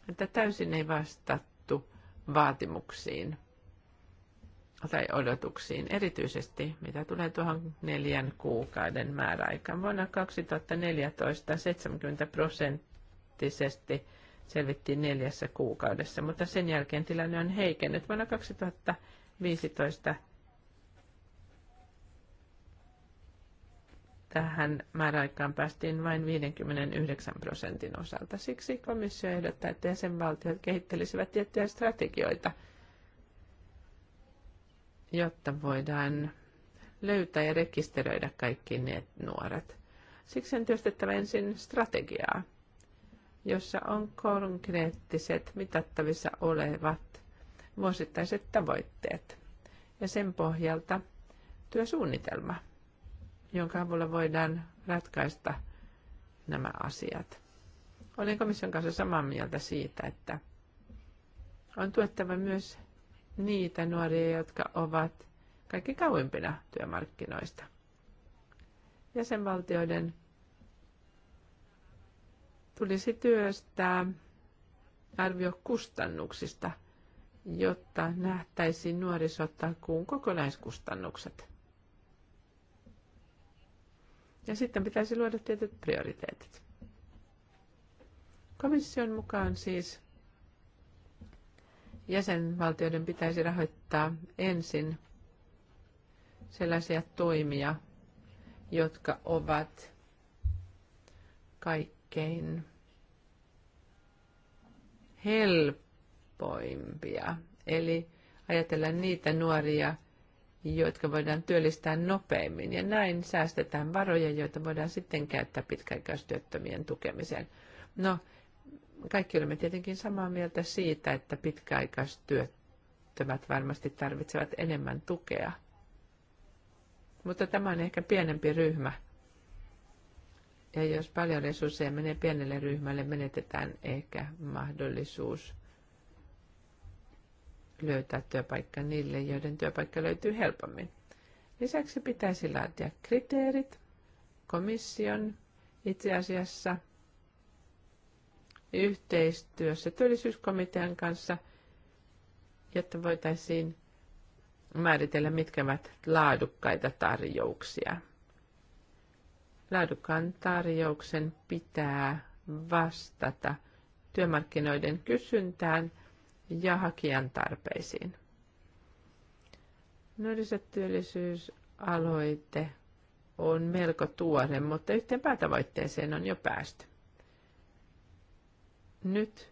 että täysin ei vastattu vaatimuksiin tai odotuksiin, erityisesti mitä tulee tuohon neljän kuukauden määräaikaan. Vuonna 2014 70 prosenttisesti selvittiin neljässä kuukaudessa, mutta sen jälkeen tilanne on heikennyt. Vuonna 2015 tähän määräaikaan päästiin vain 59 prosentin osalta. Siksi komissio ehdottaa, että jäsenvaltiot kehittelisivät tiettyjä strategioita – jotta voidaan löytää ja rekisteröidä kaikki ne nuoret. Siksi on työstettävä ensin strategiaa, jossa on konkreettiset, mitattavissa olevat vuosittaiset tavoitteet ja sen pohjalta työsuunnitelma, jonka avulla voidaan ratkaista nämä asiat. Olen komission kanssa samaa mieltä siitä, että on tuettava myös niitä nuoria, jotka ovat kaikki kauimpina työmarkkinoista. Jäsenvaltioiden tulisi työstää arvio kustannuksista, jotta nähtäisiin nuorisotakuun kokonaiskustannukset. Ja sitten pitäisi luoda tietyt prioriteetit. Komission mukaan siis jäsenvaltioiden pitäisi rahoittaa ensin sellaisia toimia, jotka ovat kaikkein helpoimpia. Eli ajatella niitä nuoria, jotka voidaan työllistää nopeammin. Ja näin säästetään varoja, joita voidaan sitten käyttää pitkäaikaistyöttömien tukemiseen. No, kaikki olemme tietenkin samaa mieltä siitä, että pitkäaikaistyöttömät varmasti tarvitsevat enemmän tukea. Mutta tämä on ehkä pienempi ryhmä. Ja jos paljon resursseja menee pienelle ryhmälle, menetetään ehkä mahdollisuus löytää työpaikka niille, joiden työpaikka löytyy helpommin. Lisäksi pitäisi laatia kriteerit komission itse asiassa – yhteistyössä työllisyyskomitean kanssa, jotta voitaisiin määritellä, mitkä ovat laadukkaita tarjouksia. Laadukkaan tarjouksen pitää vastata työmarkkinoiden kysyntään ja hakijan tarpeisiin. Nuorisotyöllisyysaloite on melko tuore, mutta yhteen päätavoitteeseen on jo päästy. Nyt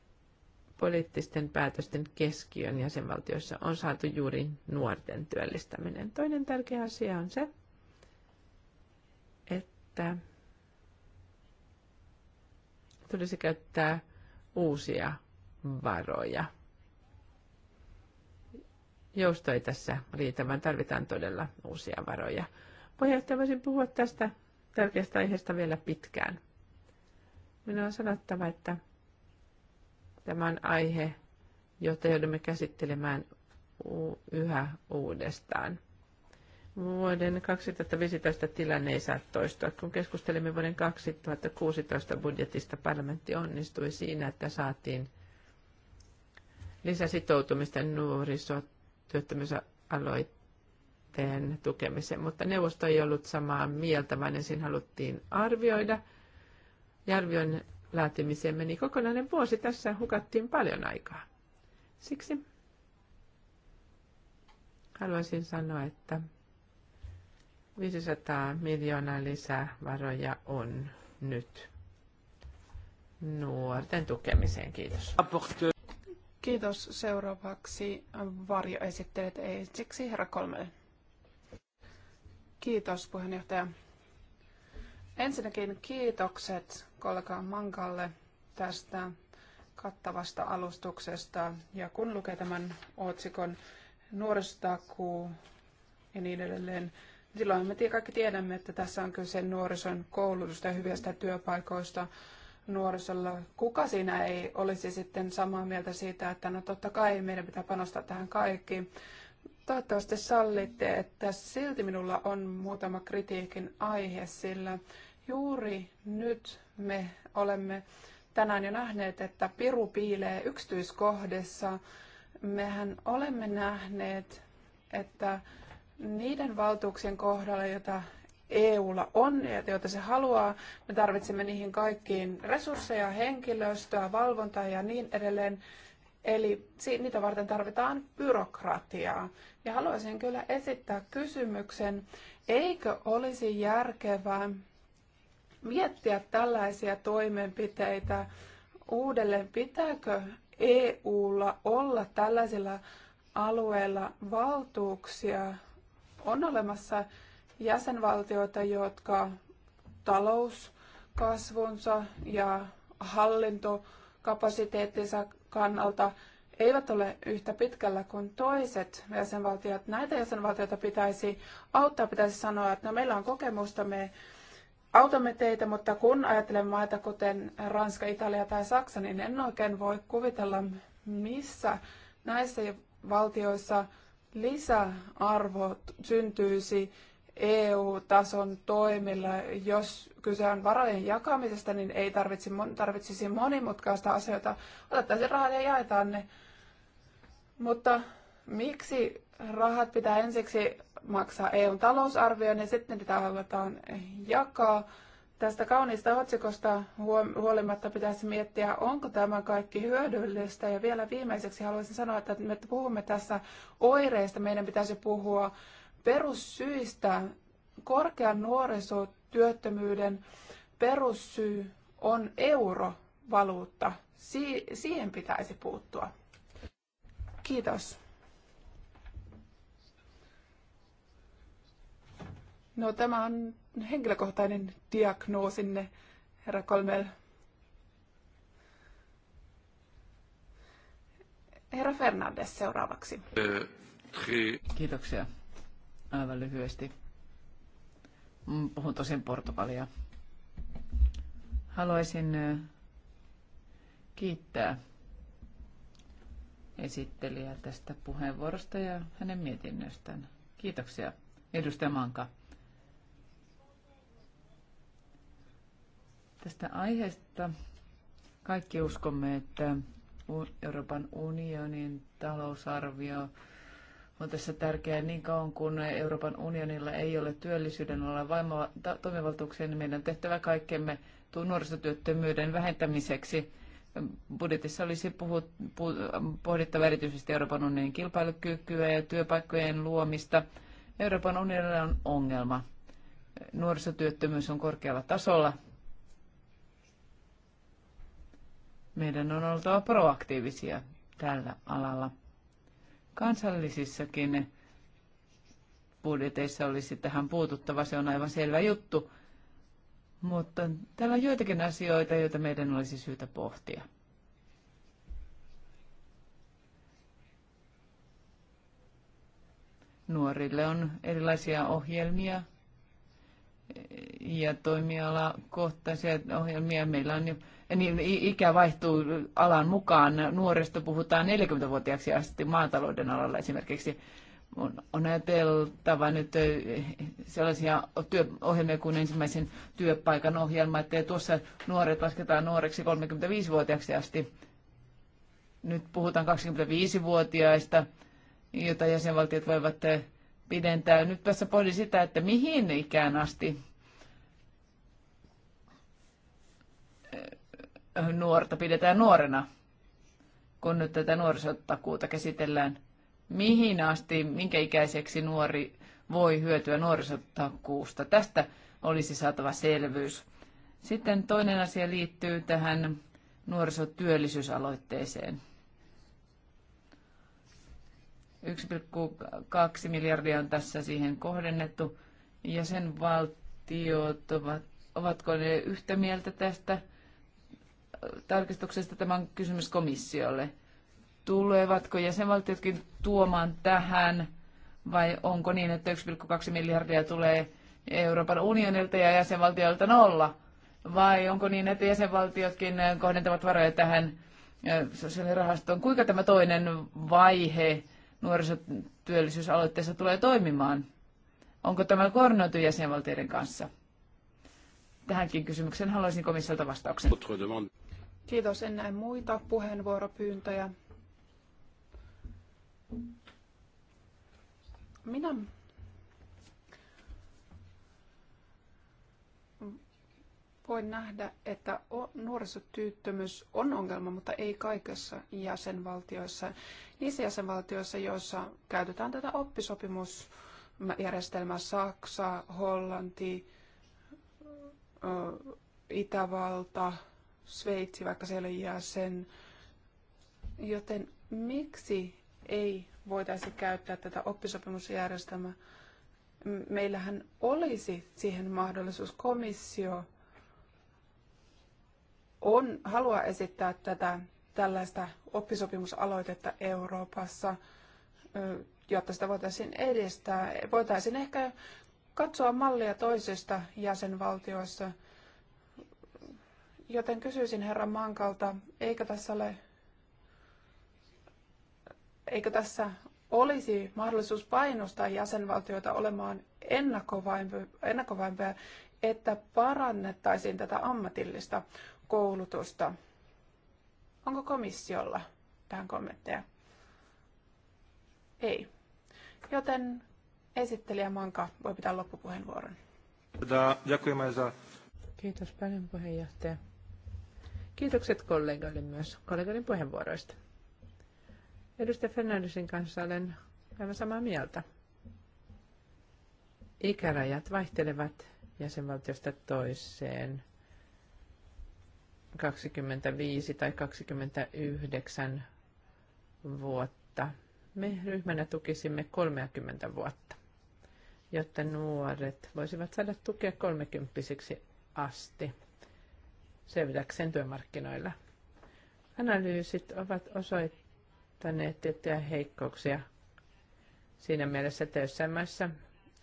poliittisten päätösten keskiön jäsenvaltioissa on saatu juuri nuorten työllistäminen. Toinen tärkeä asia on se, että tulisi käyttää uusia varoja. Jousto ei tässä riitä, vaan tarvitaan todella uusia varoja. Puheenjohtaja, voisin puhua tästä tärkeästä aiheesta vielä pitkään. Minun on sanottava, että tämän aihe, jota joudumme käsittelemään yhä uudestaan. Vuoden 2015 tilanne ei saa toistua. Kun keskustelimme vuoden 2016 budjetista, parlamentti onnistui siinä, että saatiin lisäsitoutumista nuorisotyöttömyysaloitteen tukemiseen, mutta neuvosto ei ollut samaa mieltä, vaan ensin haluttiin arvioida. Ja arvion laatimiseen meni kokonainen vuosi. Tässä hukattiin paljon aikaa. Siksi haluaisin sanoa, että 500 miljoonaa lisää varoja on nyt nuorten tukemiseen. Kiitos. Kiitos. Seuraavaksi varjoesittelijät ensiksi herra Kolmelle. Kiitos puheenjohtaja. Ensinnäkin kiitokset kollega Mankalle tästä kattavasta alustuksesta. Ja kun lukee tämän otsikon nuorisotakuu ja niin edelleen, niin silloin me kaikki tiedämme, että tässä on kyse nuorison koulutusta ja hyvistä työpaikoista nuorisolla. Kuka siinä ei olisi sitten samaa mieltä siitä, että no totta kai meidän pitää panostaa tähän kaikki. Toivottavasti sallitte, että silti minulla on muutama kritiikin aihe, sillä juuri nyt me olemme tänään jo nähneet, että piru piilee yksityiskohdessa. Mehän olemme nähneet, että niiden valtuuksien kohdalla, joita EUlla on ja joita se haluaa, me tarvitsemme niihin kaikkiin resursseja, henkilöstöä, valvontaa ja niin edelleen. Eli niitä varten tarvitaan byrokratiaa. Ja haluaisin kyllä esittää kysymyksen, eikö olisi järkevää miettiä tällaisia toimenpiteitä uudelleen? Pitääkö EUlla olla tällaisilla alueilla valtuuksia? On olemassa jäsenvaltioita, jotka talouskasvunsa ja hallintokapasiteettinsa kannalta eivät ole yhtä pitkällä kuin toiset jäsenvaltiot. Näitä jäsenvaltioita pitäisi auttaa, pitäisi sanoa, että no meillä on kokemusta, me autamme teitä, mutta kun ajattelen maita kuten Ranska, Italia tai Saksa, niin en oikein voi kuvitella, missä näissä valtioissa lisäarvo syntyisi EU-tason toimilla. Jos kyse on varojen jakamisesta, niin ei tarvitsisi monimutkaista asioita. Otettaisiin rahat ja jaetaan ne. Mutta miksi rahat pitää ensiksi maksaa EUn talousarvioon ja sitten niitä halutaan jakaa? Tästä kauniista otsikosta huolimatta pitäisi miettiä, onko tämä kaikki hyödyllistä. Ja vielä viimeiseksi haluaisin sanoa, että me puhumme tässä oireista. Meidän pitäisi puhua perussyistä korkean nuorisotyöttömyyden perussyy on eurovaluutta. Si- siihen pitäisi puuttua. Kiitos. No tämä on henkilökohtainen diagnoosinne, herra Kolmel. Herra Fernandes seuraavaksi. Kiitoksia Aivan lyhyesti. Puhun tosin Portugalia. Haluaisin kiittää esittelijää tästä puheenvuorosta ja hänen mietinnöstään. Kiitoksia, edustaja Manka. Tästä aiheesta kaikki uskomme, että Euroopan unionin talousarvio on tässä tärkeää niin kauan kuin Euroopan unionilla ei ole työllisyyden olla toimivaltuuksia, niin meidän on tehtävä kaikkemme nuorisotyöttömyyden vähentämiseksi. Budjetissa olisi puhut, puh, pohdittava erityisesti Euroopan unionin kilpailukykyä ja työpaikkojen luomista. Euroopan unionilla on ongelma. Nuorisotyöttömyys on korkealla tasolla. Meidän on oltava proaktiivisia tällä alalla kansallisissakin budjeteissa olisi tähän puututtava, se on aivan selvä juttu. Mutta täällä on joitakin asioita, joita meidän olisi syytä pohtia. Nuorille on erilaisia ohjelmia ja toimialakohtaisia ohjelmia. Meillä on jo niin ikä vaihtuu alan mukaan. Nuoresta puhutaan 40-vuotiaaksi asti maatalouden alalla esimerkiksi. On, ajateltava nyt sellaisia työohjelmia kuin ensimmäisen työpaikan ohjelma, että tuossa nuoret lasketaan nuoreksi 35-vuotiaaksi asti. Nyt puhutaan 25-vuotiaista, joita jäsenvaltiot voivat pidentää. Nyt tässä pohdin sitä, että mihin ikään asti nuorta pidetään nuorena, kun nyt tätä nuorisotakuuta käsitellään. Mihin asti, minkä ikäiseksi nuori voi hyötyä nuorisotakuusta? Tästä olisi saatava selvyys. Sitten toinen asia liittyy tähän nuorisotyöllisyysaloitteeseen. 1,2 miljardia on tässä siihen kohdennettu. ja sen ovat, ovatko ne yhtä mieltä tästä? tarkistuksesta tämä on kysymys komissiolle. Tulevatko jäsenvaltiotkin tuomaan tähän vai onko niin, että 1,2 miljardia tulee Euroopan unionilta ja jäsenvaltioilta nolla? Vai onko niin, että jäsenvaltiotkin kohdentavat varoja tähän sosiaalirahastoon? Kuinka tämä toinen vaihe nuorisotyöllisyysaloitteessa tulee toimimaan? Onko tämä koordinoitu jäsenvaltioiden kanssa? Tähänkin kysymykseen haluaisin komissiolta vastauksen. Kiitos. En näe muita puheenvuoropyyntöjä. Minä voin nähdä, että nuorisotyöttömyys on ongelma, mutta ei kaikissa jäsenvaltioissa. Niissä jäsenvaltioissa, joissa käytetään tätä oppisopimusjärjestelmää, Saksa, Hollanti, Itävalta, Sveitsi, vaikka se ei jää sen. Joten miksi ei voitaisi käyttää tätä oppisopimusjärjestelmää? Meillähän olisi siihen mahdollisuus. Komissio on, haluaa esittää tätä, tällaista oppisopimusaloitetta Euroopassa, jotta sitä voitaisiin edistää. Voitaisiin ehkä katsoa mallia toisista jäsenvaltioista – Joten kysyisin herra Mankalta, eikö tässä ole eikö tässä olisi mahdollisuus painostaa jäsenvaltioita olemaan ennakkovaimpia, että parannettaisiin tätä ammatillista koulutusta. Onko komissiolla tähän kommentteja? Ei. Joten esittelijä Manka voi pitää loppupuheenvuoron. Kiitos paljon puheenjohtaja. Kiitokset kollegoille myös kollegoiden puheenvuoroista. Edustaja Fernandesin kanssa olen aivan samaa mieltä. Ikärajat vaihtelevat jäsenvaltiosta toiseen 25 tai 29 vuotta. Me ryhmänä tukisimme 30 vuotta, jotta nuoret voisivat saada tukea 30 asti selvitäkseen työmarkkinoilla. Analyysit ovat osoittaneet tiettyjä heikkouksia siinä mielessä, että jossain maissa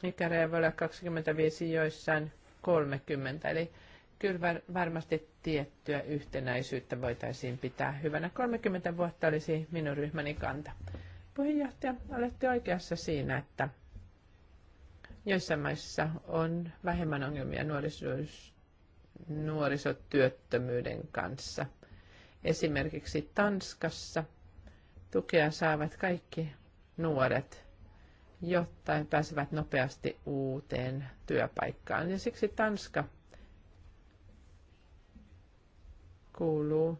ikäraja voi olla 25, joissain 30. Eli kyllä varmasti tiettyä yhtenäisyyttä voitaisiin pitää hyvänä. 30 vuotta olisi minun ryhmäni kanta. Puheenjohtaja, olette oikeassa siinä, että joissain maissa on vähemmän ongelmia nuorisuus, nuorisotyöttömyyden kanssa. Esimerkiksi Tanskassa tukea saavat kaikki nuoret, jotta he pääsevät nopeasti uuteen työpaikkaan. Ja siksi Tanska kuuluu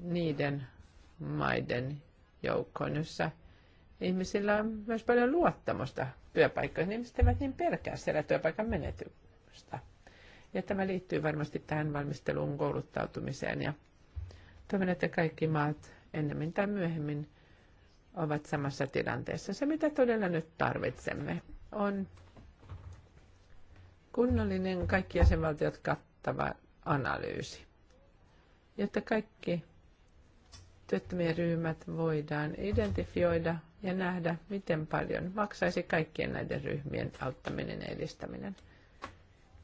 niiden maiden joukkoon, jossa ihmisillä on myös paljon luottamusta työpaikkoihin. Ihmiset eivät niin pelkää siellä työpaikan menetystä. Ja tämä liittyy varmasti tähän valmisteluun kouluttautumiseen ja toivon, että kaikki maat ennemmin tai myöhemmin ovat samassa tilanteessa. Se, mitä todella nyt tarvitsemme, on kunnollinen kaikki jäsenvaltiot kattava analyysi, jotta kaikki työttömien ryhmät voidaan identifioida ja nähdä, miten paljon maksaisi kaikkien näiden ryhmien auttaminen ja edistäminen.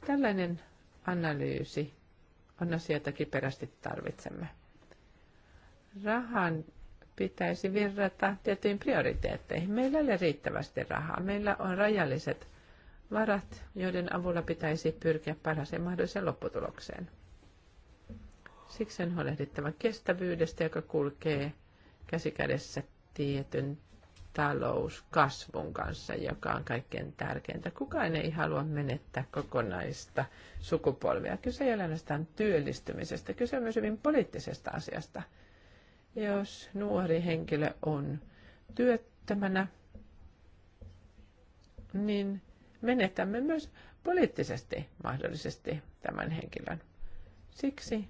Tällainen analyysi on asia, jota kiperästi tarvitsemme. Rahan pitäisi virrata tietyin prioriteetteihin. Meillä ei ole riittävästi rahaa. Meillä on rajalliset varat, joiden avulla pitäisi pyrkiä parhaaseen mahdolliseen lopputulokseen. Siksi on huolehdittava kestävyydestä, joka kulkee käsikädessä tietyn talouskasvun kanssa, joka on kaikkein tärkeintä. Kukaan ei halua menettää kokonaista sukupolvia. Kyse ei ole ainoastaan työllistymisestä, kyse on myös hyvin poliittisesta asiasta. Jos nuori henkilö on työttömänä, niin menetämme myös poliittisesti mahdollisesti tämän henkilön. Siksi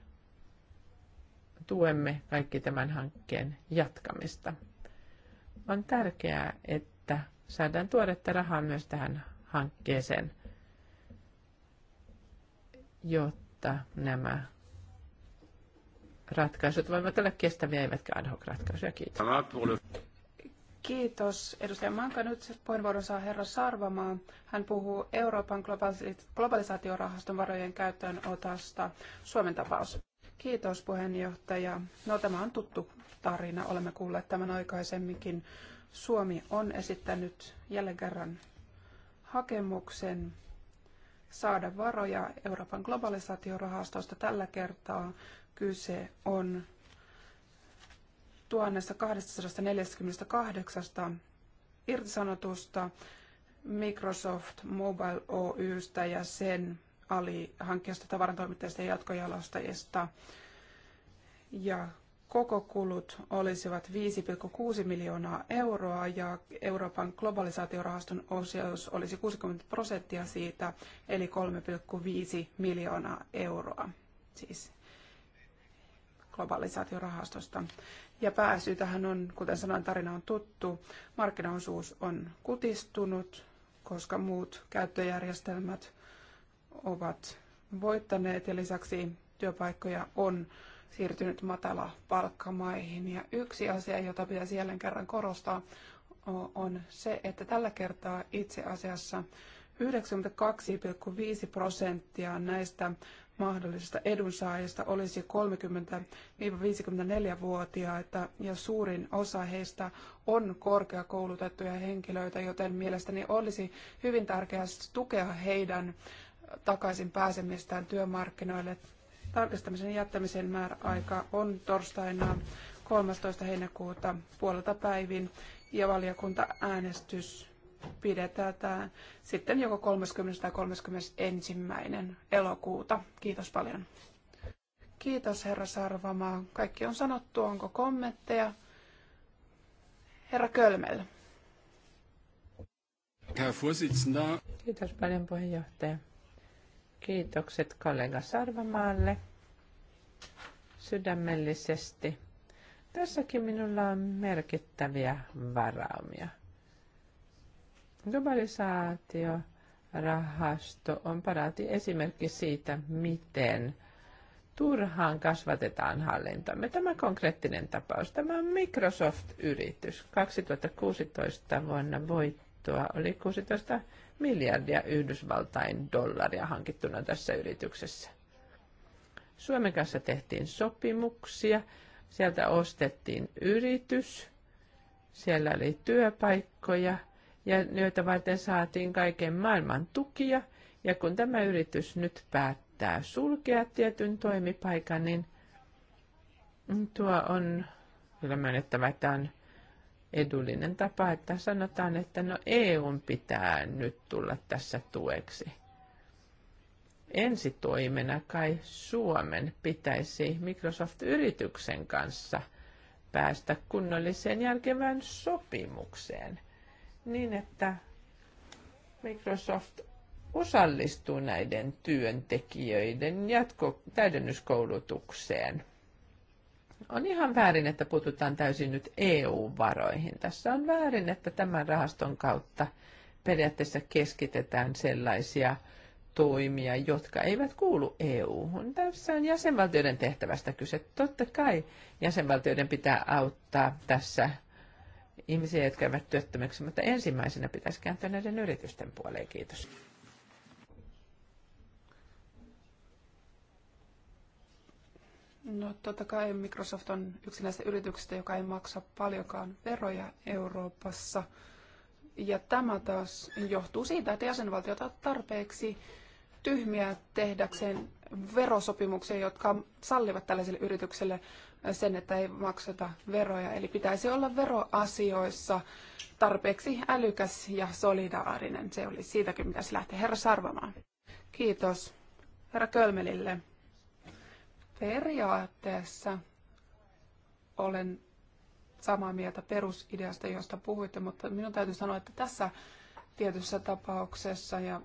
tuemme kaikki tämän hankkeen jatkamista. On tärkeää, että saadaan tuoretta rahaa myös tähän hankkeeseen, jotta nämä ratkaisut voivat olla kestäviä eivätkä ad hoc ratkaisuja. Kiitos. Kiitos. Edustaja Manka nyt puheenvuoron saa herra Sarvamaa. Hän puhuu Euroopan globalisaatiorahaston varojen käyttöön otasta Suomen tapaus. Kiitos puheenjohtaja. No tämä on tuttu tarina, olemme kuulleet tämän aikaisemminkin. Suomi on esittänyt jälleen kerran hakemuksen saada varoja Euroopan globalisaatiorahastosta. Tällä kertaa kyse on 1248 irtisanotusta Microsoft Mobile Oystä ja sen alihankkeesta, tavarantoimittajista ja jatkojalostajista. Ja koko kulut olisivat 5,6 miljoonaa euroa ja Euroopan globalisaatiorahaston osuus olisi 60 prosenttia siitä, eli 3,5 miljoonaa euroa siis globalisaatiorahastosta. Ja pääsy tähän on, kuten sanoin, tarina on tuttu. Markkinaosuus on kutistunut, koska muut käyttöjärjestelmät ovat voittaneet ja lisäksi työpaikkoja on siirtynyt matala palkkamaihin. Ja yksi asia, jota pitäisi jälleen kerran korostaa, on se, että tällä kertaa itse asiassa 92,5 prosenttia näistä mahdollisista edunsaajista olisi 30-54-vuotiaita ja suurin osa heistä on korkeakoulutettuja henkilöitä, joten mielestäni olisi hyvin tärkeää tukea heidän takaisin pääsemistään työmarkkinoille. Tarkistamisen jättämisen määräaika on torstaina 13. heinäkuuta puolelta päivin ja valiokuntaäänestys pidetään sitten joko 30. tai 31. elokuuta. Kiitos paljon. Kiitos herra Sarvamaa. Kaikki on sanottu. Onko kommentteja? Herra Kölmel. Herr Kiitos paljon puheenjohtaja. Kiitokset kollega Sarvamaalle sydämellisesti. Tässäkin minulla on merkittäviä varaumia. Globalisaatio rahasto on parati esimerkki siitä, miten turhaan kasvatetaan hallintamme. Tämä konkreettinen tapaus, tämä on Microsoft-yritys. 2016 vuonna voittoa oli 16 miljardia Yhdysvaltain dollaria hankittuna tässä yrityksessä. Suomen kanssa tehtiin sopimuksia, sieltä ostettiin yritys, siellä oli työpaikkoja ja joita varten saatiin kaiken maailman tukia. Ja kun tämä yritys nyt päättää sulkea tietyn toimipaikan, niin tuo on kyllä myönnettävä, että on edullinen tapa, että sanotaan, että no EU pitää nyt tulla tässä tueksi. Ensitoimena kai Suomen pitäisi Microsoft-yrityksen kanssa päästä kunnolliseen järkevään sopimukseen niin, että Microsoft osallistuu näiden työntekijöiden jatko- täydennyskoulutukseen – on ihan väärin, että puututaan täysin nyt EU-varoihin. Tässä on väärin, että tämän rahaston kautta periaatteessa keskitetään sellaisia toimia, jotka eivät kuulu EU-hun. Tässä on jäsenvaltioiden tehtävästä kyse. Totta kai jäsenvaltioiden pitää auttaa tässä ihmisiä, jotka eivät työttömäksi, mutta ensimmäisenä pitäisi kääntyä näiden yritysten puoleen. Kiitos. No totta kai Microsoft on yksi näistä yrityksistä, joka ei maksa paljonkaan veroja Euroopassa. Ja tämä taas johtuu siitä, että jäsenvaltiot ovat tarpeeksi tyhmiä tehdäkseen verosopimuksia, jotka sallivat tällaiselle yritykselle sen, että ei makseta veroja. Eli pitäisi olla veroasioissa tarpeeksi älykäs ja solidaarinen. Se oli siitäkin se lähti Herra sarvamaan. Kiitos herra Kölmelille Periaatteessa olen samaa mieltä perusideasta, josta puhuitte, mutta minun täytyy sanoa, että tässä tietyssä tapauksessa, ja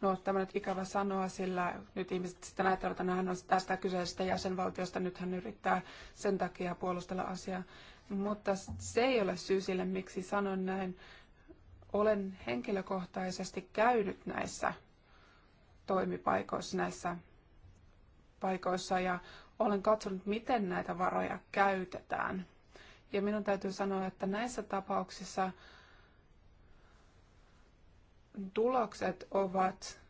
no tämä nyt ikävä sanoa, sillä nyt ihmiset sitten ajattelevat, että hän on tästä kyseisestä jäsenvaltiosta, nyt hän yrittää sen takia puolustella asiaa. Mutta se ei ole syy sille, miksi sanon näin. Olen henkilökohtaisesti käynyt näissä toimipaikoissa, näissä paikoissa ja olen katsonut, miten näitä varoja käytetään. Ja minun täytyy sanoa, että näissä tapauksissa tulokset ovat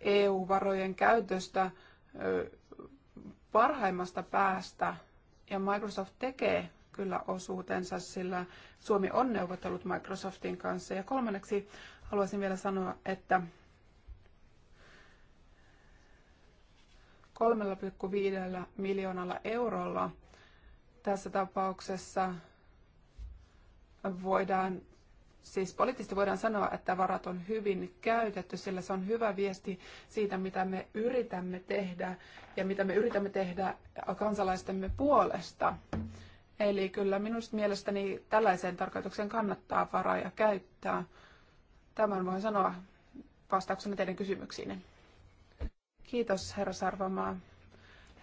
EU-varojen käytöstä parhaimmasta päästä. Ja Microsoft tekee kyllä osuutensa, sillä Suomi on neuvotellut Microsoftin kanssa. Ja kolmanneksi haluaisin vielä sanoa, että 3,5 miljoonalla eurolla tässä tapauksessa voidaan, siis poliittisesti voidaan sanoa, että varat on hyvin käytetty, sillä se on hyvä viesti siitä, mitä me yritämme tehdä ja mitä me yritämme tehdä kansalaistemme puolesta. Eli kyllä minusta mielestäni tällaiseen tarkoitukseen kannattaa varaa ja käyttää. Tämän voin sanoa vastauksena teidän kysymyksiinne. Kiitos, herra Sarvamaa.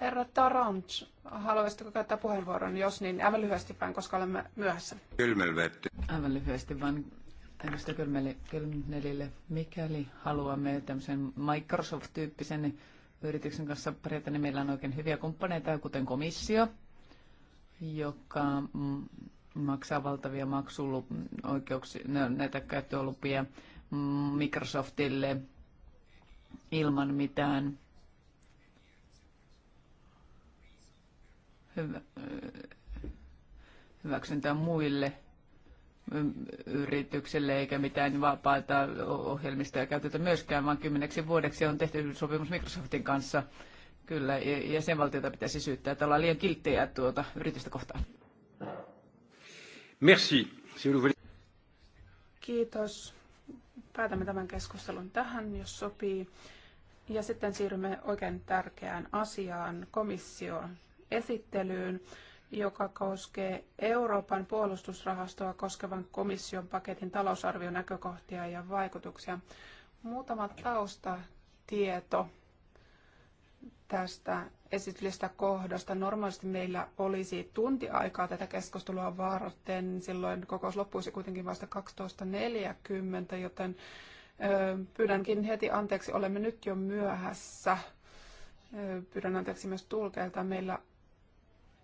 Herra Tarant, haluaisitko käyttää puheenvuoron? Jos niin, aivan lyhyesti vain, koska olemme myöhässä. Kylmelvetti. Aivan lyhyesti vain edustaja Kylmelille. Mikäli haluamme tämmöisen Microsoft-tyyppisen yrityksen kanssa pärjätä, niin meillä on oikein hyviä kumppaneita, kuten komissio, joka mm, maksaa valtavia maksuoikeuksia, no, näitä käyttöolupia mm, Microsoftille, ilman mitään hyvä, hyväksyntää muille yritykselle eikä mitään vapaata ohjelmistoa käytetä myöskään, vaan kymmeneksi vuodeksi on tehty sopimus Microsoftin kanssa. Kyllä, jäsenvaltiota pitäisi syyttää, että ollaan liian kilttejä tuota yritystä kohtaan. Merci. Kiitos. Päätämme tämän keskustelun tähän, jos sopii. Ja sitten siirrymme oikein tärkeään asiaan, komission esittelyyn, joka koskee Euroopan puolustusrahastoa koskevan komission paketin talousarvion näkökohtia ja vaikutuksia. Muutama taustatieto tästä esityslistä kohdasta. Normaalisti meillä olisi tunti aikaa tätä keskustelua varten. Silloin kokous loppuisi kuitenkin vasta 12.40, joten Pyydänkin heti anteeksi, olemme nyt jo myöhässä. Pyydän anteeksi myös tulkeilta. Meillä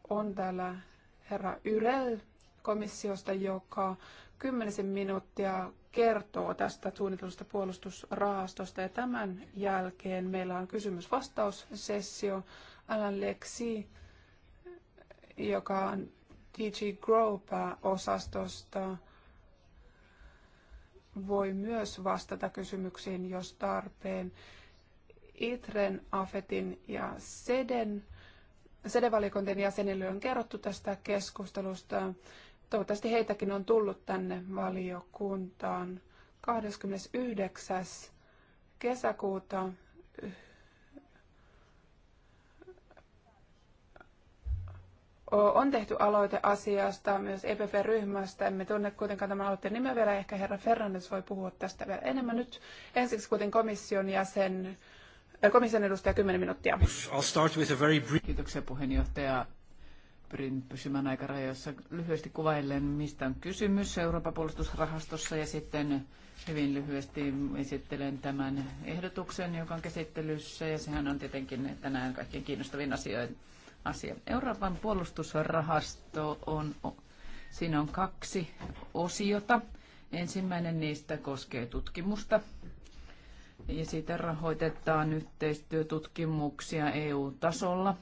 on täällä herra Yrel komissiosta, joka kymmenisen minuuttia kertoo tästä suunnitelusta puolustusrahastosta. Ja tämän jälkeen meillä on kysymys-vastaussessio Alan Lexi, joka on DG grow osastosta voi myös vastata kysymyksiin, jos tarpeen. ITREN, AFETin ja SEDEN, sede jäsenille on kerrottu tästä keskustelusta. Toivottavasti heitäkin on tullut tänne valiokuntaan 29. kesäkuuta on tehty aloite asiasta myös EPP-ryhmästä. Emme tunne kuitenkaan tämän aloitteen nimeä vielä. Ehkä herra Fernandes voi puhua tästä vielä enemmän nyt. Ensiksi kuitenkin komission jäsen, komission edustaja 10 minuuttia. I'll start with a very brief... Kiitoksia puheenjohtaja. Pyrin pysymään aikarajoissa lyhyesti kuvaillen, mistä on kysymys Euroopan puolustusrahastossa ja sitten hyvin lyhyesti esittelen tämän ehdotuksen, joka on käsittelyssä ja sehän on tietenkin tänään kaikkien kiinnostavin asioita asia. Euroopan puolustusrahasto on, siinä on kaksi osiota. Ensimmäinen niistä koskee tutkimusta. Ja siitä rahoitetaan yhteistyötutkimuksia EU-tasolla.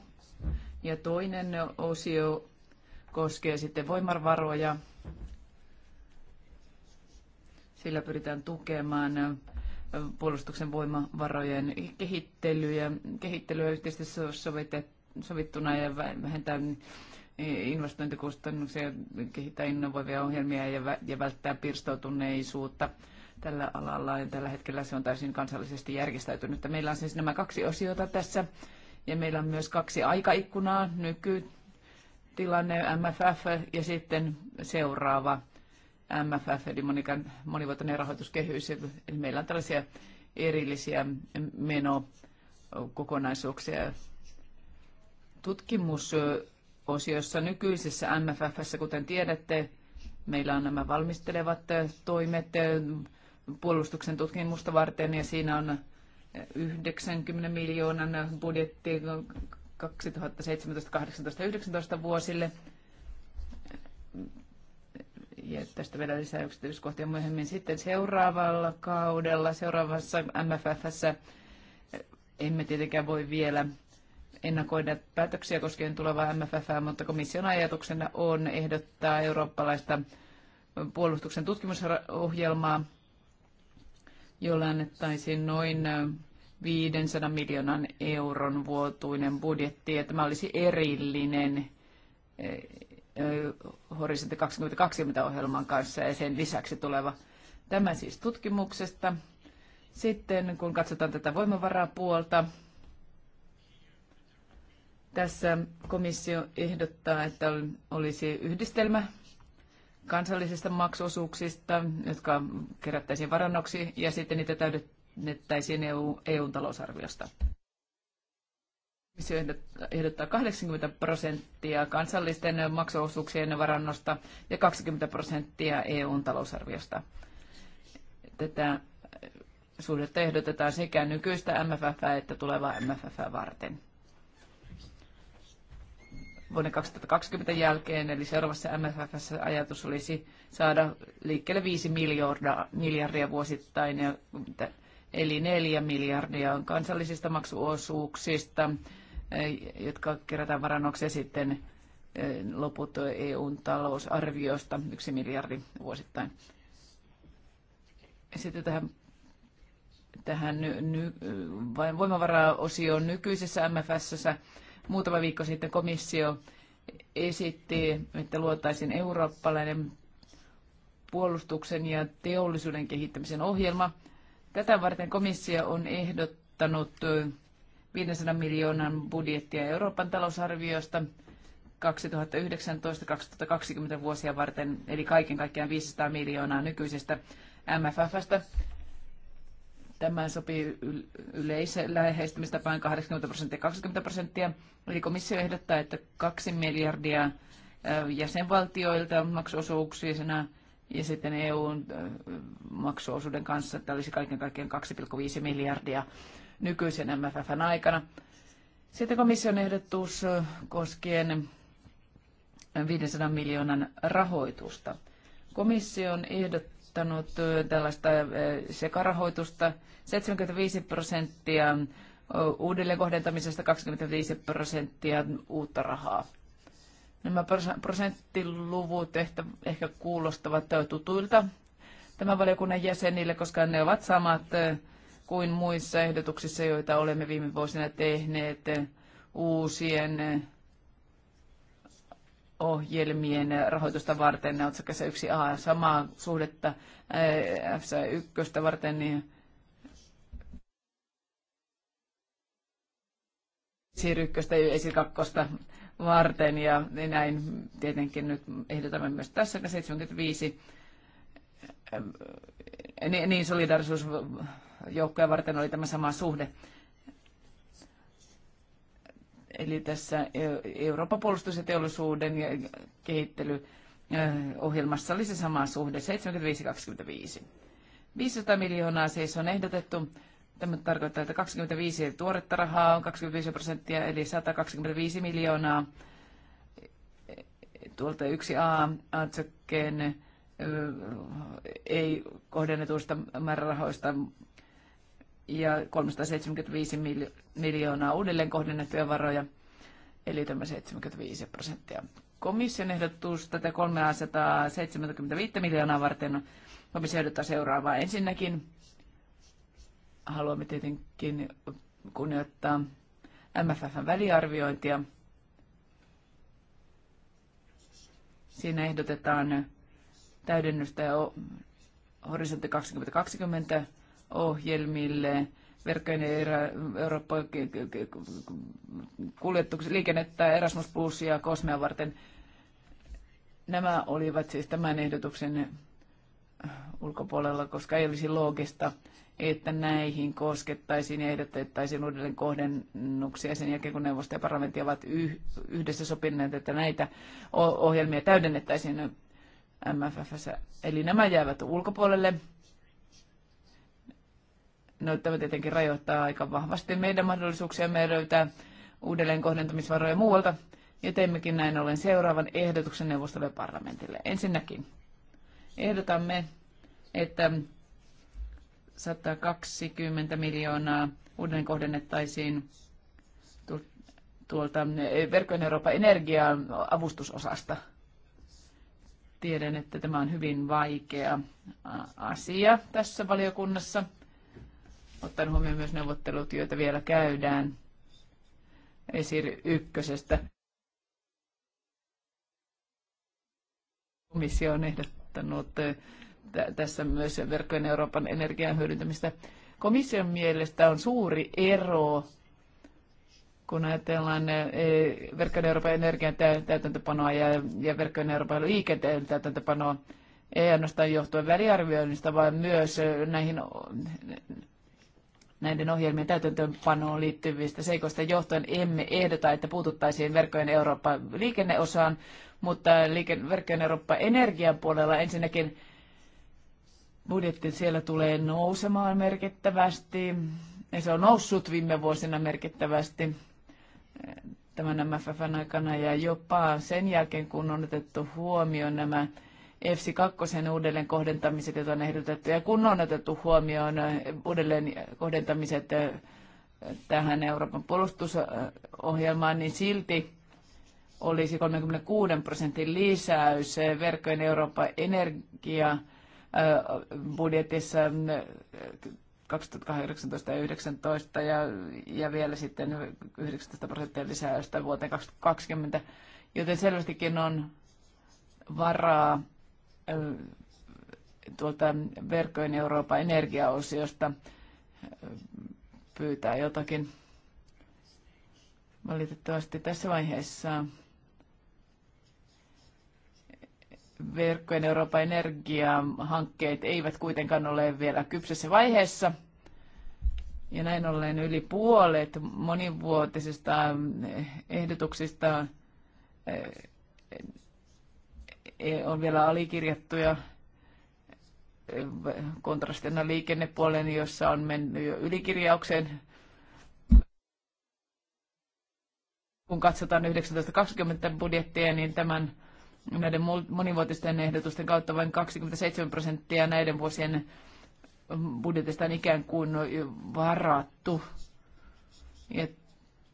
Ja toinen osio koskee sitten voimavaroja. Sillä pyritään tukemaan puolustuksen voimavarojen kehittelyä, kehittelyä yhteistyössä sovitettu sovittuna ja vähentää investointikustannuksia, kehittää innovoivia ohjelmia ja, ja välttää pirstoutuneisuutta tällä alalla. Ja tällä hetkellä se on täysin kansallisesti järjestäytynyt. Meillä on siis nämä kaksi osiota tässä ja meillä on myös kaksi aikaikkunaa, nykytilanne MFF ja sitten seuraava MFF eli monivuotinen rahoituskehys. Eli meillä on tällaisia erillisiä menokokonaisuuksia, tutkimusosiossa nykyisessä MFFssä, kuten tiedätte, meillä on nämä valmistelevat eh, toimet eh, puolustuksen tutkimusta varten ja siinä on 90 eh, miljoonan budjetti 2017, 18, 19 vuosille. Ja tästä vielä lisää yksityiskohtia myöhemmin. Sitten seuraavalla kaudella, seuraavassa MFFssä emme tietenkään voi vielä ennakoida päätöksiä koskien tulevaa MFF, mutta komission ajatuksena on ehdottaa eurooppalaista puolustuksen tutkimusohjelmaa, jolla annettaisiin noin 500 miljoonan euron vuotuinen budjetti, ja tämä olisi erillinen eh, eh, Horisontti 2020-ohjelman kanssa ja sen lisäksi tuleva tämä siis tutkimuksesta. Sitten kun katsotaan tätä voimavarapuolta, tässä komissio ehdottaa, että olisi yhdistelmä kansallisista maksuosuuksista, jotka kerättäisiin varannoksi, ja sitten niitä täydennettäisiin EU, EU-talousarviosta. Komissio ehdottaa 80 prosenttia kansallisten maksuosuuksien varannosta ja 20 prosenttia eu talousarviosta. Tätä suhdetta ehdotetaan sekä nykyistä MFF että tulevaa MFF varten vuoden 2020 jälkeen, eli seuraavassa MFFssä ajatus olisi saada liikkeelle 5 miljardia, miljardia vuosittain, eli 4 miljardia on kansallisista maksuosuuksista, eh, jotka kerätään varannoksi sitten eh, loput EUn talousarviosta, 1 miljardi vuosittain. Sitten tähän tähän ny, ny, voimavaraosioon nykyisessä MFSssä Muutama viikko sitten komissio esitti, että luotaisiin eurooppalainen puolustuksen ja teollisuuden kehittämisen ohjelma. Tätä varten komissio on ehdottanut 500 miljoonan budjettia Euroopan talousarviosta 2019-2020 vuosia varten, eli kaiken kaikkiaan 500 miljoonaa nykyisestä MFFstä. Tämä sopii yleisläheistymistapaan 80 prosenttia 20 prosenttia. Eli komissio ehdottaa, että 2 miljardia äh, jäsenvaltioilta maksuosuuksina ja sitten EUn äh, maksuosuuden kanssa, että olisi kaiken kaikkiaan 2,5 miljardia nykyisen MFFn aikana. Sitten komission ehdotus äh, koskien 500 miljoonan rahoitusta. Komission ehdot vastustanut tällaista sekarahoitusta. 75 prosenttia uudelleen kohdentamisesta, 25 prosenttia uutta rahaa. Nämä prosenttiluvut ehkä, ehkä kuulostavat tutuilta tämän valiokunnan jäsenille, koska ne ovat samat kuin muissa ehdotuksissa, joita olemme viime vuosina tehneet uusien ohjelmien rahoitusta varten otsakkeessa 1a samaa suhdetta F1 varten, niin ykköstä ja esikakkosta varten ja näin tietenkin nyt ehdotamme myös tässä 75 niin solidarisuusjoukkoja varten oli tämä sama suhde. Eli tässä Euroopan puolustus- ja teollisuuden kehittelyohjelmassa oli se sama suhde, 75-25. 500 miljoonaa siis on ehdotettu. Tämä tarkoittaa, että 25 tuoretta rahaa on 25 prosenttia, eli 125 miljoonaa tuolta 1A-atsakkeen ei kohdennetuista määrärahoista ja 375 miljoonaa uudelleen kohdennettuja varoja, eli tämä 75 prosenttia. Komission ehdotus tätä 375 miljoonaa varten komissio ehdottaa seuraavaa. Ensinnäkin haluamme tietenkin kunnioittaa MFFn väliarviointia. Siinä ehdotetaan täydennystä horisontti 2020 ohjelmille, verkkojen ja Eurooppa liikennettä, Erasmus Plus ja Kosmea varten. Nämä olivat siis tämän ehdotuksen ulkopuolella, koska ei olisi loogista, että näihin koskettaisiin ja ehdotettaisiin uudelleen kohdennuksia sen jälkeen, kun neuvosto ja parlamentti ovat yhdessä sopineet, että näitä ohjelmia täydennettäisiin MFFssä. Eli nämä jäävät ulkopuolelle No tämä tietenkin rajoittaa aika vahvasti meidän me löytää uudelleen kohdentamisvaroja muualta. Ja teimmekin näin ollen seuraavan ehdotuksen neuvostolle parlamentille. Ensinnäkin ehdotamme, että 120 miljoonaa uudelleen kohdennettaisiin tuolta eh, Verkkojen Euroopan energiaan avustusosasta Tiedän, että tämä on hyvin vaikea asia tässä valiokunnassa ottaen huomioon myös neuvottelut, joita vielä käydään esir ykkösestä. Komissio on ehdottanut eh, tässä myös verkkojen Euroopan energian hyödyntämistä. Komission mielestä on suuri ero, kun ajatellaan eh, verkkojen Euroopan energian täytäntöpanoa ja, ja verkkojen Euroopan liikenteen täytäntöpanoa, ei ainoastaan johtuen väliarvioinnista, vaan myös eh, näihin näiden ohjelmien täytäntöönpanoon liittyvistä seikoista johtuen emme ehdota, että puututtaisiin verkkojen Eurooppa liikenneosaan, mutta liike- verkkojen Eurooppa energian puolella ensinnäkin budjetti siellä tulee nousemaan merkittävästi. Ja se on noussut viime vuosina merkittävästi eh, tämän MFFn aikana ja jopa sen jälkeen, kun on otettu huomioon nämä EFSI 2 uudelleen kohdentamiset, joita on ehdotettu, ja kun on otettu huomioon äh, uudelleen kohdentamiset äh, tähän Euroopan puolustusohjelmaan, niin silti olisi 36 prosentin lisäys äh, verkkojen Euroopan energia budjetissa 2018 ja 2019 ja, ja vielä sitten 19 prosenttia lisäystä vuoteen 2020, joten selvästikin on varaa tuolta verkkojen Euroopan energiaosiosta pyytää jotakin. Valitettavasti tässä vaiheessa verkkojen Euroopan energiahankkeet eivät kuitenkaan ole vielä kypsessä vaiheessa. Ja näin ollen yli puolet monivuotisista ehdotuksista on vielä alikirjattuja kontrastina liikennepuolen, jossa on mennyt jo ylikirjaukseen. Kun katsotaan 1920 budjettia, niin tämän näiden monivuotisten ehdotusten kautta vain 27 prosenttia näiden vuosien budjetista on ikään kuin varattu. Ja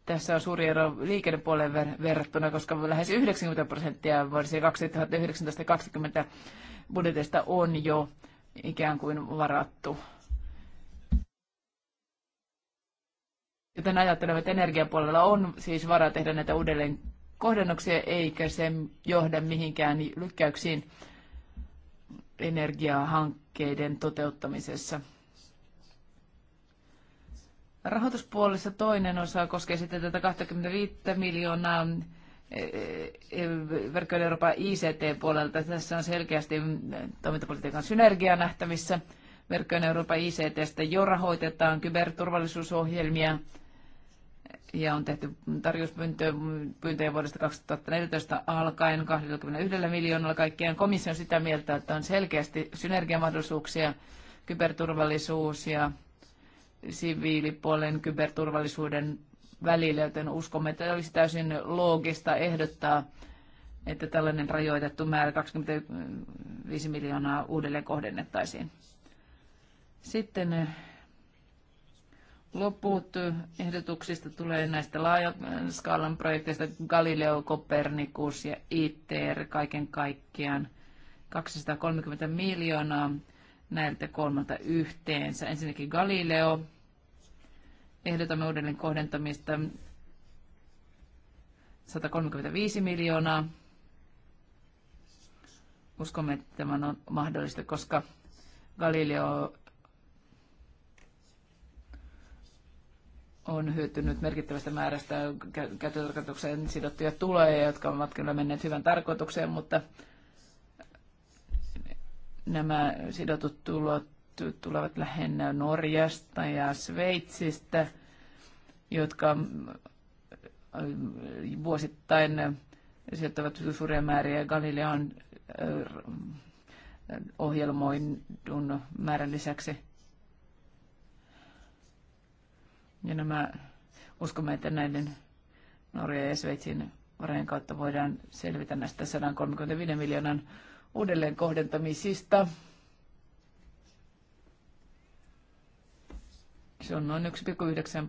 tässä on suuri ero liikennepuoleen ver- verrattuna, koska lähes 90 prosenttia vuosi 2019-2020 budjetista on jo ikään kuin varattu. Joten ajattelen, että energiapuolella on siis varaa tehdä näitä uudelleen kohdennuksia, eikä se johda mihinkään lykkäyksiin energiahankkeiden toteuttamisessa. Rahoituspuolessa toinen osa koskee sitten tätä 25 miljoonaa eh, eh, eh, verkkojen Euroopan ICT-puolelta. Tässä on selkeästi toimintapolitiikan synergia nähtävissä. Verkkojen Euroopan ICTstä jo rahoitetaan kyberturvallisuusohjelmia ja on tehty tarjouspyyntöjä vuodesta 2014 alkaen 21 miljoonalla kaikkiaan. Komissio on sitä mieltä, että on selkeästi synergiamahdollisuuksia kyberturvallisuus ja siviilipuolen kyberturvallisuuden välillä, joten uskomme, että olisi täysin loogista ehdottaa, että tällainen rajoitettu määrä 25 miljoonaa uudelleen kohdennettaisiin. Sitten eh, loput ehdotuksista tulee näistä laajaskaalan projekteista Galileo, Copernicus ja ITER kaiken kaikkiaan 230 miljoonaa näiltä kolmelta yhteensä. Ensinnäkin Galileo. Ehdotamme uudelleen kohdentamista 135 miljoonaa. Uskomme, että tämä on mahdollista, koska Galileo on hyötynyt merkittävästä määrästä käyttötarkoitukseen sidottuja tuloja, jotka ovat kyllä menneet hyvän tarkoitukseen, mutta Nämä sidotut tulot tulevat lähinnä Norjasta ja Sveitsistä, jotka mm, äh, vuosittain äh, sijoittavat suuria määriä Galilean äh, ohjelmoidun määrän lisäksi. Ja nämä, uskomme, että näiden Norjan ja Sveitsin varojen kautta voidaan selvitä näistä 135 miljoonan uudelleenkohdentamisista. Se on noin 1,9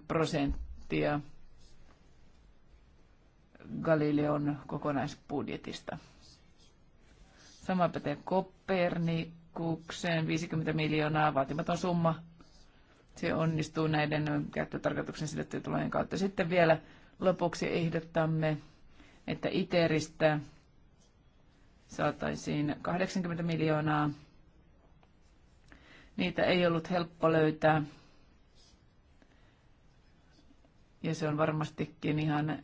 prosenttia Galileon kokonaisbudjetista. Sama pätee Kopernikukseen, 50 miljoonaa, vaatimaton summa. Se onnistuu näiden käyttötarkoituksen sidottujen tulojen kautta. Sitten vielä lopuksi ehdottamme, että ITERistä saataisiin 80 miljoonaa. Niitä ei ollut helppo löytää. Ja se on varmastikin ihan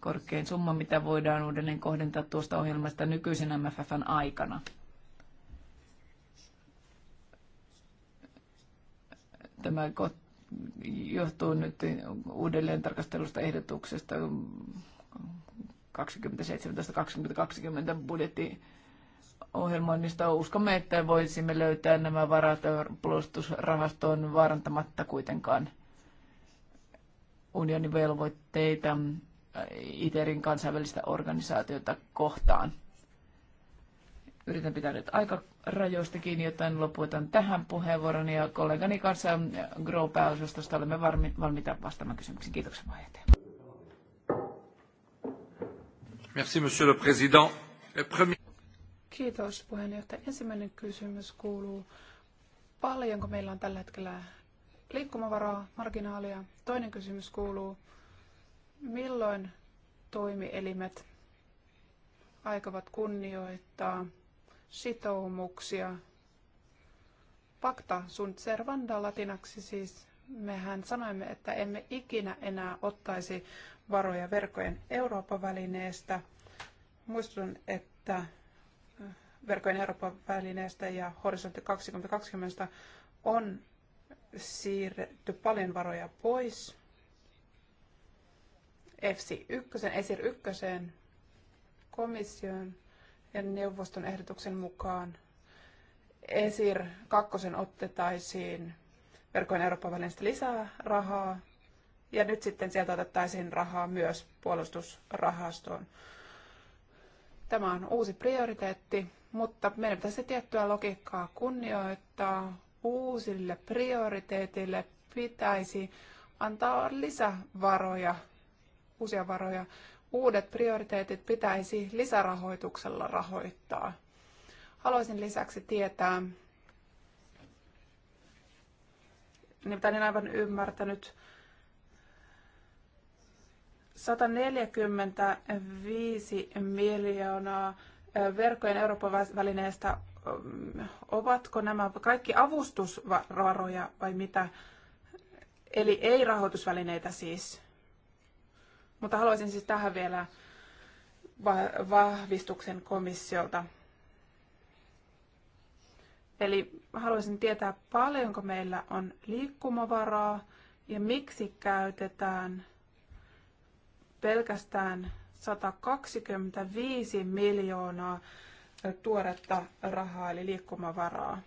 korkein summa, mitä voidaan uudelleen kohdentaa tuosta ohjelmasta nykyisen MFFn aikana. Tämä johtuu nyt uudelleen tarkastelusta ehdotuksesta 2017-2020 budjetti ohjelmoinnista uskomme, että voisimme löytää nämä varat puolustusrahastoon vaarantamatta kuitenkaan unionin velvoitteita ITERin kansainvälistä organisaatiota kohtaan. Yritän pitää nyt rajoista kiinni, joten lopuutan tähän puheenvuoron ja kollegani kanssa Grow-pääosastosta olemme valmiita vastaamaan kysymyksiin. Kiitoksia puheenjohtaja. Merci, monsieur le président. Premier... Kiitos puheenjohtaja. Ensimmäinen kysymys kuuluu, paljonko meillä on tällä hetkellä liikkumavaraa, marginaalia? Toinen kysymys kuuluu, milloin toimielimet aikovat kunnioittaa sitoumuksia? Pacta sunt servanda latinaksi siis. Mehän sanoimme, että emme ikinä enää ottaisi varoja verkkojen Euroopan välineestä. Muistutan, että äh, verkkojen Euroopan välineestä ja horisontti 2020 on siirretty paljon varoja pois EFSI 1, ESIR 1 komission ja neuvoston ehdotuksen mukaan ESIR 2 otettaisiin verkkojen Euroopan välineestä lisää rahaa ja nyt sitten sieltä otettaisiin rahaa myös puolustusrahastoon. Tämä on uusi prioriteetti, mutta meidän pitäisi tiettyä logiikkaa kunnioittaa. Uusille prioriteetille pitäisi antaa lisävaroja, uusia varoja. Uudet prioriteetit pitäisi lisärahoituksella rahoittaa. Haluaisin lisäksi tietää, nimittäin niin en aivan ymmärtänyt, 145 miljoonaa verkkojen Euroopan välineestä, ovatko nämä kaikki avustusvaroja vai mitä? Eli ei rahoitusvälineitä siis. Mutta haluaisin siis tähän vielä vahvistuksen komissiolta. Eli haluaisin tietää, paljonko meillä on liikkumavaraa ja miksi käytetään pelkästään 125 miljoonaa tuoretta rahaa eli liikkumavaraa.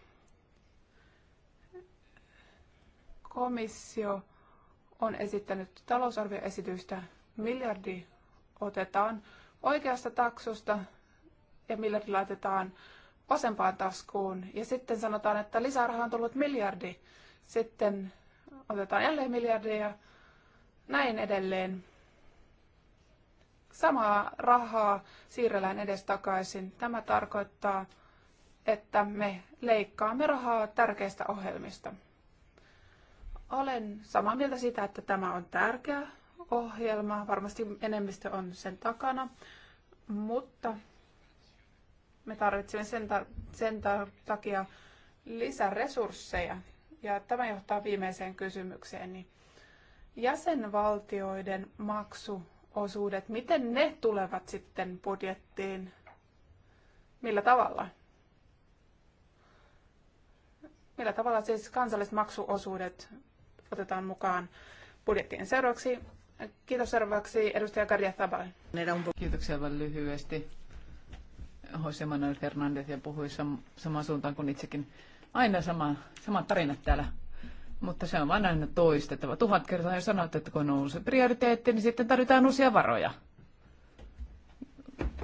Komissio on esittänyt talousarvioesitystä. Miljardi otetaan oikeasta taksusta ja miljardi laitetaan vasempaan taskuun. Ja sitten sanotaan, että lisäraha on tullut miljardi. Sitten otetaan jälleen miljardia ja näin edelleen samaa rahaa siirrellään edestakaisin. Tämä tarkoittaa, että me leikkaamme rahaa tärkeistä ohjelmista. Olen samaa mieltä siitä, että tämä on tärkeä ohjelma. Varmasti enemmistö on sen takana, mutta me tarvitsemme sen, ta- sen ta- takia lisäresursseja. Ja tämä johtaa viimeiseen kysymykseen. jäsenvaltioiden maksu osuudet, miten ne tulevat sitten budjettiin? Millä tavalla? Millä tavalla siis kansalliset maksuosuudet otetaan mukaan budjettiin? Seuraavaksi, kiitos seuraavaksi edustaja Karja Zabal. Kiitoksia vain lyhyesti. Jose Manuel Fernandez ja puhui samaan suuntaan kuin itsekin. Aina sama, sama tarina täällä mutta se on vain aina toistettava. Tuhat kertaa jo sanottu, että kun on uusi prioriteetti, niin sitten tarvitaan uusia varoja.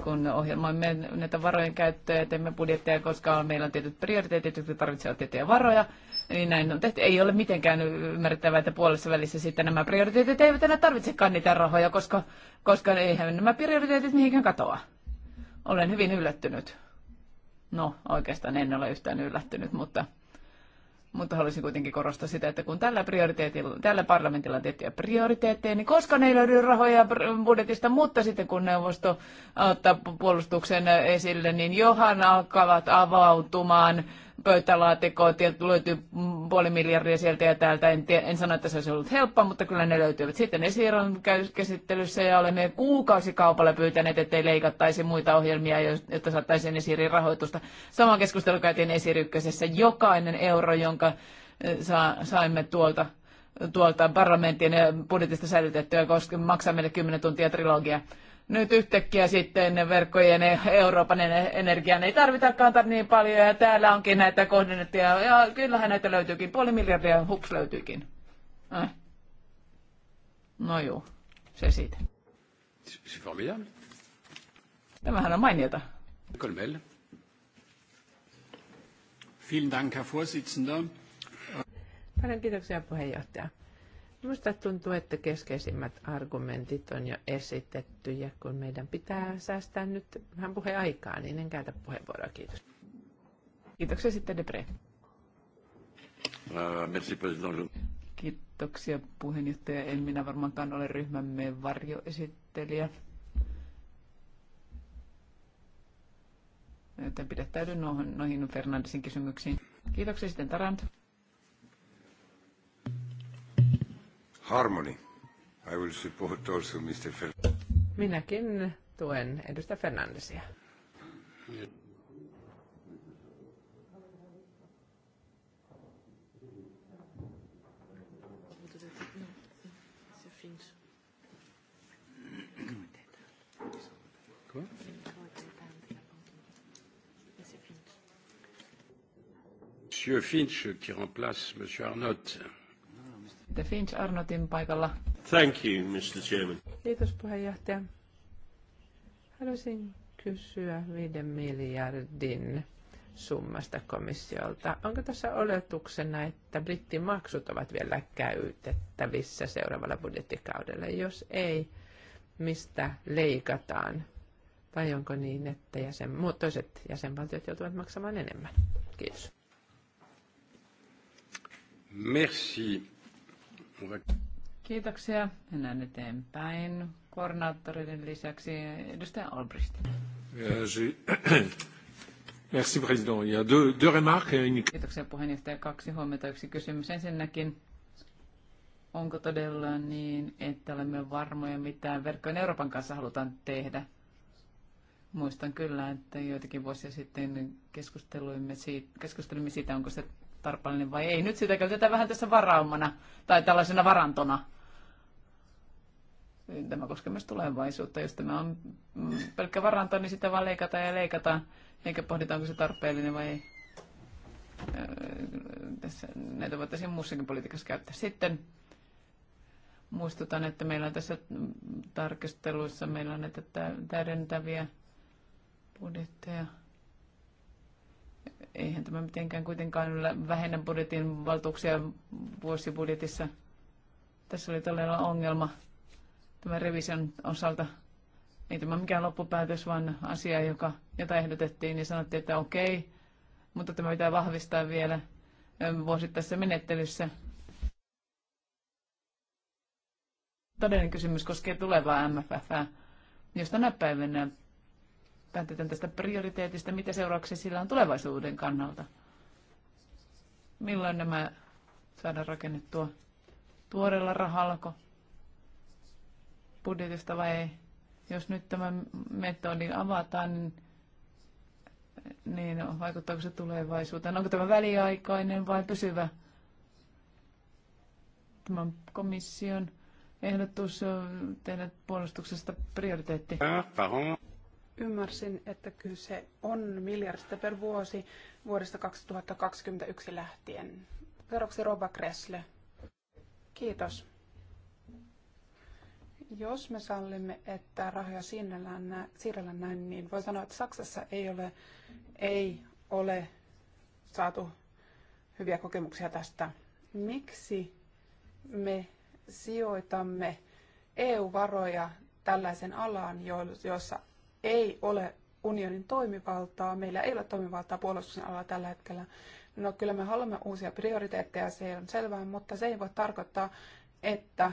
Kun ohjelmoimme näitä varojen käyttöä ja teemme budjetteja, koska meillä on tietyt prioriteetit, jotka tarvitsevat tiettyjä varoja, niin näin on tehty. Ei ole mitenkään ymmärrettävää, että puolessa välissä sitten nämä prioriteetit eivät enää tarvitsekaan niitä rahoja, koska, koska eihän nämä prioriteetit mihinkään katoa. Olen hyvin yllättynyt. No, oikeastaan en ole yhtään yllättynyt, mutta mutta haluaisin kuitenkin korostaa sitä, että kun tällä, prioriteetilla, tällä parlamentilla on tiettyjä prioriteetteja, niin koska ne ei löydy rahoja budjetista, mutta sitten kun neuvosto ottaa puolustuksen esille, niin johan alkavat avautumaan pöytälaatikot ja löytyy puoli miljardia sieltä ja täältä. En, tie, en sano, että se olisi ollut helppo, mutta kyllä ne löytyvät. Sitten esiirron käsittelyssä ja olemme kuukausikaupalla pyytäneet, ettei leikattaisi muita ohjelmia, jotta saattaisiin esiirin rahoitusta. Sama keskustelu käytiin esirykkösessä. Jokainen euro, jonka sa, saimme tuolta tuolta parlamentin budjetista säilytettyä, koska maksaa meille 10 tuntia trilogia nyt yhtäkkiä sitten verkkojen Euroopan energian ei tarvitakaan niin paljon ja täällä onkin näitä kohdennettuja ja kyllähän näitä löytyykin, puoli miljardia hups löytyykin. Äh. No juu, se siitä. on formidable. Tämähän on mainiota. Kolmelle. Vielen Dank, Herr Vorsitzender. Paljon kiitoksia puheenjohtaja. Minusta tuntuu, että keskeisimmät argumentit on jo esitetty ja kun meidän pitää säästää nyt vähän puheaikaa, niin en käytä puheenvuoroa. Kiitos. Kiitoksia sitten Debre. Äh, Kiitoksia puheenjohtaja. En minä varmaankaan ole ryhmämme varjoesittelijä. Joten pidättäydyn noihin Fernandesin kysymyksiin. Kiitoksia sitten Tarant. harmony. I will support also Mr. Fernandes. Minäkin tuen edustaja Fernandesia. Monsieur Finch qui remplace Monsieur Arnott. Sitten Finch Arnotin paikalla. Thank you, Mr. Chairman. Kiitos puheenjohtaja. Haluaisin kysyä 5 miljardin summasta komissiolta. Onko tässä oletuksena, että brittimaksut ovat vielä käytettävissä seuraavalla budjettikaudella? Jos ei, mistä leikataan? Vai onko niin, että jäsen, muut toiset jäsenvaltiot joutuvat maksamaan enemmän? Kiitos. Merci. Kiitoksia. Mennään eteenpäin. Koordinaattoreiden lisäksi edustaja Albrecht. Merci, président. Il y a deux, deux remarques Kiitoksia puheenjohtaja. Kaksi huomiota, yksi kysymys. Ensinnäkin, onko todella niin, että olemme varmoja, mitä verkkojen Euroopan kanssa halutaan tehdä? Muistan kyllä, että joitakin vuosia sitten keskustelimme siitä, keskustelimme siitä onko se tarpeellinen vai ei. Nyt sitä käytetään vähän tässä varaumana tai tällaisena varantona. Tämä koskee myös tulevaisuutta. Jos tämä on mm, pelkkä varanto, niin sitä vaan leikataan ja leikataan, eikä pohdita, onko se tarpeellinen vai ei. Öö, tässä, näitä voitaisiin muussakin politiikassa käyttää. Sitten muistutan, että meillä on tässä tarkisteluissa meillä on näitä täydentäviä budjetteja eihän tämä mitenkään kuitenkaan vähennä budjetin valtuuksia vuosibudjetissa. Tässä oli todella ongelma tämän revision osalta. Ei tämä mikään loppupäätös, vaan asia, joka, jota ehdotettiin, niin sanottiin, että okei, mutta tämä pitää vahvistaa vielä vuosittaisessa menettelyssä. Todellinen kysymys koskee tulevaa MFF, josta tänä päivänä päätetään tästä prioriteetista, mitä seurauksia sillä on tulevaisuuden kannalta? Milloin nämä saadaan rakennettua tuorella rahallako budjetista vai ei? Jos nyt tämä metodi avataan, niin niin vaikuttaako se tulevaisuuteen? Onko tämä väliaikainen vai pysyvä? Tämän komission ehdotus tehdä puolustuksesta prioriteetti. Äh, ymmärsin, että kyse on miljardista per vuosi vuodesta 2021 lähtien. Veroksi Rova Kressle. Kiitos. Jos me sallimme, että rahoja siirrellään näin, niin voi sanoa, että Saksassa ei ole, ei ole saatu hyviä kokemuksia tästä. Miksi me sijoitamme EU-varoja tällaisen alaan, jossa ei ole unionin toimivaltaa. Meillä ei ole toimivaltaa puolustuksen alalla tällä hetkellä. No kyllä me haluamme uusia prioriteetteja, se on selvää, mutta se ei voi tarkoittaa, että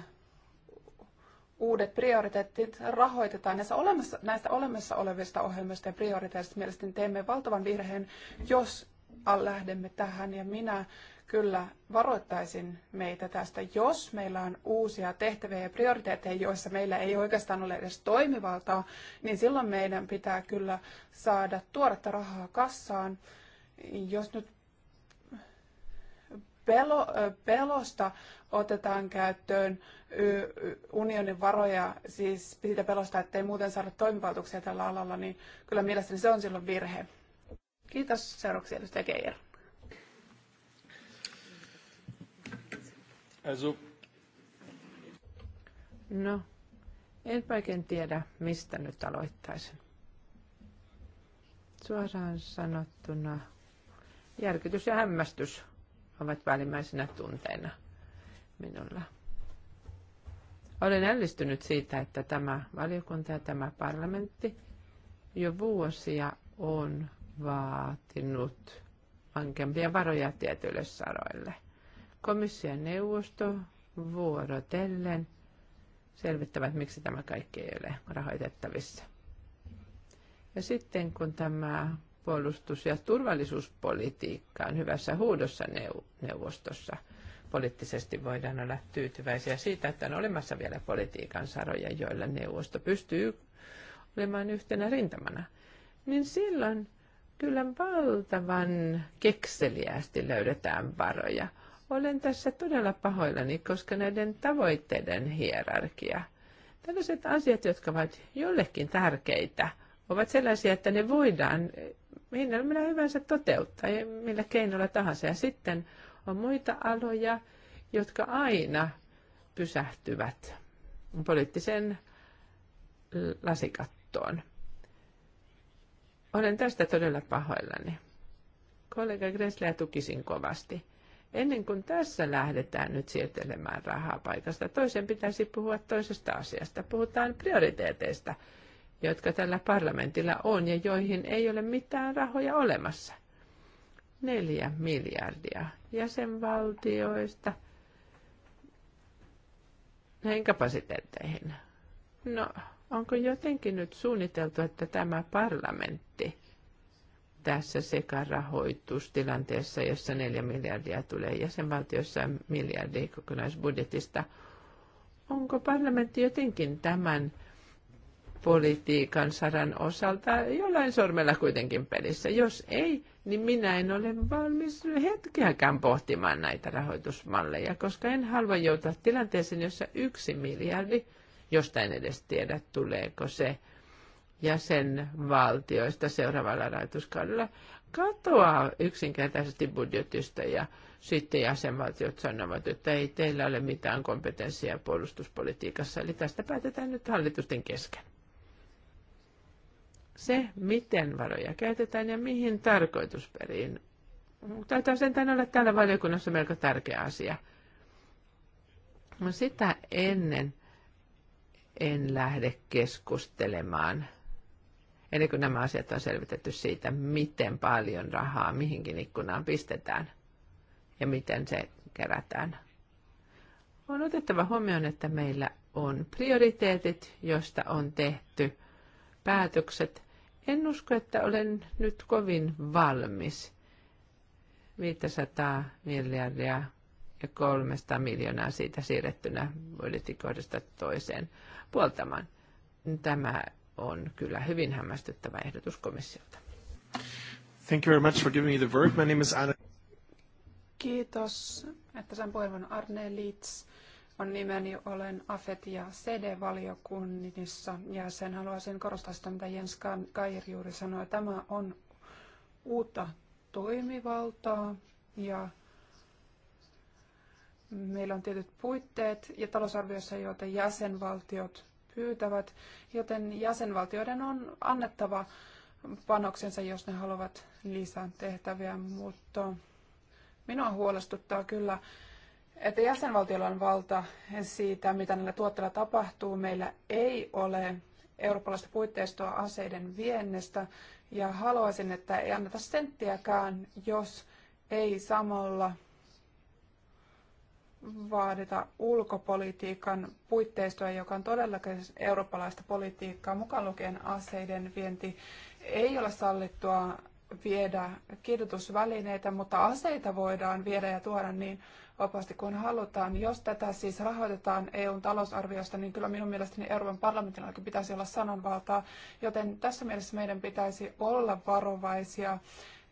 uudet prioriteetit rahoitetaan näistä olemassa, näistä olemassa olevista ohjelmista ja prioriteetista. Mielestäni teemme valtavan virheen, jos lähdemme tähän ja minä kyllä varoittaisin meitä tästä, jos meillä on uusia tehtäviä ja prioriteetteja, joissa meillä ei oikeastaan ole edes toimivaltaa, niin silloin meidän pitää kyllä saada tuoretta rahaa kassaan. Jos nyt pelo, pelosta otetaan käyttöön unionin varoja, siis siitä pelosta, ettei muuten saada toimivaltuuksia tällä alalla, niin kyllä mielestäni se on silloin virhe. Kiitos. Seuraavaksi edustaja Geijer. Also. No, en oikein tiedä, mistä nyt aloittaisin. Suoraan sanottuna järkytys ja hämmästys ovat välimmäisenä tunteina minulla. Olen ällistynyt siitä, että tämä valiokunta ja tämä parlamentti jo vuosia on vaatinut vankempia varoja tietyille saroille – Komission neuvosto vuorotellen selvittävät, miksi tämä kaikki ei ole rahoitettavissa. Ja sitten kun tämä puolustus- ja turvallisuuspolitiikka on hyvässä huudossa neuvostossa, poliittisesti voidaan olla tyytyväisiä siitä, että on olemassa vielä politiikan saroja, joilla neuvosto pystyy olemaan yhtenä rintamana, niin silloin kyllä valtavan kekseliästi löydetään varoja – olen tässä todella pahoillani, koska näiden tavoitteiden hierarkia, tällaiset asiat, jotka ovat jollekin tärkeitä, ovat sellaisia, että ne voidaan millä, millä hyvänsä toteuttaa ja millä keinolla tahansa. Ja sitten on muita aloja, jotka aina pysähtyvät poliittisen lasikattoon. Olen tästä todella pahoillani. Kollega Gressleä tukisin kovasti. Ennen kuin tässä lähdetään nyt siirtelemään rahaa paikasta, toisen pitäisi puhua toisesta asiasta. Puhutaan prioriteeteista, jotka tällä parlamentilla on ja joihin ei ole mitään rahoja olemassa. Neljä miljardia jäsenvaltioista näihin kapasiteetteihin. No, onko jotenkin nyt suunniteltu, että tämä parlamentti – tässä sekarahoitustilanteessa, jossa neljä miljardia tulee jäsenvaltiossa miljardia kokonaisbudjetista. Onko parlamentti jotenkin tämän politiikan saran osalta jollain sormella kuitenkin pelissä? Jos ei, niin minä en ole valmis hetkeäkään pohtimaan näitä rahoitusmalleja, koska en halua joutua tilanteeseen, jossa yksi miljardi, jostain edes tiedä tuleeko se – jäsenvaltioista seuraavalla rahoituskaudella katoaa yksinkertaisesti budjetista ja sitten jäsenvaltiot sanovat, että ei teillä ole mitään kompetenssia puolustuspolitiikassa, eli tästä päätetään nyt hallitusten kesken. Se, miten varoja käytetään ja mihin tarkoitusperiin, taitaa sentään olla täällä valiokunnassa melko tärkeä asia. Sitä ennen en lähde keskustelemaan – Eli kun nämä asiat on selvitetty siitä, miten paljon rahaa mihinkin ikkunaan pistetään ja miten se kerätään. On otettava huomioon, että meillä on prioriteetit, joista on tehty päätökset. En usko, että olen nyt kovin valmis. 500 miljardia ja 300 miljoonaa siitä siirrettynä budjettikohdasta toiseen puoltamaan. Tämä on kyllä hyvin hämmästyttävä ehdotus komissiolta. Thank you very much for giving me the word. My name is Anna. Kiitos, että sain puheenvuoron Arne Litz. On nimeni, olen AFET ja CD-valiokunnissa ja sen haluaisin korostaa sitä, mitä Jens Kair juuri sanoi. Tämä on uutta toimivaltaa ja meillä on tietyt puitteet ja talousarviossa, joita jäsenvaltiot pyytävät, joten jäsenvaltioiden on annettava panoksensa, jos ne haluavat lisää tehtäviä, mutta minua huolestuttaa kyllä, että jäsenvaltioilla on valta siitä, mitä näillä tuotteilla tapahtuu. Meillä ei ole eurooppalaista puitteistoa aseiden viennestä ja haluaisin, että ei anneta senttiäkään, jos ei samalla vaadita ulkopolitiikan puitteistoa, joka on todellakin eurooppalaista politiikkaa, mukaan lukien aseiden vienti. Ei ole sallittua viedä kidutusvälineitä, mutta aseita voidaan viedä ja tuoda niin vapaasti kuin halutaan. Jos tätä siis rahoitetaan EUn talousarviosta, niin kyllä minun mielestäni Euroopan parlamentillakin pitäisi olla sananvaltaa, joten tässä mielessä meidän pitäisi olla varovaisia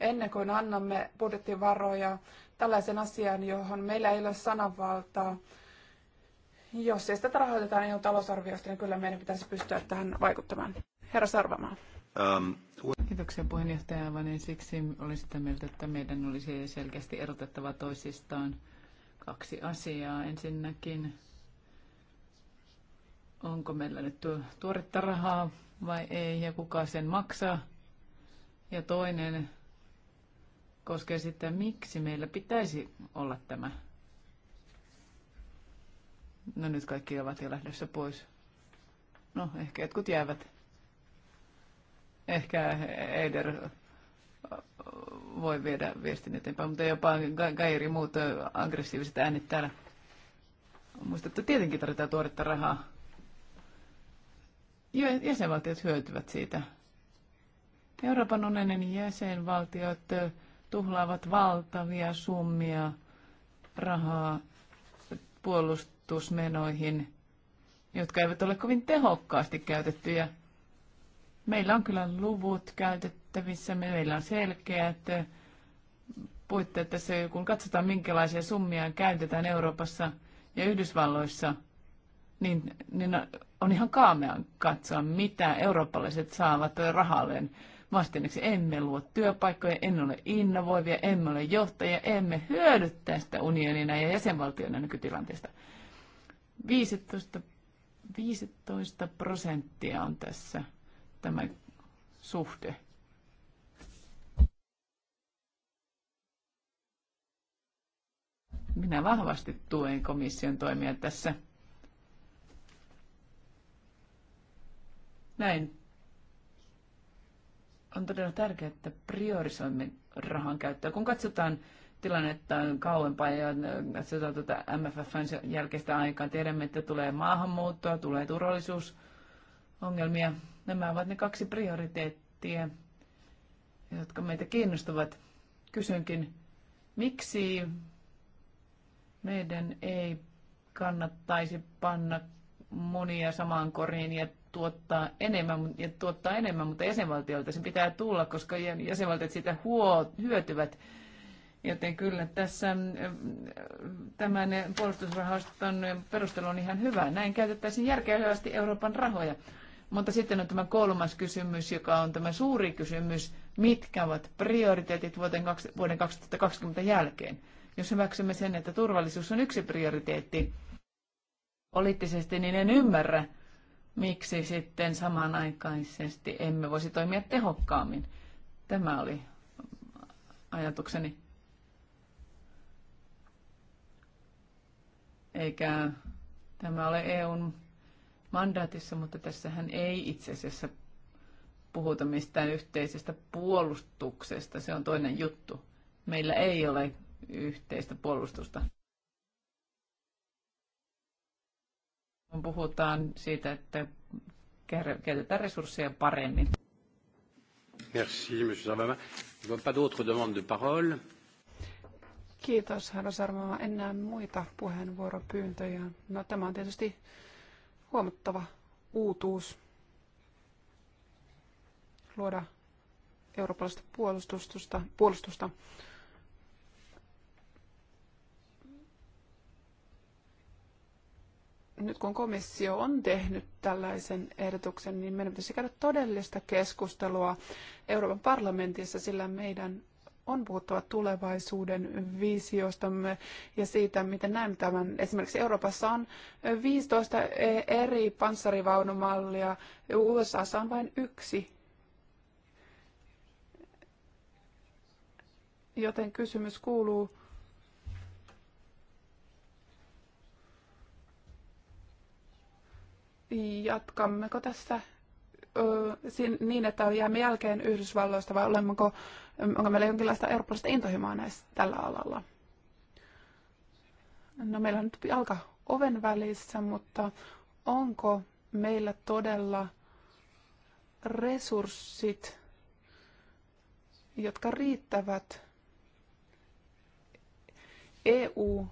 ennen kuin annamme budjettivaroja tällaisen asian, johon meillä ei ole sananvaltaa. Jos ei sitä rahoitetaan EU talousarviosta, niin kyllä meidän pitäisi pystyä tähän vaikuttamaan. Herra Sarvamaa. Um, Kiitoksia puheenjohtaja. Aivan siksi olin sitä mieltä, että meidän olisi selkeästi erotettava toisistaan kaksi asiaa. Ensinnäkin, onko meillä nyt tuoretta rahaa vai ei ja kuka sen maksaa. Ja toinen, koskee sitä, miksi meillä pitäisi olla tämä. No nyt kaikki ovat jo lähdössä pois. No, ehkä jotkut jäävät. Ehkä Eider voi viedä viestin eteenpäin, mutta jopa Gairi muut aggressiiviset äänet täällä. Muista, että tietenkin tarvitaan tuoretta rahaa. Jäsenvaltiot hyötyvät siitä. Euroopan unionin jäsenvaltiot tuhlaavat valtavia summia rahaa puolustusmenoihin, jotka eivät ole kovin tehokkaasti käytettyjä. Meillä on kyllä luvut käytettävissä, meillä on selkeät puitteet tässä, kun katsotaan minkälaisia summia käytetään Euroopassa ja Yhdysvalloissa, niin, niin on ihan kaamea katsoa, mitä eurooppalaiset saavat rahalleen että Emme luo työpaikkoja, emme ole innovoivia, emme ole johtajia, emme hyödy tästä unionina ja jäsenvaltiona nykytilanteesta. 15, 15 prosenttia on tässä tämä suhde. Minä vahvasti tuen komission toimia tässä. Näin on todella tärkeää, että priorisoimme rahan käyttöä. Kun katsotaan tilannetta kauempaa ja äh, katsotaan tuota MFFn jälkeistä aikaa, tiedämme, että tulee maahanmuuttoa, tulee turvallisuusongelmia. Nämä ovat ne kaksi prioriteettia, jotka meitä kiinnostavat. Kysynkin, miksi meidän ei kannattaisi panna monia samaan koriin ja tuottaa enemmän ja tuottaa enemmän, mutta jäsenvaltioilta sen pitää tulla, koska jäsenvaltiot siitä hyötyvät. Joten kyllä tässä mm, tämän puolustusrahaston perustelu on ihan hyvä. Näin käytettäisiin järkevästi Euroopan rahoja. Mutta sitten on tämä kolmas kysymys, joka on tämä suuri kysymys, mitkä ovat prioriteetit vuoden, vuoden 2020 jälkeen. Jos hyväksymme sen, että turvallisuus on yksi prioriteetti poliittisesti, niin en ymmärrä, miksi sitten samanaikaisesti emme voisi toimia tehokkaammin? Tämä oli ajatukseni. Eikä tämä ole EUn mandaatissa, mutta tässähän ei itse asiassa puhuta mistään yhteisestä puolustuksesta. Se on toinen juttu. Meillä ei ole yhteistä puolustusta. puhutaan siitä, että käytetään resursseja paremmin. Merci, monsieur Sarvama. de parole. Kiitos, herra Sarmama. En näe muita puheenvuoropyyntöjä. No, tämä on tietysti huomattava uutuus luoda eurooppalaista puolustusta, puolustusta nyt kun komissio on tehnyt tällaisen ehdotuksen, niin meidän pitäisi käydä todellista keskustelua Euroopan parlamentissa, sillä meidän on puhuttava tulevaisuuden visiostamme ja siitä, miten näemme tämän. Esimerkiksi Euroopassa on 15 eri panssarivaunumallia, USAssa on vain yksi. Joten kysymys kuuluu, Jatkammeko tässä niin, että jäämme jälkeen Yhdysvalloista vai olemmeko, onko meillä jonkinlaista eurooppalaista intohimoa näissä tällä alalla? No meillä on nyt alka oven välissä, mutta onko meillä todella resurssit, jotka riittävät EU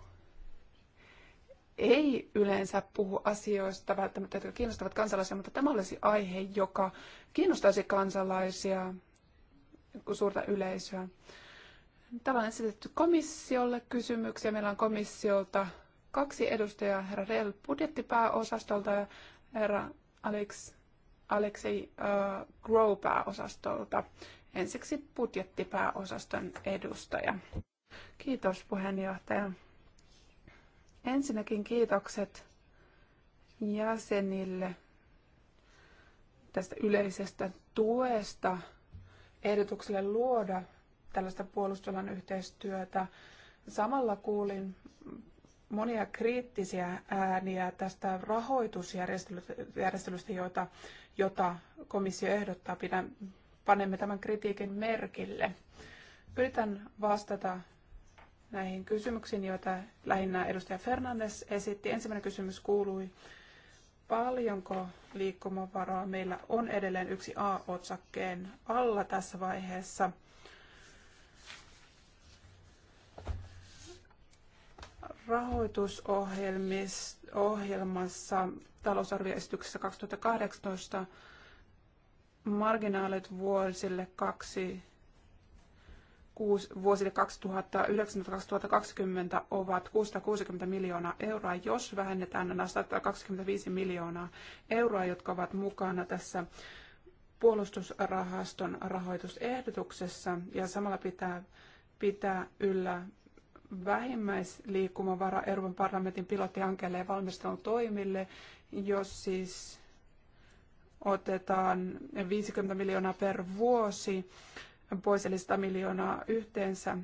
ei yleensä puhu asioista välttämättä, jotka kiinnostavat kansalaisia, mutta tämä olisi aihe, joka kiinnostaisi kansalaisia, suurta yleisöä. Täällä on esitetty komissiolle kysymyksiä. Meillä on komissiolta kaksi edustajaa, herra Rel budjettipääosastolta ja herra Alex, Alexei uh, äh, Grow pääosastolta. Ensiksi budjettipääosaston edustaja. Kiitos puheenjohtaja. Ensinnäkin kiitokset jäsenille tästä yleisestä tuesta ehdotukselle luoda tällaista puolustusalan yhteistyötä. Samalla kuulin monia kriittisiä ääniä tästä rahoitusjärjestelystä, jota, jota komissio ehdottaa. Pidän, panemme tämän kritiikin merkille. Yritän vastata näihin kysymyksiin, joita lähinnä edustaja Fernandes esitti. Ensimmäinen kysymys kuului, paljonko liikkumavaraa meillä on edelleen yksi A-otsakkeen alla tässä vaiheessa. Rahoitusohjelmassa talousarvioesityksessä 2018 marginaalit vuosille 2 vuosille 2019-2020 ovat 660 miljoonaa euroa, jos vähennetään nämä 125 miljoonaa euroa, jotka ovat mukana tässä puolustusrahaston rahoitusehdotuksessa ja samalla pitää pitää yllä vähimmäisliikkumavara Euroopan parlamentin pilottihankkeelle ja valmistelun toimille, jos siis otetaan 50 miljoonaa per vuosi pois, eli 100 miljoonaa yhteensä.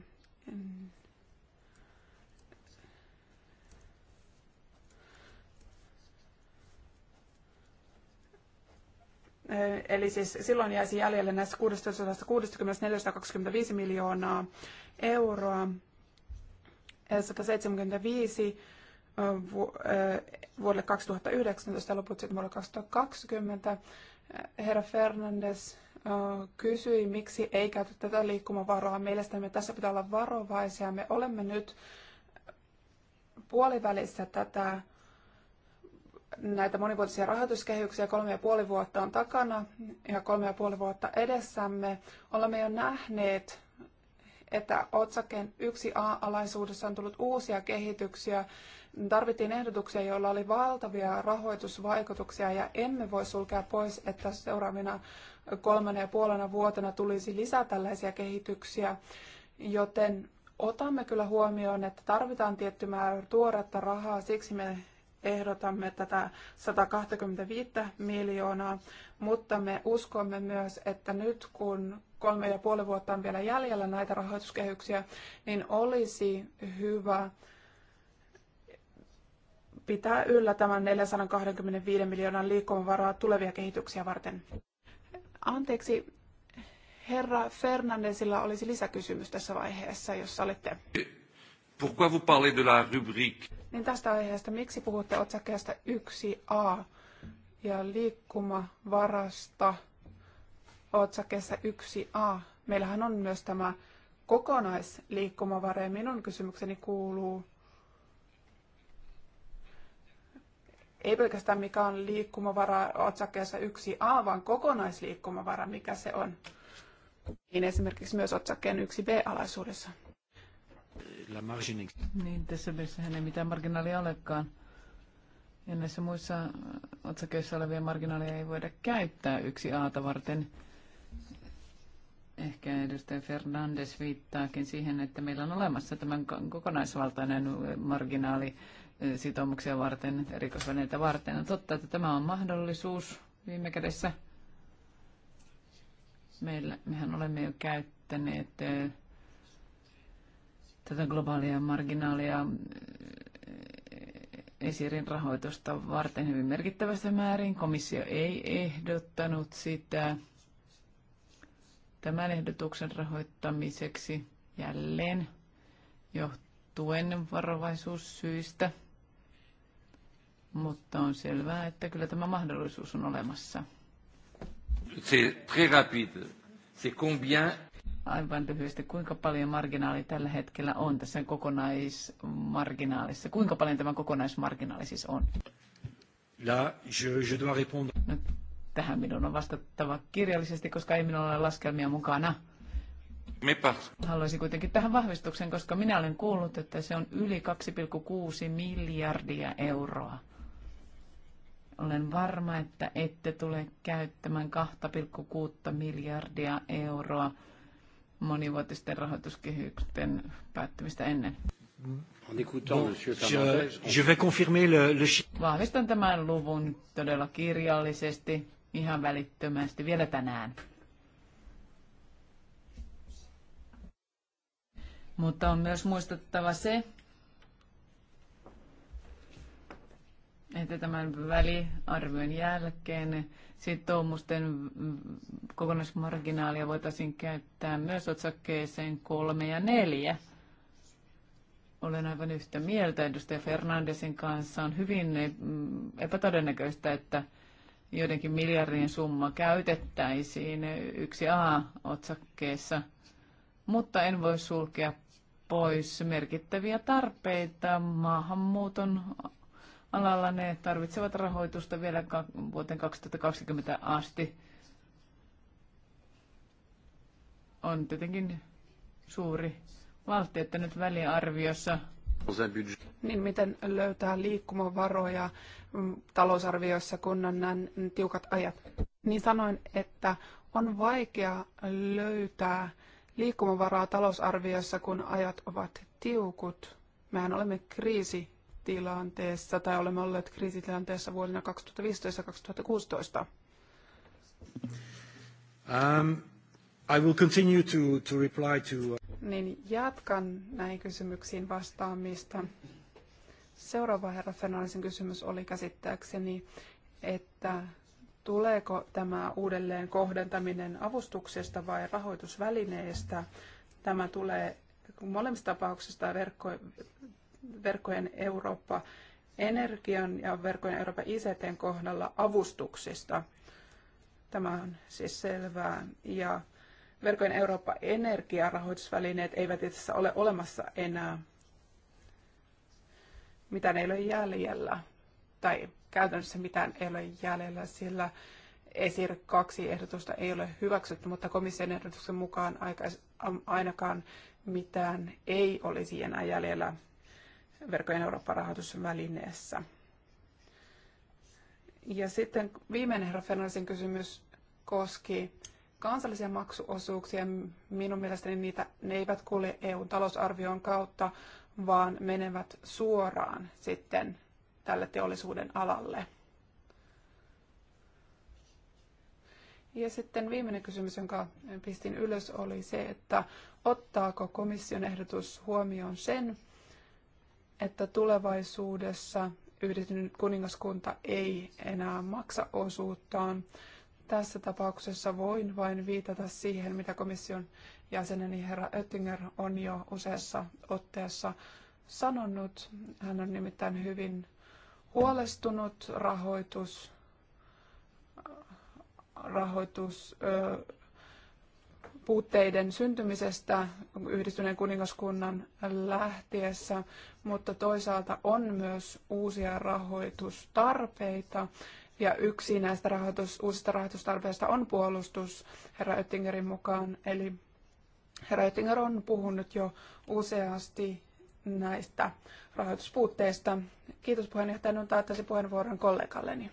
Eli siis silloin jäisi jäljelle näistä 64-25 miljoonaa euroa. 175 vuodelle 2019 ja loput sitten vuodelle 2020. Herra Fernandes kysyi, miksi ei käytä tätä liikkumavaraa. Mielestäni tässä pitää olla varovaisia. Me olemme nyt puolivälissä tätä, näitä monivuotisia rahoituskehyksiä. Kolme ja puoli vuotta on takana ja kolme ja puoli vuotta edessämme. Olemme jo nähneet, että otsakkeen 1a-alaisuudessa on tullut uusia kehityksiä. Tarvittiin ehdotuksia, joilla oli valtavia rahoitusvaikutuksia ja emme voi sulkea pois, että seuraavina kolmena ja puolena vuotena tulisi lisää tällaisia kehityksiä, joten otamme kyllä huomioon, että tarvitaan tietty määrä tuoretta rahaa, siksi me ehdotamme tätä 125 miljoonaa, mutta me uskomme myös, että nyt kun kolme ja puoli vuotta on vielä jäljellä näitä rahoituskehyksiä, niin olisi hyvä pitää yllä tämän 425 miljoonan liikkumavaraa tulevia kehityksiä varten. Anteeksi, herra Fernandesilla olisi lisäkysymys tässä vaiheessa, jos olette. Pourquoi vous parlez de la rubrique? Niin tästä aiheesta, miksi puhutte otsakkeesta 1a ja liikkumavarasta otsakkeessa 1a? Meillähän on myös tämä kokonaisliikkumavara ja minun kysymykseni kuuluu, ei pelkästään mikä on liikkumavara otsakkeessa yksi a vaan kokonaisliikkumavara, mikä se on. Niin esimerkiksi myös otsakkeen yksi b alaisuudessa Niin, tässä hän ei mitään marginaalia olekaan. Ja näissä muissa otsakeissa olevia marginaaleja ei voida käyttää yksi aata varten. Ehkä edustaja Fernandes viittaakin siihen, että meillä on olemassa tämän kokonaisvaltainen marginaali sitoumuksia varten, rikosvälineitä varten. On totta, että tämä on mahdollisuus viime kädessä. Meillä, mehän olemme jo käyttäneet eh, tätä globaalia marginaalia eh, esirin rahoitusta varten hyvin merkittävässä määrin. Komissio ei ehdottanut sitä tämän ehdotuksen rahoittamiseksi jälleen johtuen varovaisuussyistä – mutta on selvää, että kyllä tämä mahdollisuus on olemassa. C'est très rapide. C'est combien aivan lyhyesti, kuinka paljon marginaali tällä hetkellä on tässä kokonaismarginaalissa? Kuinka paljon tämä kokonaismarginaali siis on? Là, je, je dois répondre. No, tähän minun on vastattava kirjallisesti, koska ei minulla ole laskelmia mukana. Mipä? Haluaisin kuitenkin tähän vahvistuksen, koska minä olen kuullut, että se on yli 2,6 miljardia euroa. Olen varma, että ette tule käyttämään 2,6 miljardia euroa monivuotisten rahoituskehyksen päättymistä ennen. Vahvistan tämän luvun todella kirjallisesti, ihan välittömästi, vielä tänään. Mutta on myös muistettava se, että tämän väliarvion jälkeen sitoumusten kokonaismarginaalia voitaisiin käyttää myös otsakkeeseen kolme ja neljä. Olen aivan yhtä mieltä edustaja Fernandesin kanssa. On hyvin epätodennäköistä, että joidenkin miljardien summa käytettäisiin yksi A-otsakkeessa, mutta en voi sulkea pois merkittäviä tarpeita maahanmuuton alalla. Ne tarvitsevat rahoitusta vielä vuoteen 2020 asti. On tietenkin suuri valtti, että nyt väliarviossa niin miten löytää liikkumavaroja mm, talousarvioissa, kun on nämä tiukat ajat? Niin sanoin, että on vaikea löytää liikkumavaraa talousarviossa, kun ajat ovat tiukut. Mehän olemme kriisi kriisitilanteessa tai olemme olleet kriisitilanteessa vuosina 2015-2016? Um, uh, niin jatkan näihin kysymyksiin vastaamista. Seuraava herra Fernandesin kysymys oli käsittääkseni, että tuleeko tämä uudelleen kohdentaminen avustuksesta vai rahoitusvälineestä. Tämä tulee molemmissa tapauksissa verkko, verkkojen Eurooppa energian ja verkkojen Euroopan ICTn kohdalla avustuksista. Tämä on siis selvää. Ja verkkojen Eurooppa energia rahoitusvälineet eivät itse asiassa ole olemassa enää. Mitä ei ole jäljellä? Tai käytännössä mitään ei ole jäljellä, sillä ESIR 2 ehdotusta ei ole hyväksytty, mutta komission ehdotuksen mukaan ainakaan mitään ei olisi enää jäljellä verkkojen Eurooppa-rahoitusvälineessä. Ja sitten viimeinen herra Fernandesin kysymys koski kansallisia maksuosuuksia. Minun mielestäni niitä, ne eivät kuule eu talousarvion kautta, vaan menevät suoraan sitten tälle teollisuuden alalle. Ja sitten viimeinen kysymys, jonka pistin ylös, oli se, että ottaako komission ehdotus huomioon sen, että tulevaisuudessa yhdistynyt kuningaskunta ei enää maksa osuuttaan. Tässä tapauksessa voin vain viitata siihen, mitä komission jäseneni herra Oettinger on jo useassa otteessa sanonut. Hän on nimittäin hyvin huolestunut rahoitus, rahoitus ö, puutteiden syntymisestä yhdistyneen kuningaskunnan lähtiessä, mutta toisaalta on myös uusia rahoitustarpeita. Ja yksi näistä rahoitus, uusista rahoitustarpeista on puolustus herra Oettingerin mukaan. Eli herra Oettinger on puhunut jo useasti näistä rahoituspuutteista. Kiitos puheenjohtaja, nyt taattaisin puheenvuoron kollegalleni.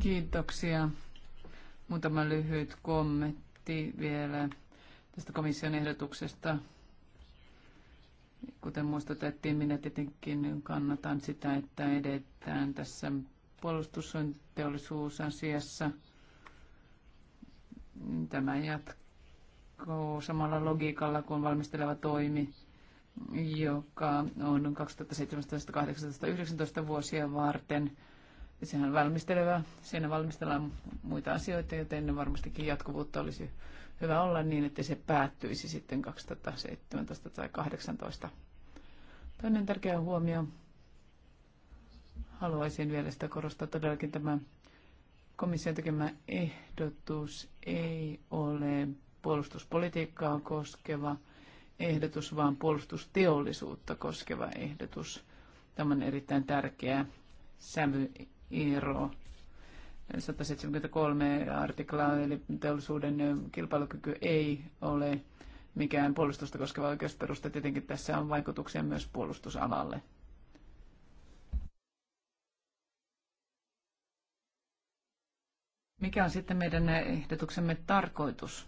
Kiitoksia. Muutama lyhyt kommentti vielä tästä komission ehdotuksesta. Kuten muistutettiin, minä tietenkin kannatan sitä, että edetään tässä puolustusteollisuusasiassa. Tämä jatkuu samalla logiikalla kuin valmisteleva toimi, joka on 2017-2018 vuosia varten – sehän valmisteleva, siinä valmistellaan muita asioita, joten varmastikin jatkuvuutta olisi hyvä olla niin, että se päättyisi sitten 2017 tai 2018. Toinen tärkeä huomio, haluaisin vielä sitä korostaa todellakin tämä komission tekemä ehdotus ei ole puolustuspolitiikkaa koskeva ehdotus, vaan puolustusteollisuutta koskeva ehdotus. Tämä on erittäin tärkeä sävy ero. 173 artiklaa, eli teollisuuden kilpailukyky ei ole mikään puolustusta koskeva oikeusperuste. Tietenkin tässä on vaikutuksia myös puolustusalalle. Mikä on sitten meidän ehdotuksemme tarkoitus?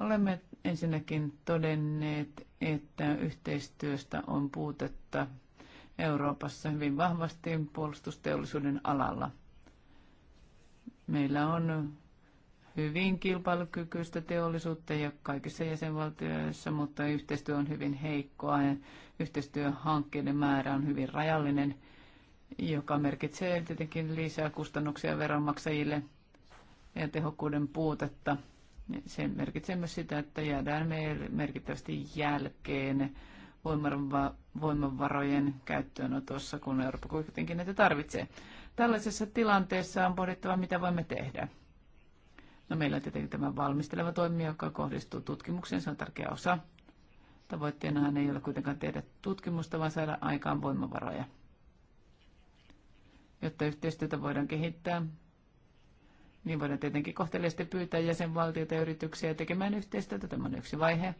Olemme ensinnäkin todenneet, että yhteistyöstä on puutetta Euroopassa hyvin vahvasti puolustusteollisuuden alalla. Meillä on hyvin kilpailukykyistä teollisuutta ja kaikissa jäsenvaltioissa, mutta yhteistyö on hyvin heikkoa ja yhteistyöhankkeiden määrä on hyvin rajallinen, joka merkitsee tietenkin lisää kustannuksia veronmaksajille ja tehokkuuden puutetta. Se merkitsee myös sitä, että jäädään merkittävästi jälkeen voimavarojen käyttöönotossa, kun Eurooppa kuitenkin näitä tarvitsee. Tällaisessa tilanteessa on pohdittava, mitä voimme tehdä. No, meillä on tietenkin tämä valmisteleva toimija, joka kohdistuu tutkimukseen. Se on tärkeä osa. Tavoitteenahan ei ole kuitenkaan tehdä tutkimusta, vaan saada aikaan voimavaroja. Jotta yhteistyötä voidaan kehittää, niin voidaan tietenkin kohteliaasti pyytää jäsenvaltioita ja yrityksiä tekemään yhteistyötä. Tämä on yksi vaihe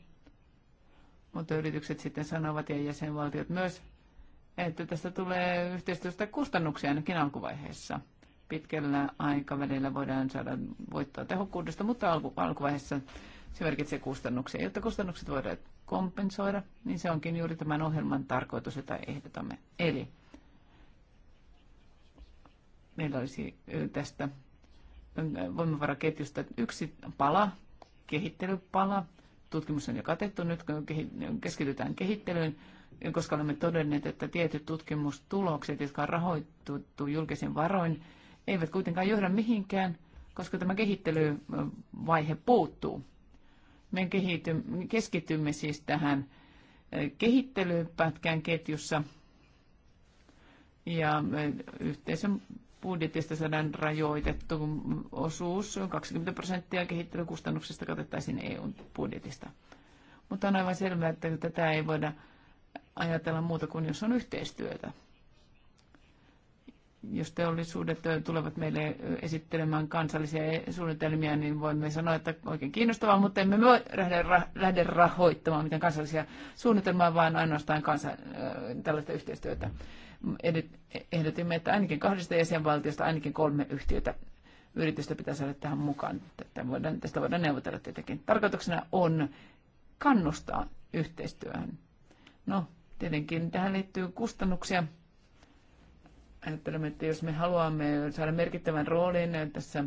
mutta yritykset sitten sanovat ja jäsenvaltiot myös, että tästä tulee yhteistyöstä kustannuksia ainakin alkuvaiheessa. Pitkällä aikavälillä voidaan saada voittoa tehokkuudesta, mutta alku, alkuvaiheessa se merkitsee kustannuksia. Jotta kustannukset voidaan kompensoida, niin se onkin juuri tämän ohjelman tarkoitus, jota ehdotamme. Eli meillä olisi tästä voimavaraketjusta yksi pala, kehittelypala, tutkimus on jo katettu, nyt keskitytään kehittelyyn, koska olemme todenneet, että tietyt tutkimustulokset, jotka on rahoitettu julkisen varoin, eivät kuitenkaan johda mihinkään, koska tämä kehittelyvaihe puuttuu. Me keskitymme siis tähän kehittelypätkään ketjussa ja yhteisön budjetista saadaan rajoitettu osuus, 20 prosenttia kehittelykustannuksista katettaisiin eu budjetista. Mutta on aivan selvää, että tätä ei voida ajatella muuta kuin jos on yhteistyötä. Jos teollisuudet tulevat meille esittelemään kansallisia suunnitelmia, niin voimme sanoa, että oikein kiinnostavaa, mutta emme voi lähde rahoittamaan mitään kansallisia suunnitelmia, vaan ainoastaan kansa, äh, tällaista yhteistyötä ehdotimme, että ainakin kahdesta jäsenvaltiosta ainakin kolme yhtiötä yritystä pitää saada tähän mukaan. Tätä voidaan, tästä voidaan neuvotella tietenkin. Tarkoituksena on kannustaa yhteistyöhön. No, tietenkin tähän liittyy kustannuksia. Ajattelemme, että jos me haluamme saada merkittävän roolin tässä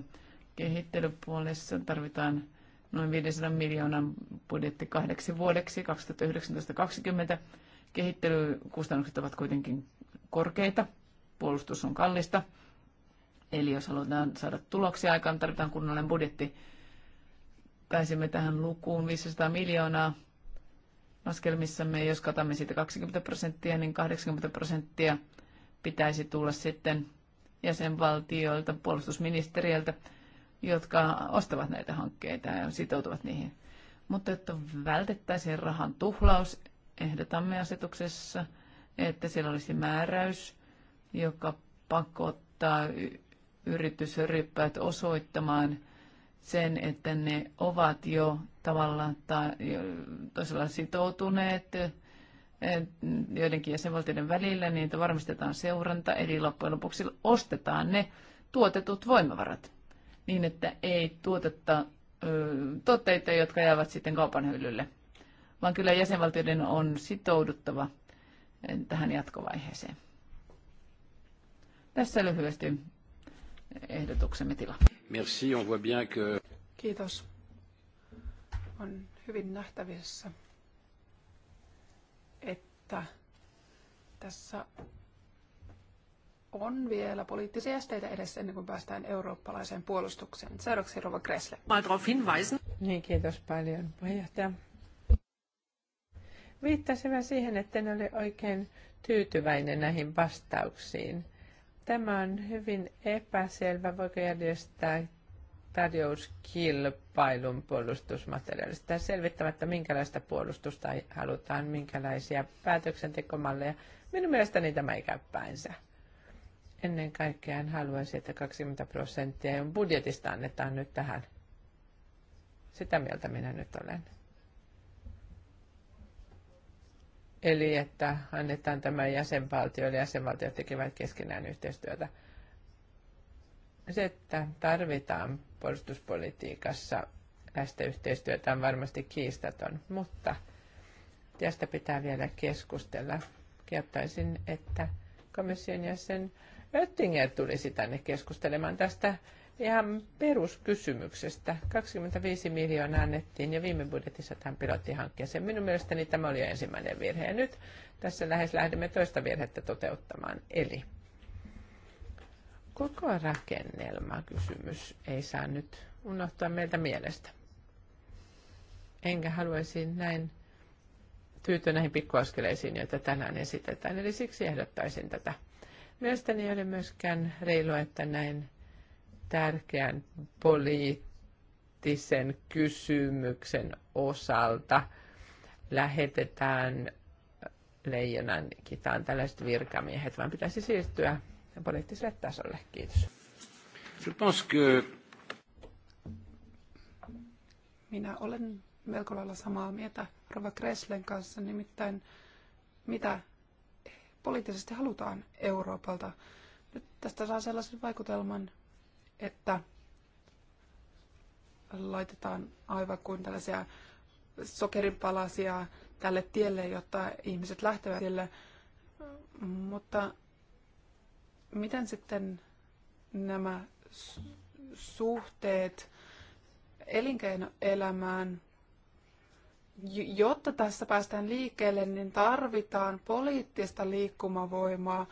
kehittelypuolessa, tarvitaan noin 500 miljoonan budjetti kahdeksi vuodeksi 2019-2020. Kehittelykustannukset ovat kuitenkin korkeita, puolustus on kallista. Eli jos halutaan saada tuloksia aikaan, tarvitaan kunnallinen budjetti. Pääsimme tähän lukuun 500 miljoonaa laskelmissamme. Jos katamme siitä 20 prosenttia, niin 80 prosenttia pitäisi tulla sitten jäsenvaltioilta, puolustusministeriöltä, jotka ostavat näitä hankkeita ja sitoutuvat niihin. Mutta että vältettäisiin rahan tuhlaus, ehdotamme asetuksessa – että siellä olisi määräys, joka pakottaa yritysryppäät osoittamaan sen, että ne ovat jo tavalla tai toisella sitoutuneet joidenkin jäsenvaltioiden välillä, niin että varmistetaan seuranta, eli loppujen lopuksi ostetaan ne tuotetut voimavarat niin, että ei tuotetta tuotteita, jotka jäävät sitten kaupan hyllylle, vaan kyllä jäsenvaltioiden on sitouduttava – tähän jatkovaiheeseen. Tässä lyhyesti ehdotuksemme tila. Merci, on voit bien que... Kiitos. On hyvin nähtävissä, että tässä on vielä poliittisia esteitä edessä ennen kuin päästään eurooppalaiseen puolustukseen. Seuraavaksi Rova Gressle. Niin, kiitos paljon puheenjohtaja. Viittasin mä siihen, että en ole oikein tyytyväinen näihin vastauksiin. Tämä on hyvin epäselvä, voiko järjestää tarjouskilpailun puolustusmateriaalista selvittämättä, minkälaista puolustusta halutaan, minkälaisia päätöksentekomalleja. Minun mielestäni tämä ei käy päinsä. Ennen kaikkea haluaisin, että 20 prosenttia budjetista annetaan nyt tähän. Sitä mieltä minä nyt olen. Eli että annetaan tämä jäsenvaltioille, jäsenvaltiot tekevät keskenään yhteistyötä. Se, että tarvitaan puolustuspolitiikassa tästä yhteistyötä on varmasti kiistaton, mutta tästä pitää vielä keskustella. Kehottaisin, että komission jäsen Oettinger tulisi tänne keskustelemaan tästä ihan peruskysymyksestä. 25 miljoonaa annettiin ja viime budjetissa tähän pilottihankkeeseen. Minun mielestäni tämä oli ensimmäinen virhe. Ja nyt tässä lähes lähdemme toista virhettä toteuttamaan. Eli koko rakennelma kysymys ei saa nyt unohtua meiltä mielestä. Enkä haluaisi näin tyytyä näihin pikkuaskeleisiin, joita tänään esitetään. Eli siksi ehdottaisin tätä. Mielestäni ei ole myöskään reilua, että näin tärkeän poliittisen kysymyksen osalta lähetetään leijonan kitaan tällaiset virkamiehet, vaan pitäisi siirtyä poliittiselle tasolle. Kiitos. Minä olen melko lailla samaa mieltä Rova Kreslen kanssa, nimittäin mitä poliittisesti halutaan Euroopalta. Nyt tästä saa sellaisen vaikutelman, että laitetaan aivan kuin tällaisia sokerinpalasia tälle tielle, jotta ihmiset lähtevät sille. Mutta miten sitten nämä suhteet elinkeinoelämään, jotta tässä päästään liikkeelle, niin tarvitaan poliittista liikkumavoimaa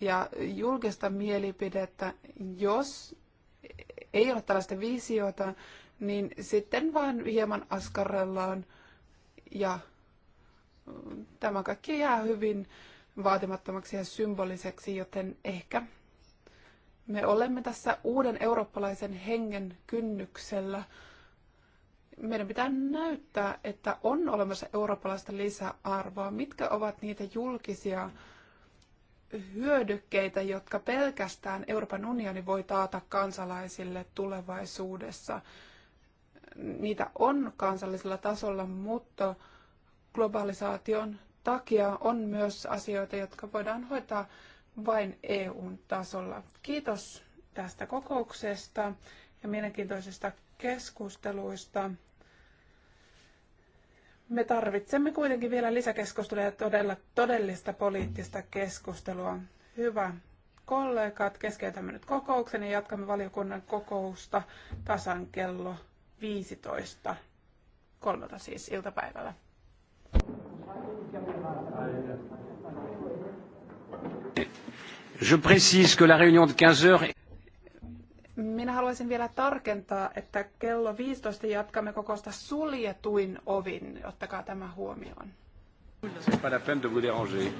ja julkista mielipidettä, jos ei ole tällaista visiota, niin sitten vaan hieman askarrellaan ja mm, tämä kaikki jää hyvin vaatimattomaksi ja symboliseksi, joten ehkä me olemme tässä uuden eurooppalaisen hengen kynnyksellä. Meidän pitää näyttää, että on olemassa eurooppalaista lisäarvoa. Mitkä ovat niitä julkisia hyödykkeitä, jotka pelkästään Euroopan unioni voi taata kansalaisille tulevaisuudessa. Niitä on kansallisella tasolla, mutta globalisaation takia on myös asioita, jotka voidaan hoitaa vain EUn tasolla. Kiitos tästä kokouksesta ja mielenkiintoisista keskusteluista. Me tarvitsemme kuitenkin vielä lisäkeskustelua ja todella, todellista poliittista keskustelua. Hyvä kollegat, keskeytämme nyt kokouksen ja jatkamme valiokunnan kokousta tasan kello 15. Kolmelta siis iltapäivällä. Je précise que la réunion de 15 heures minä haluaisin vielä tarkentaa, että kello 15 jatkamme kokosta suljetuin ovin. Ottakaa tämä huomioon. C'est pas la peine de vous déranger.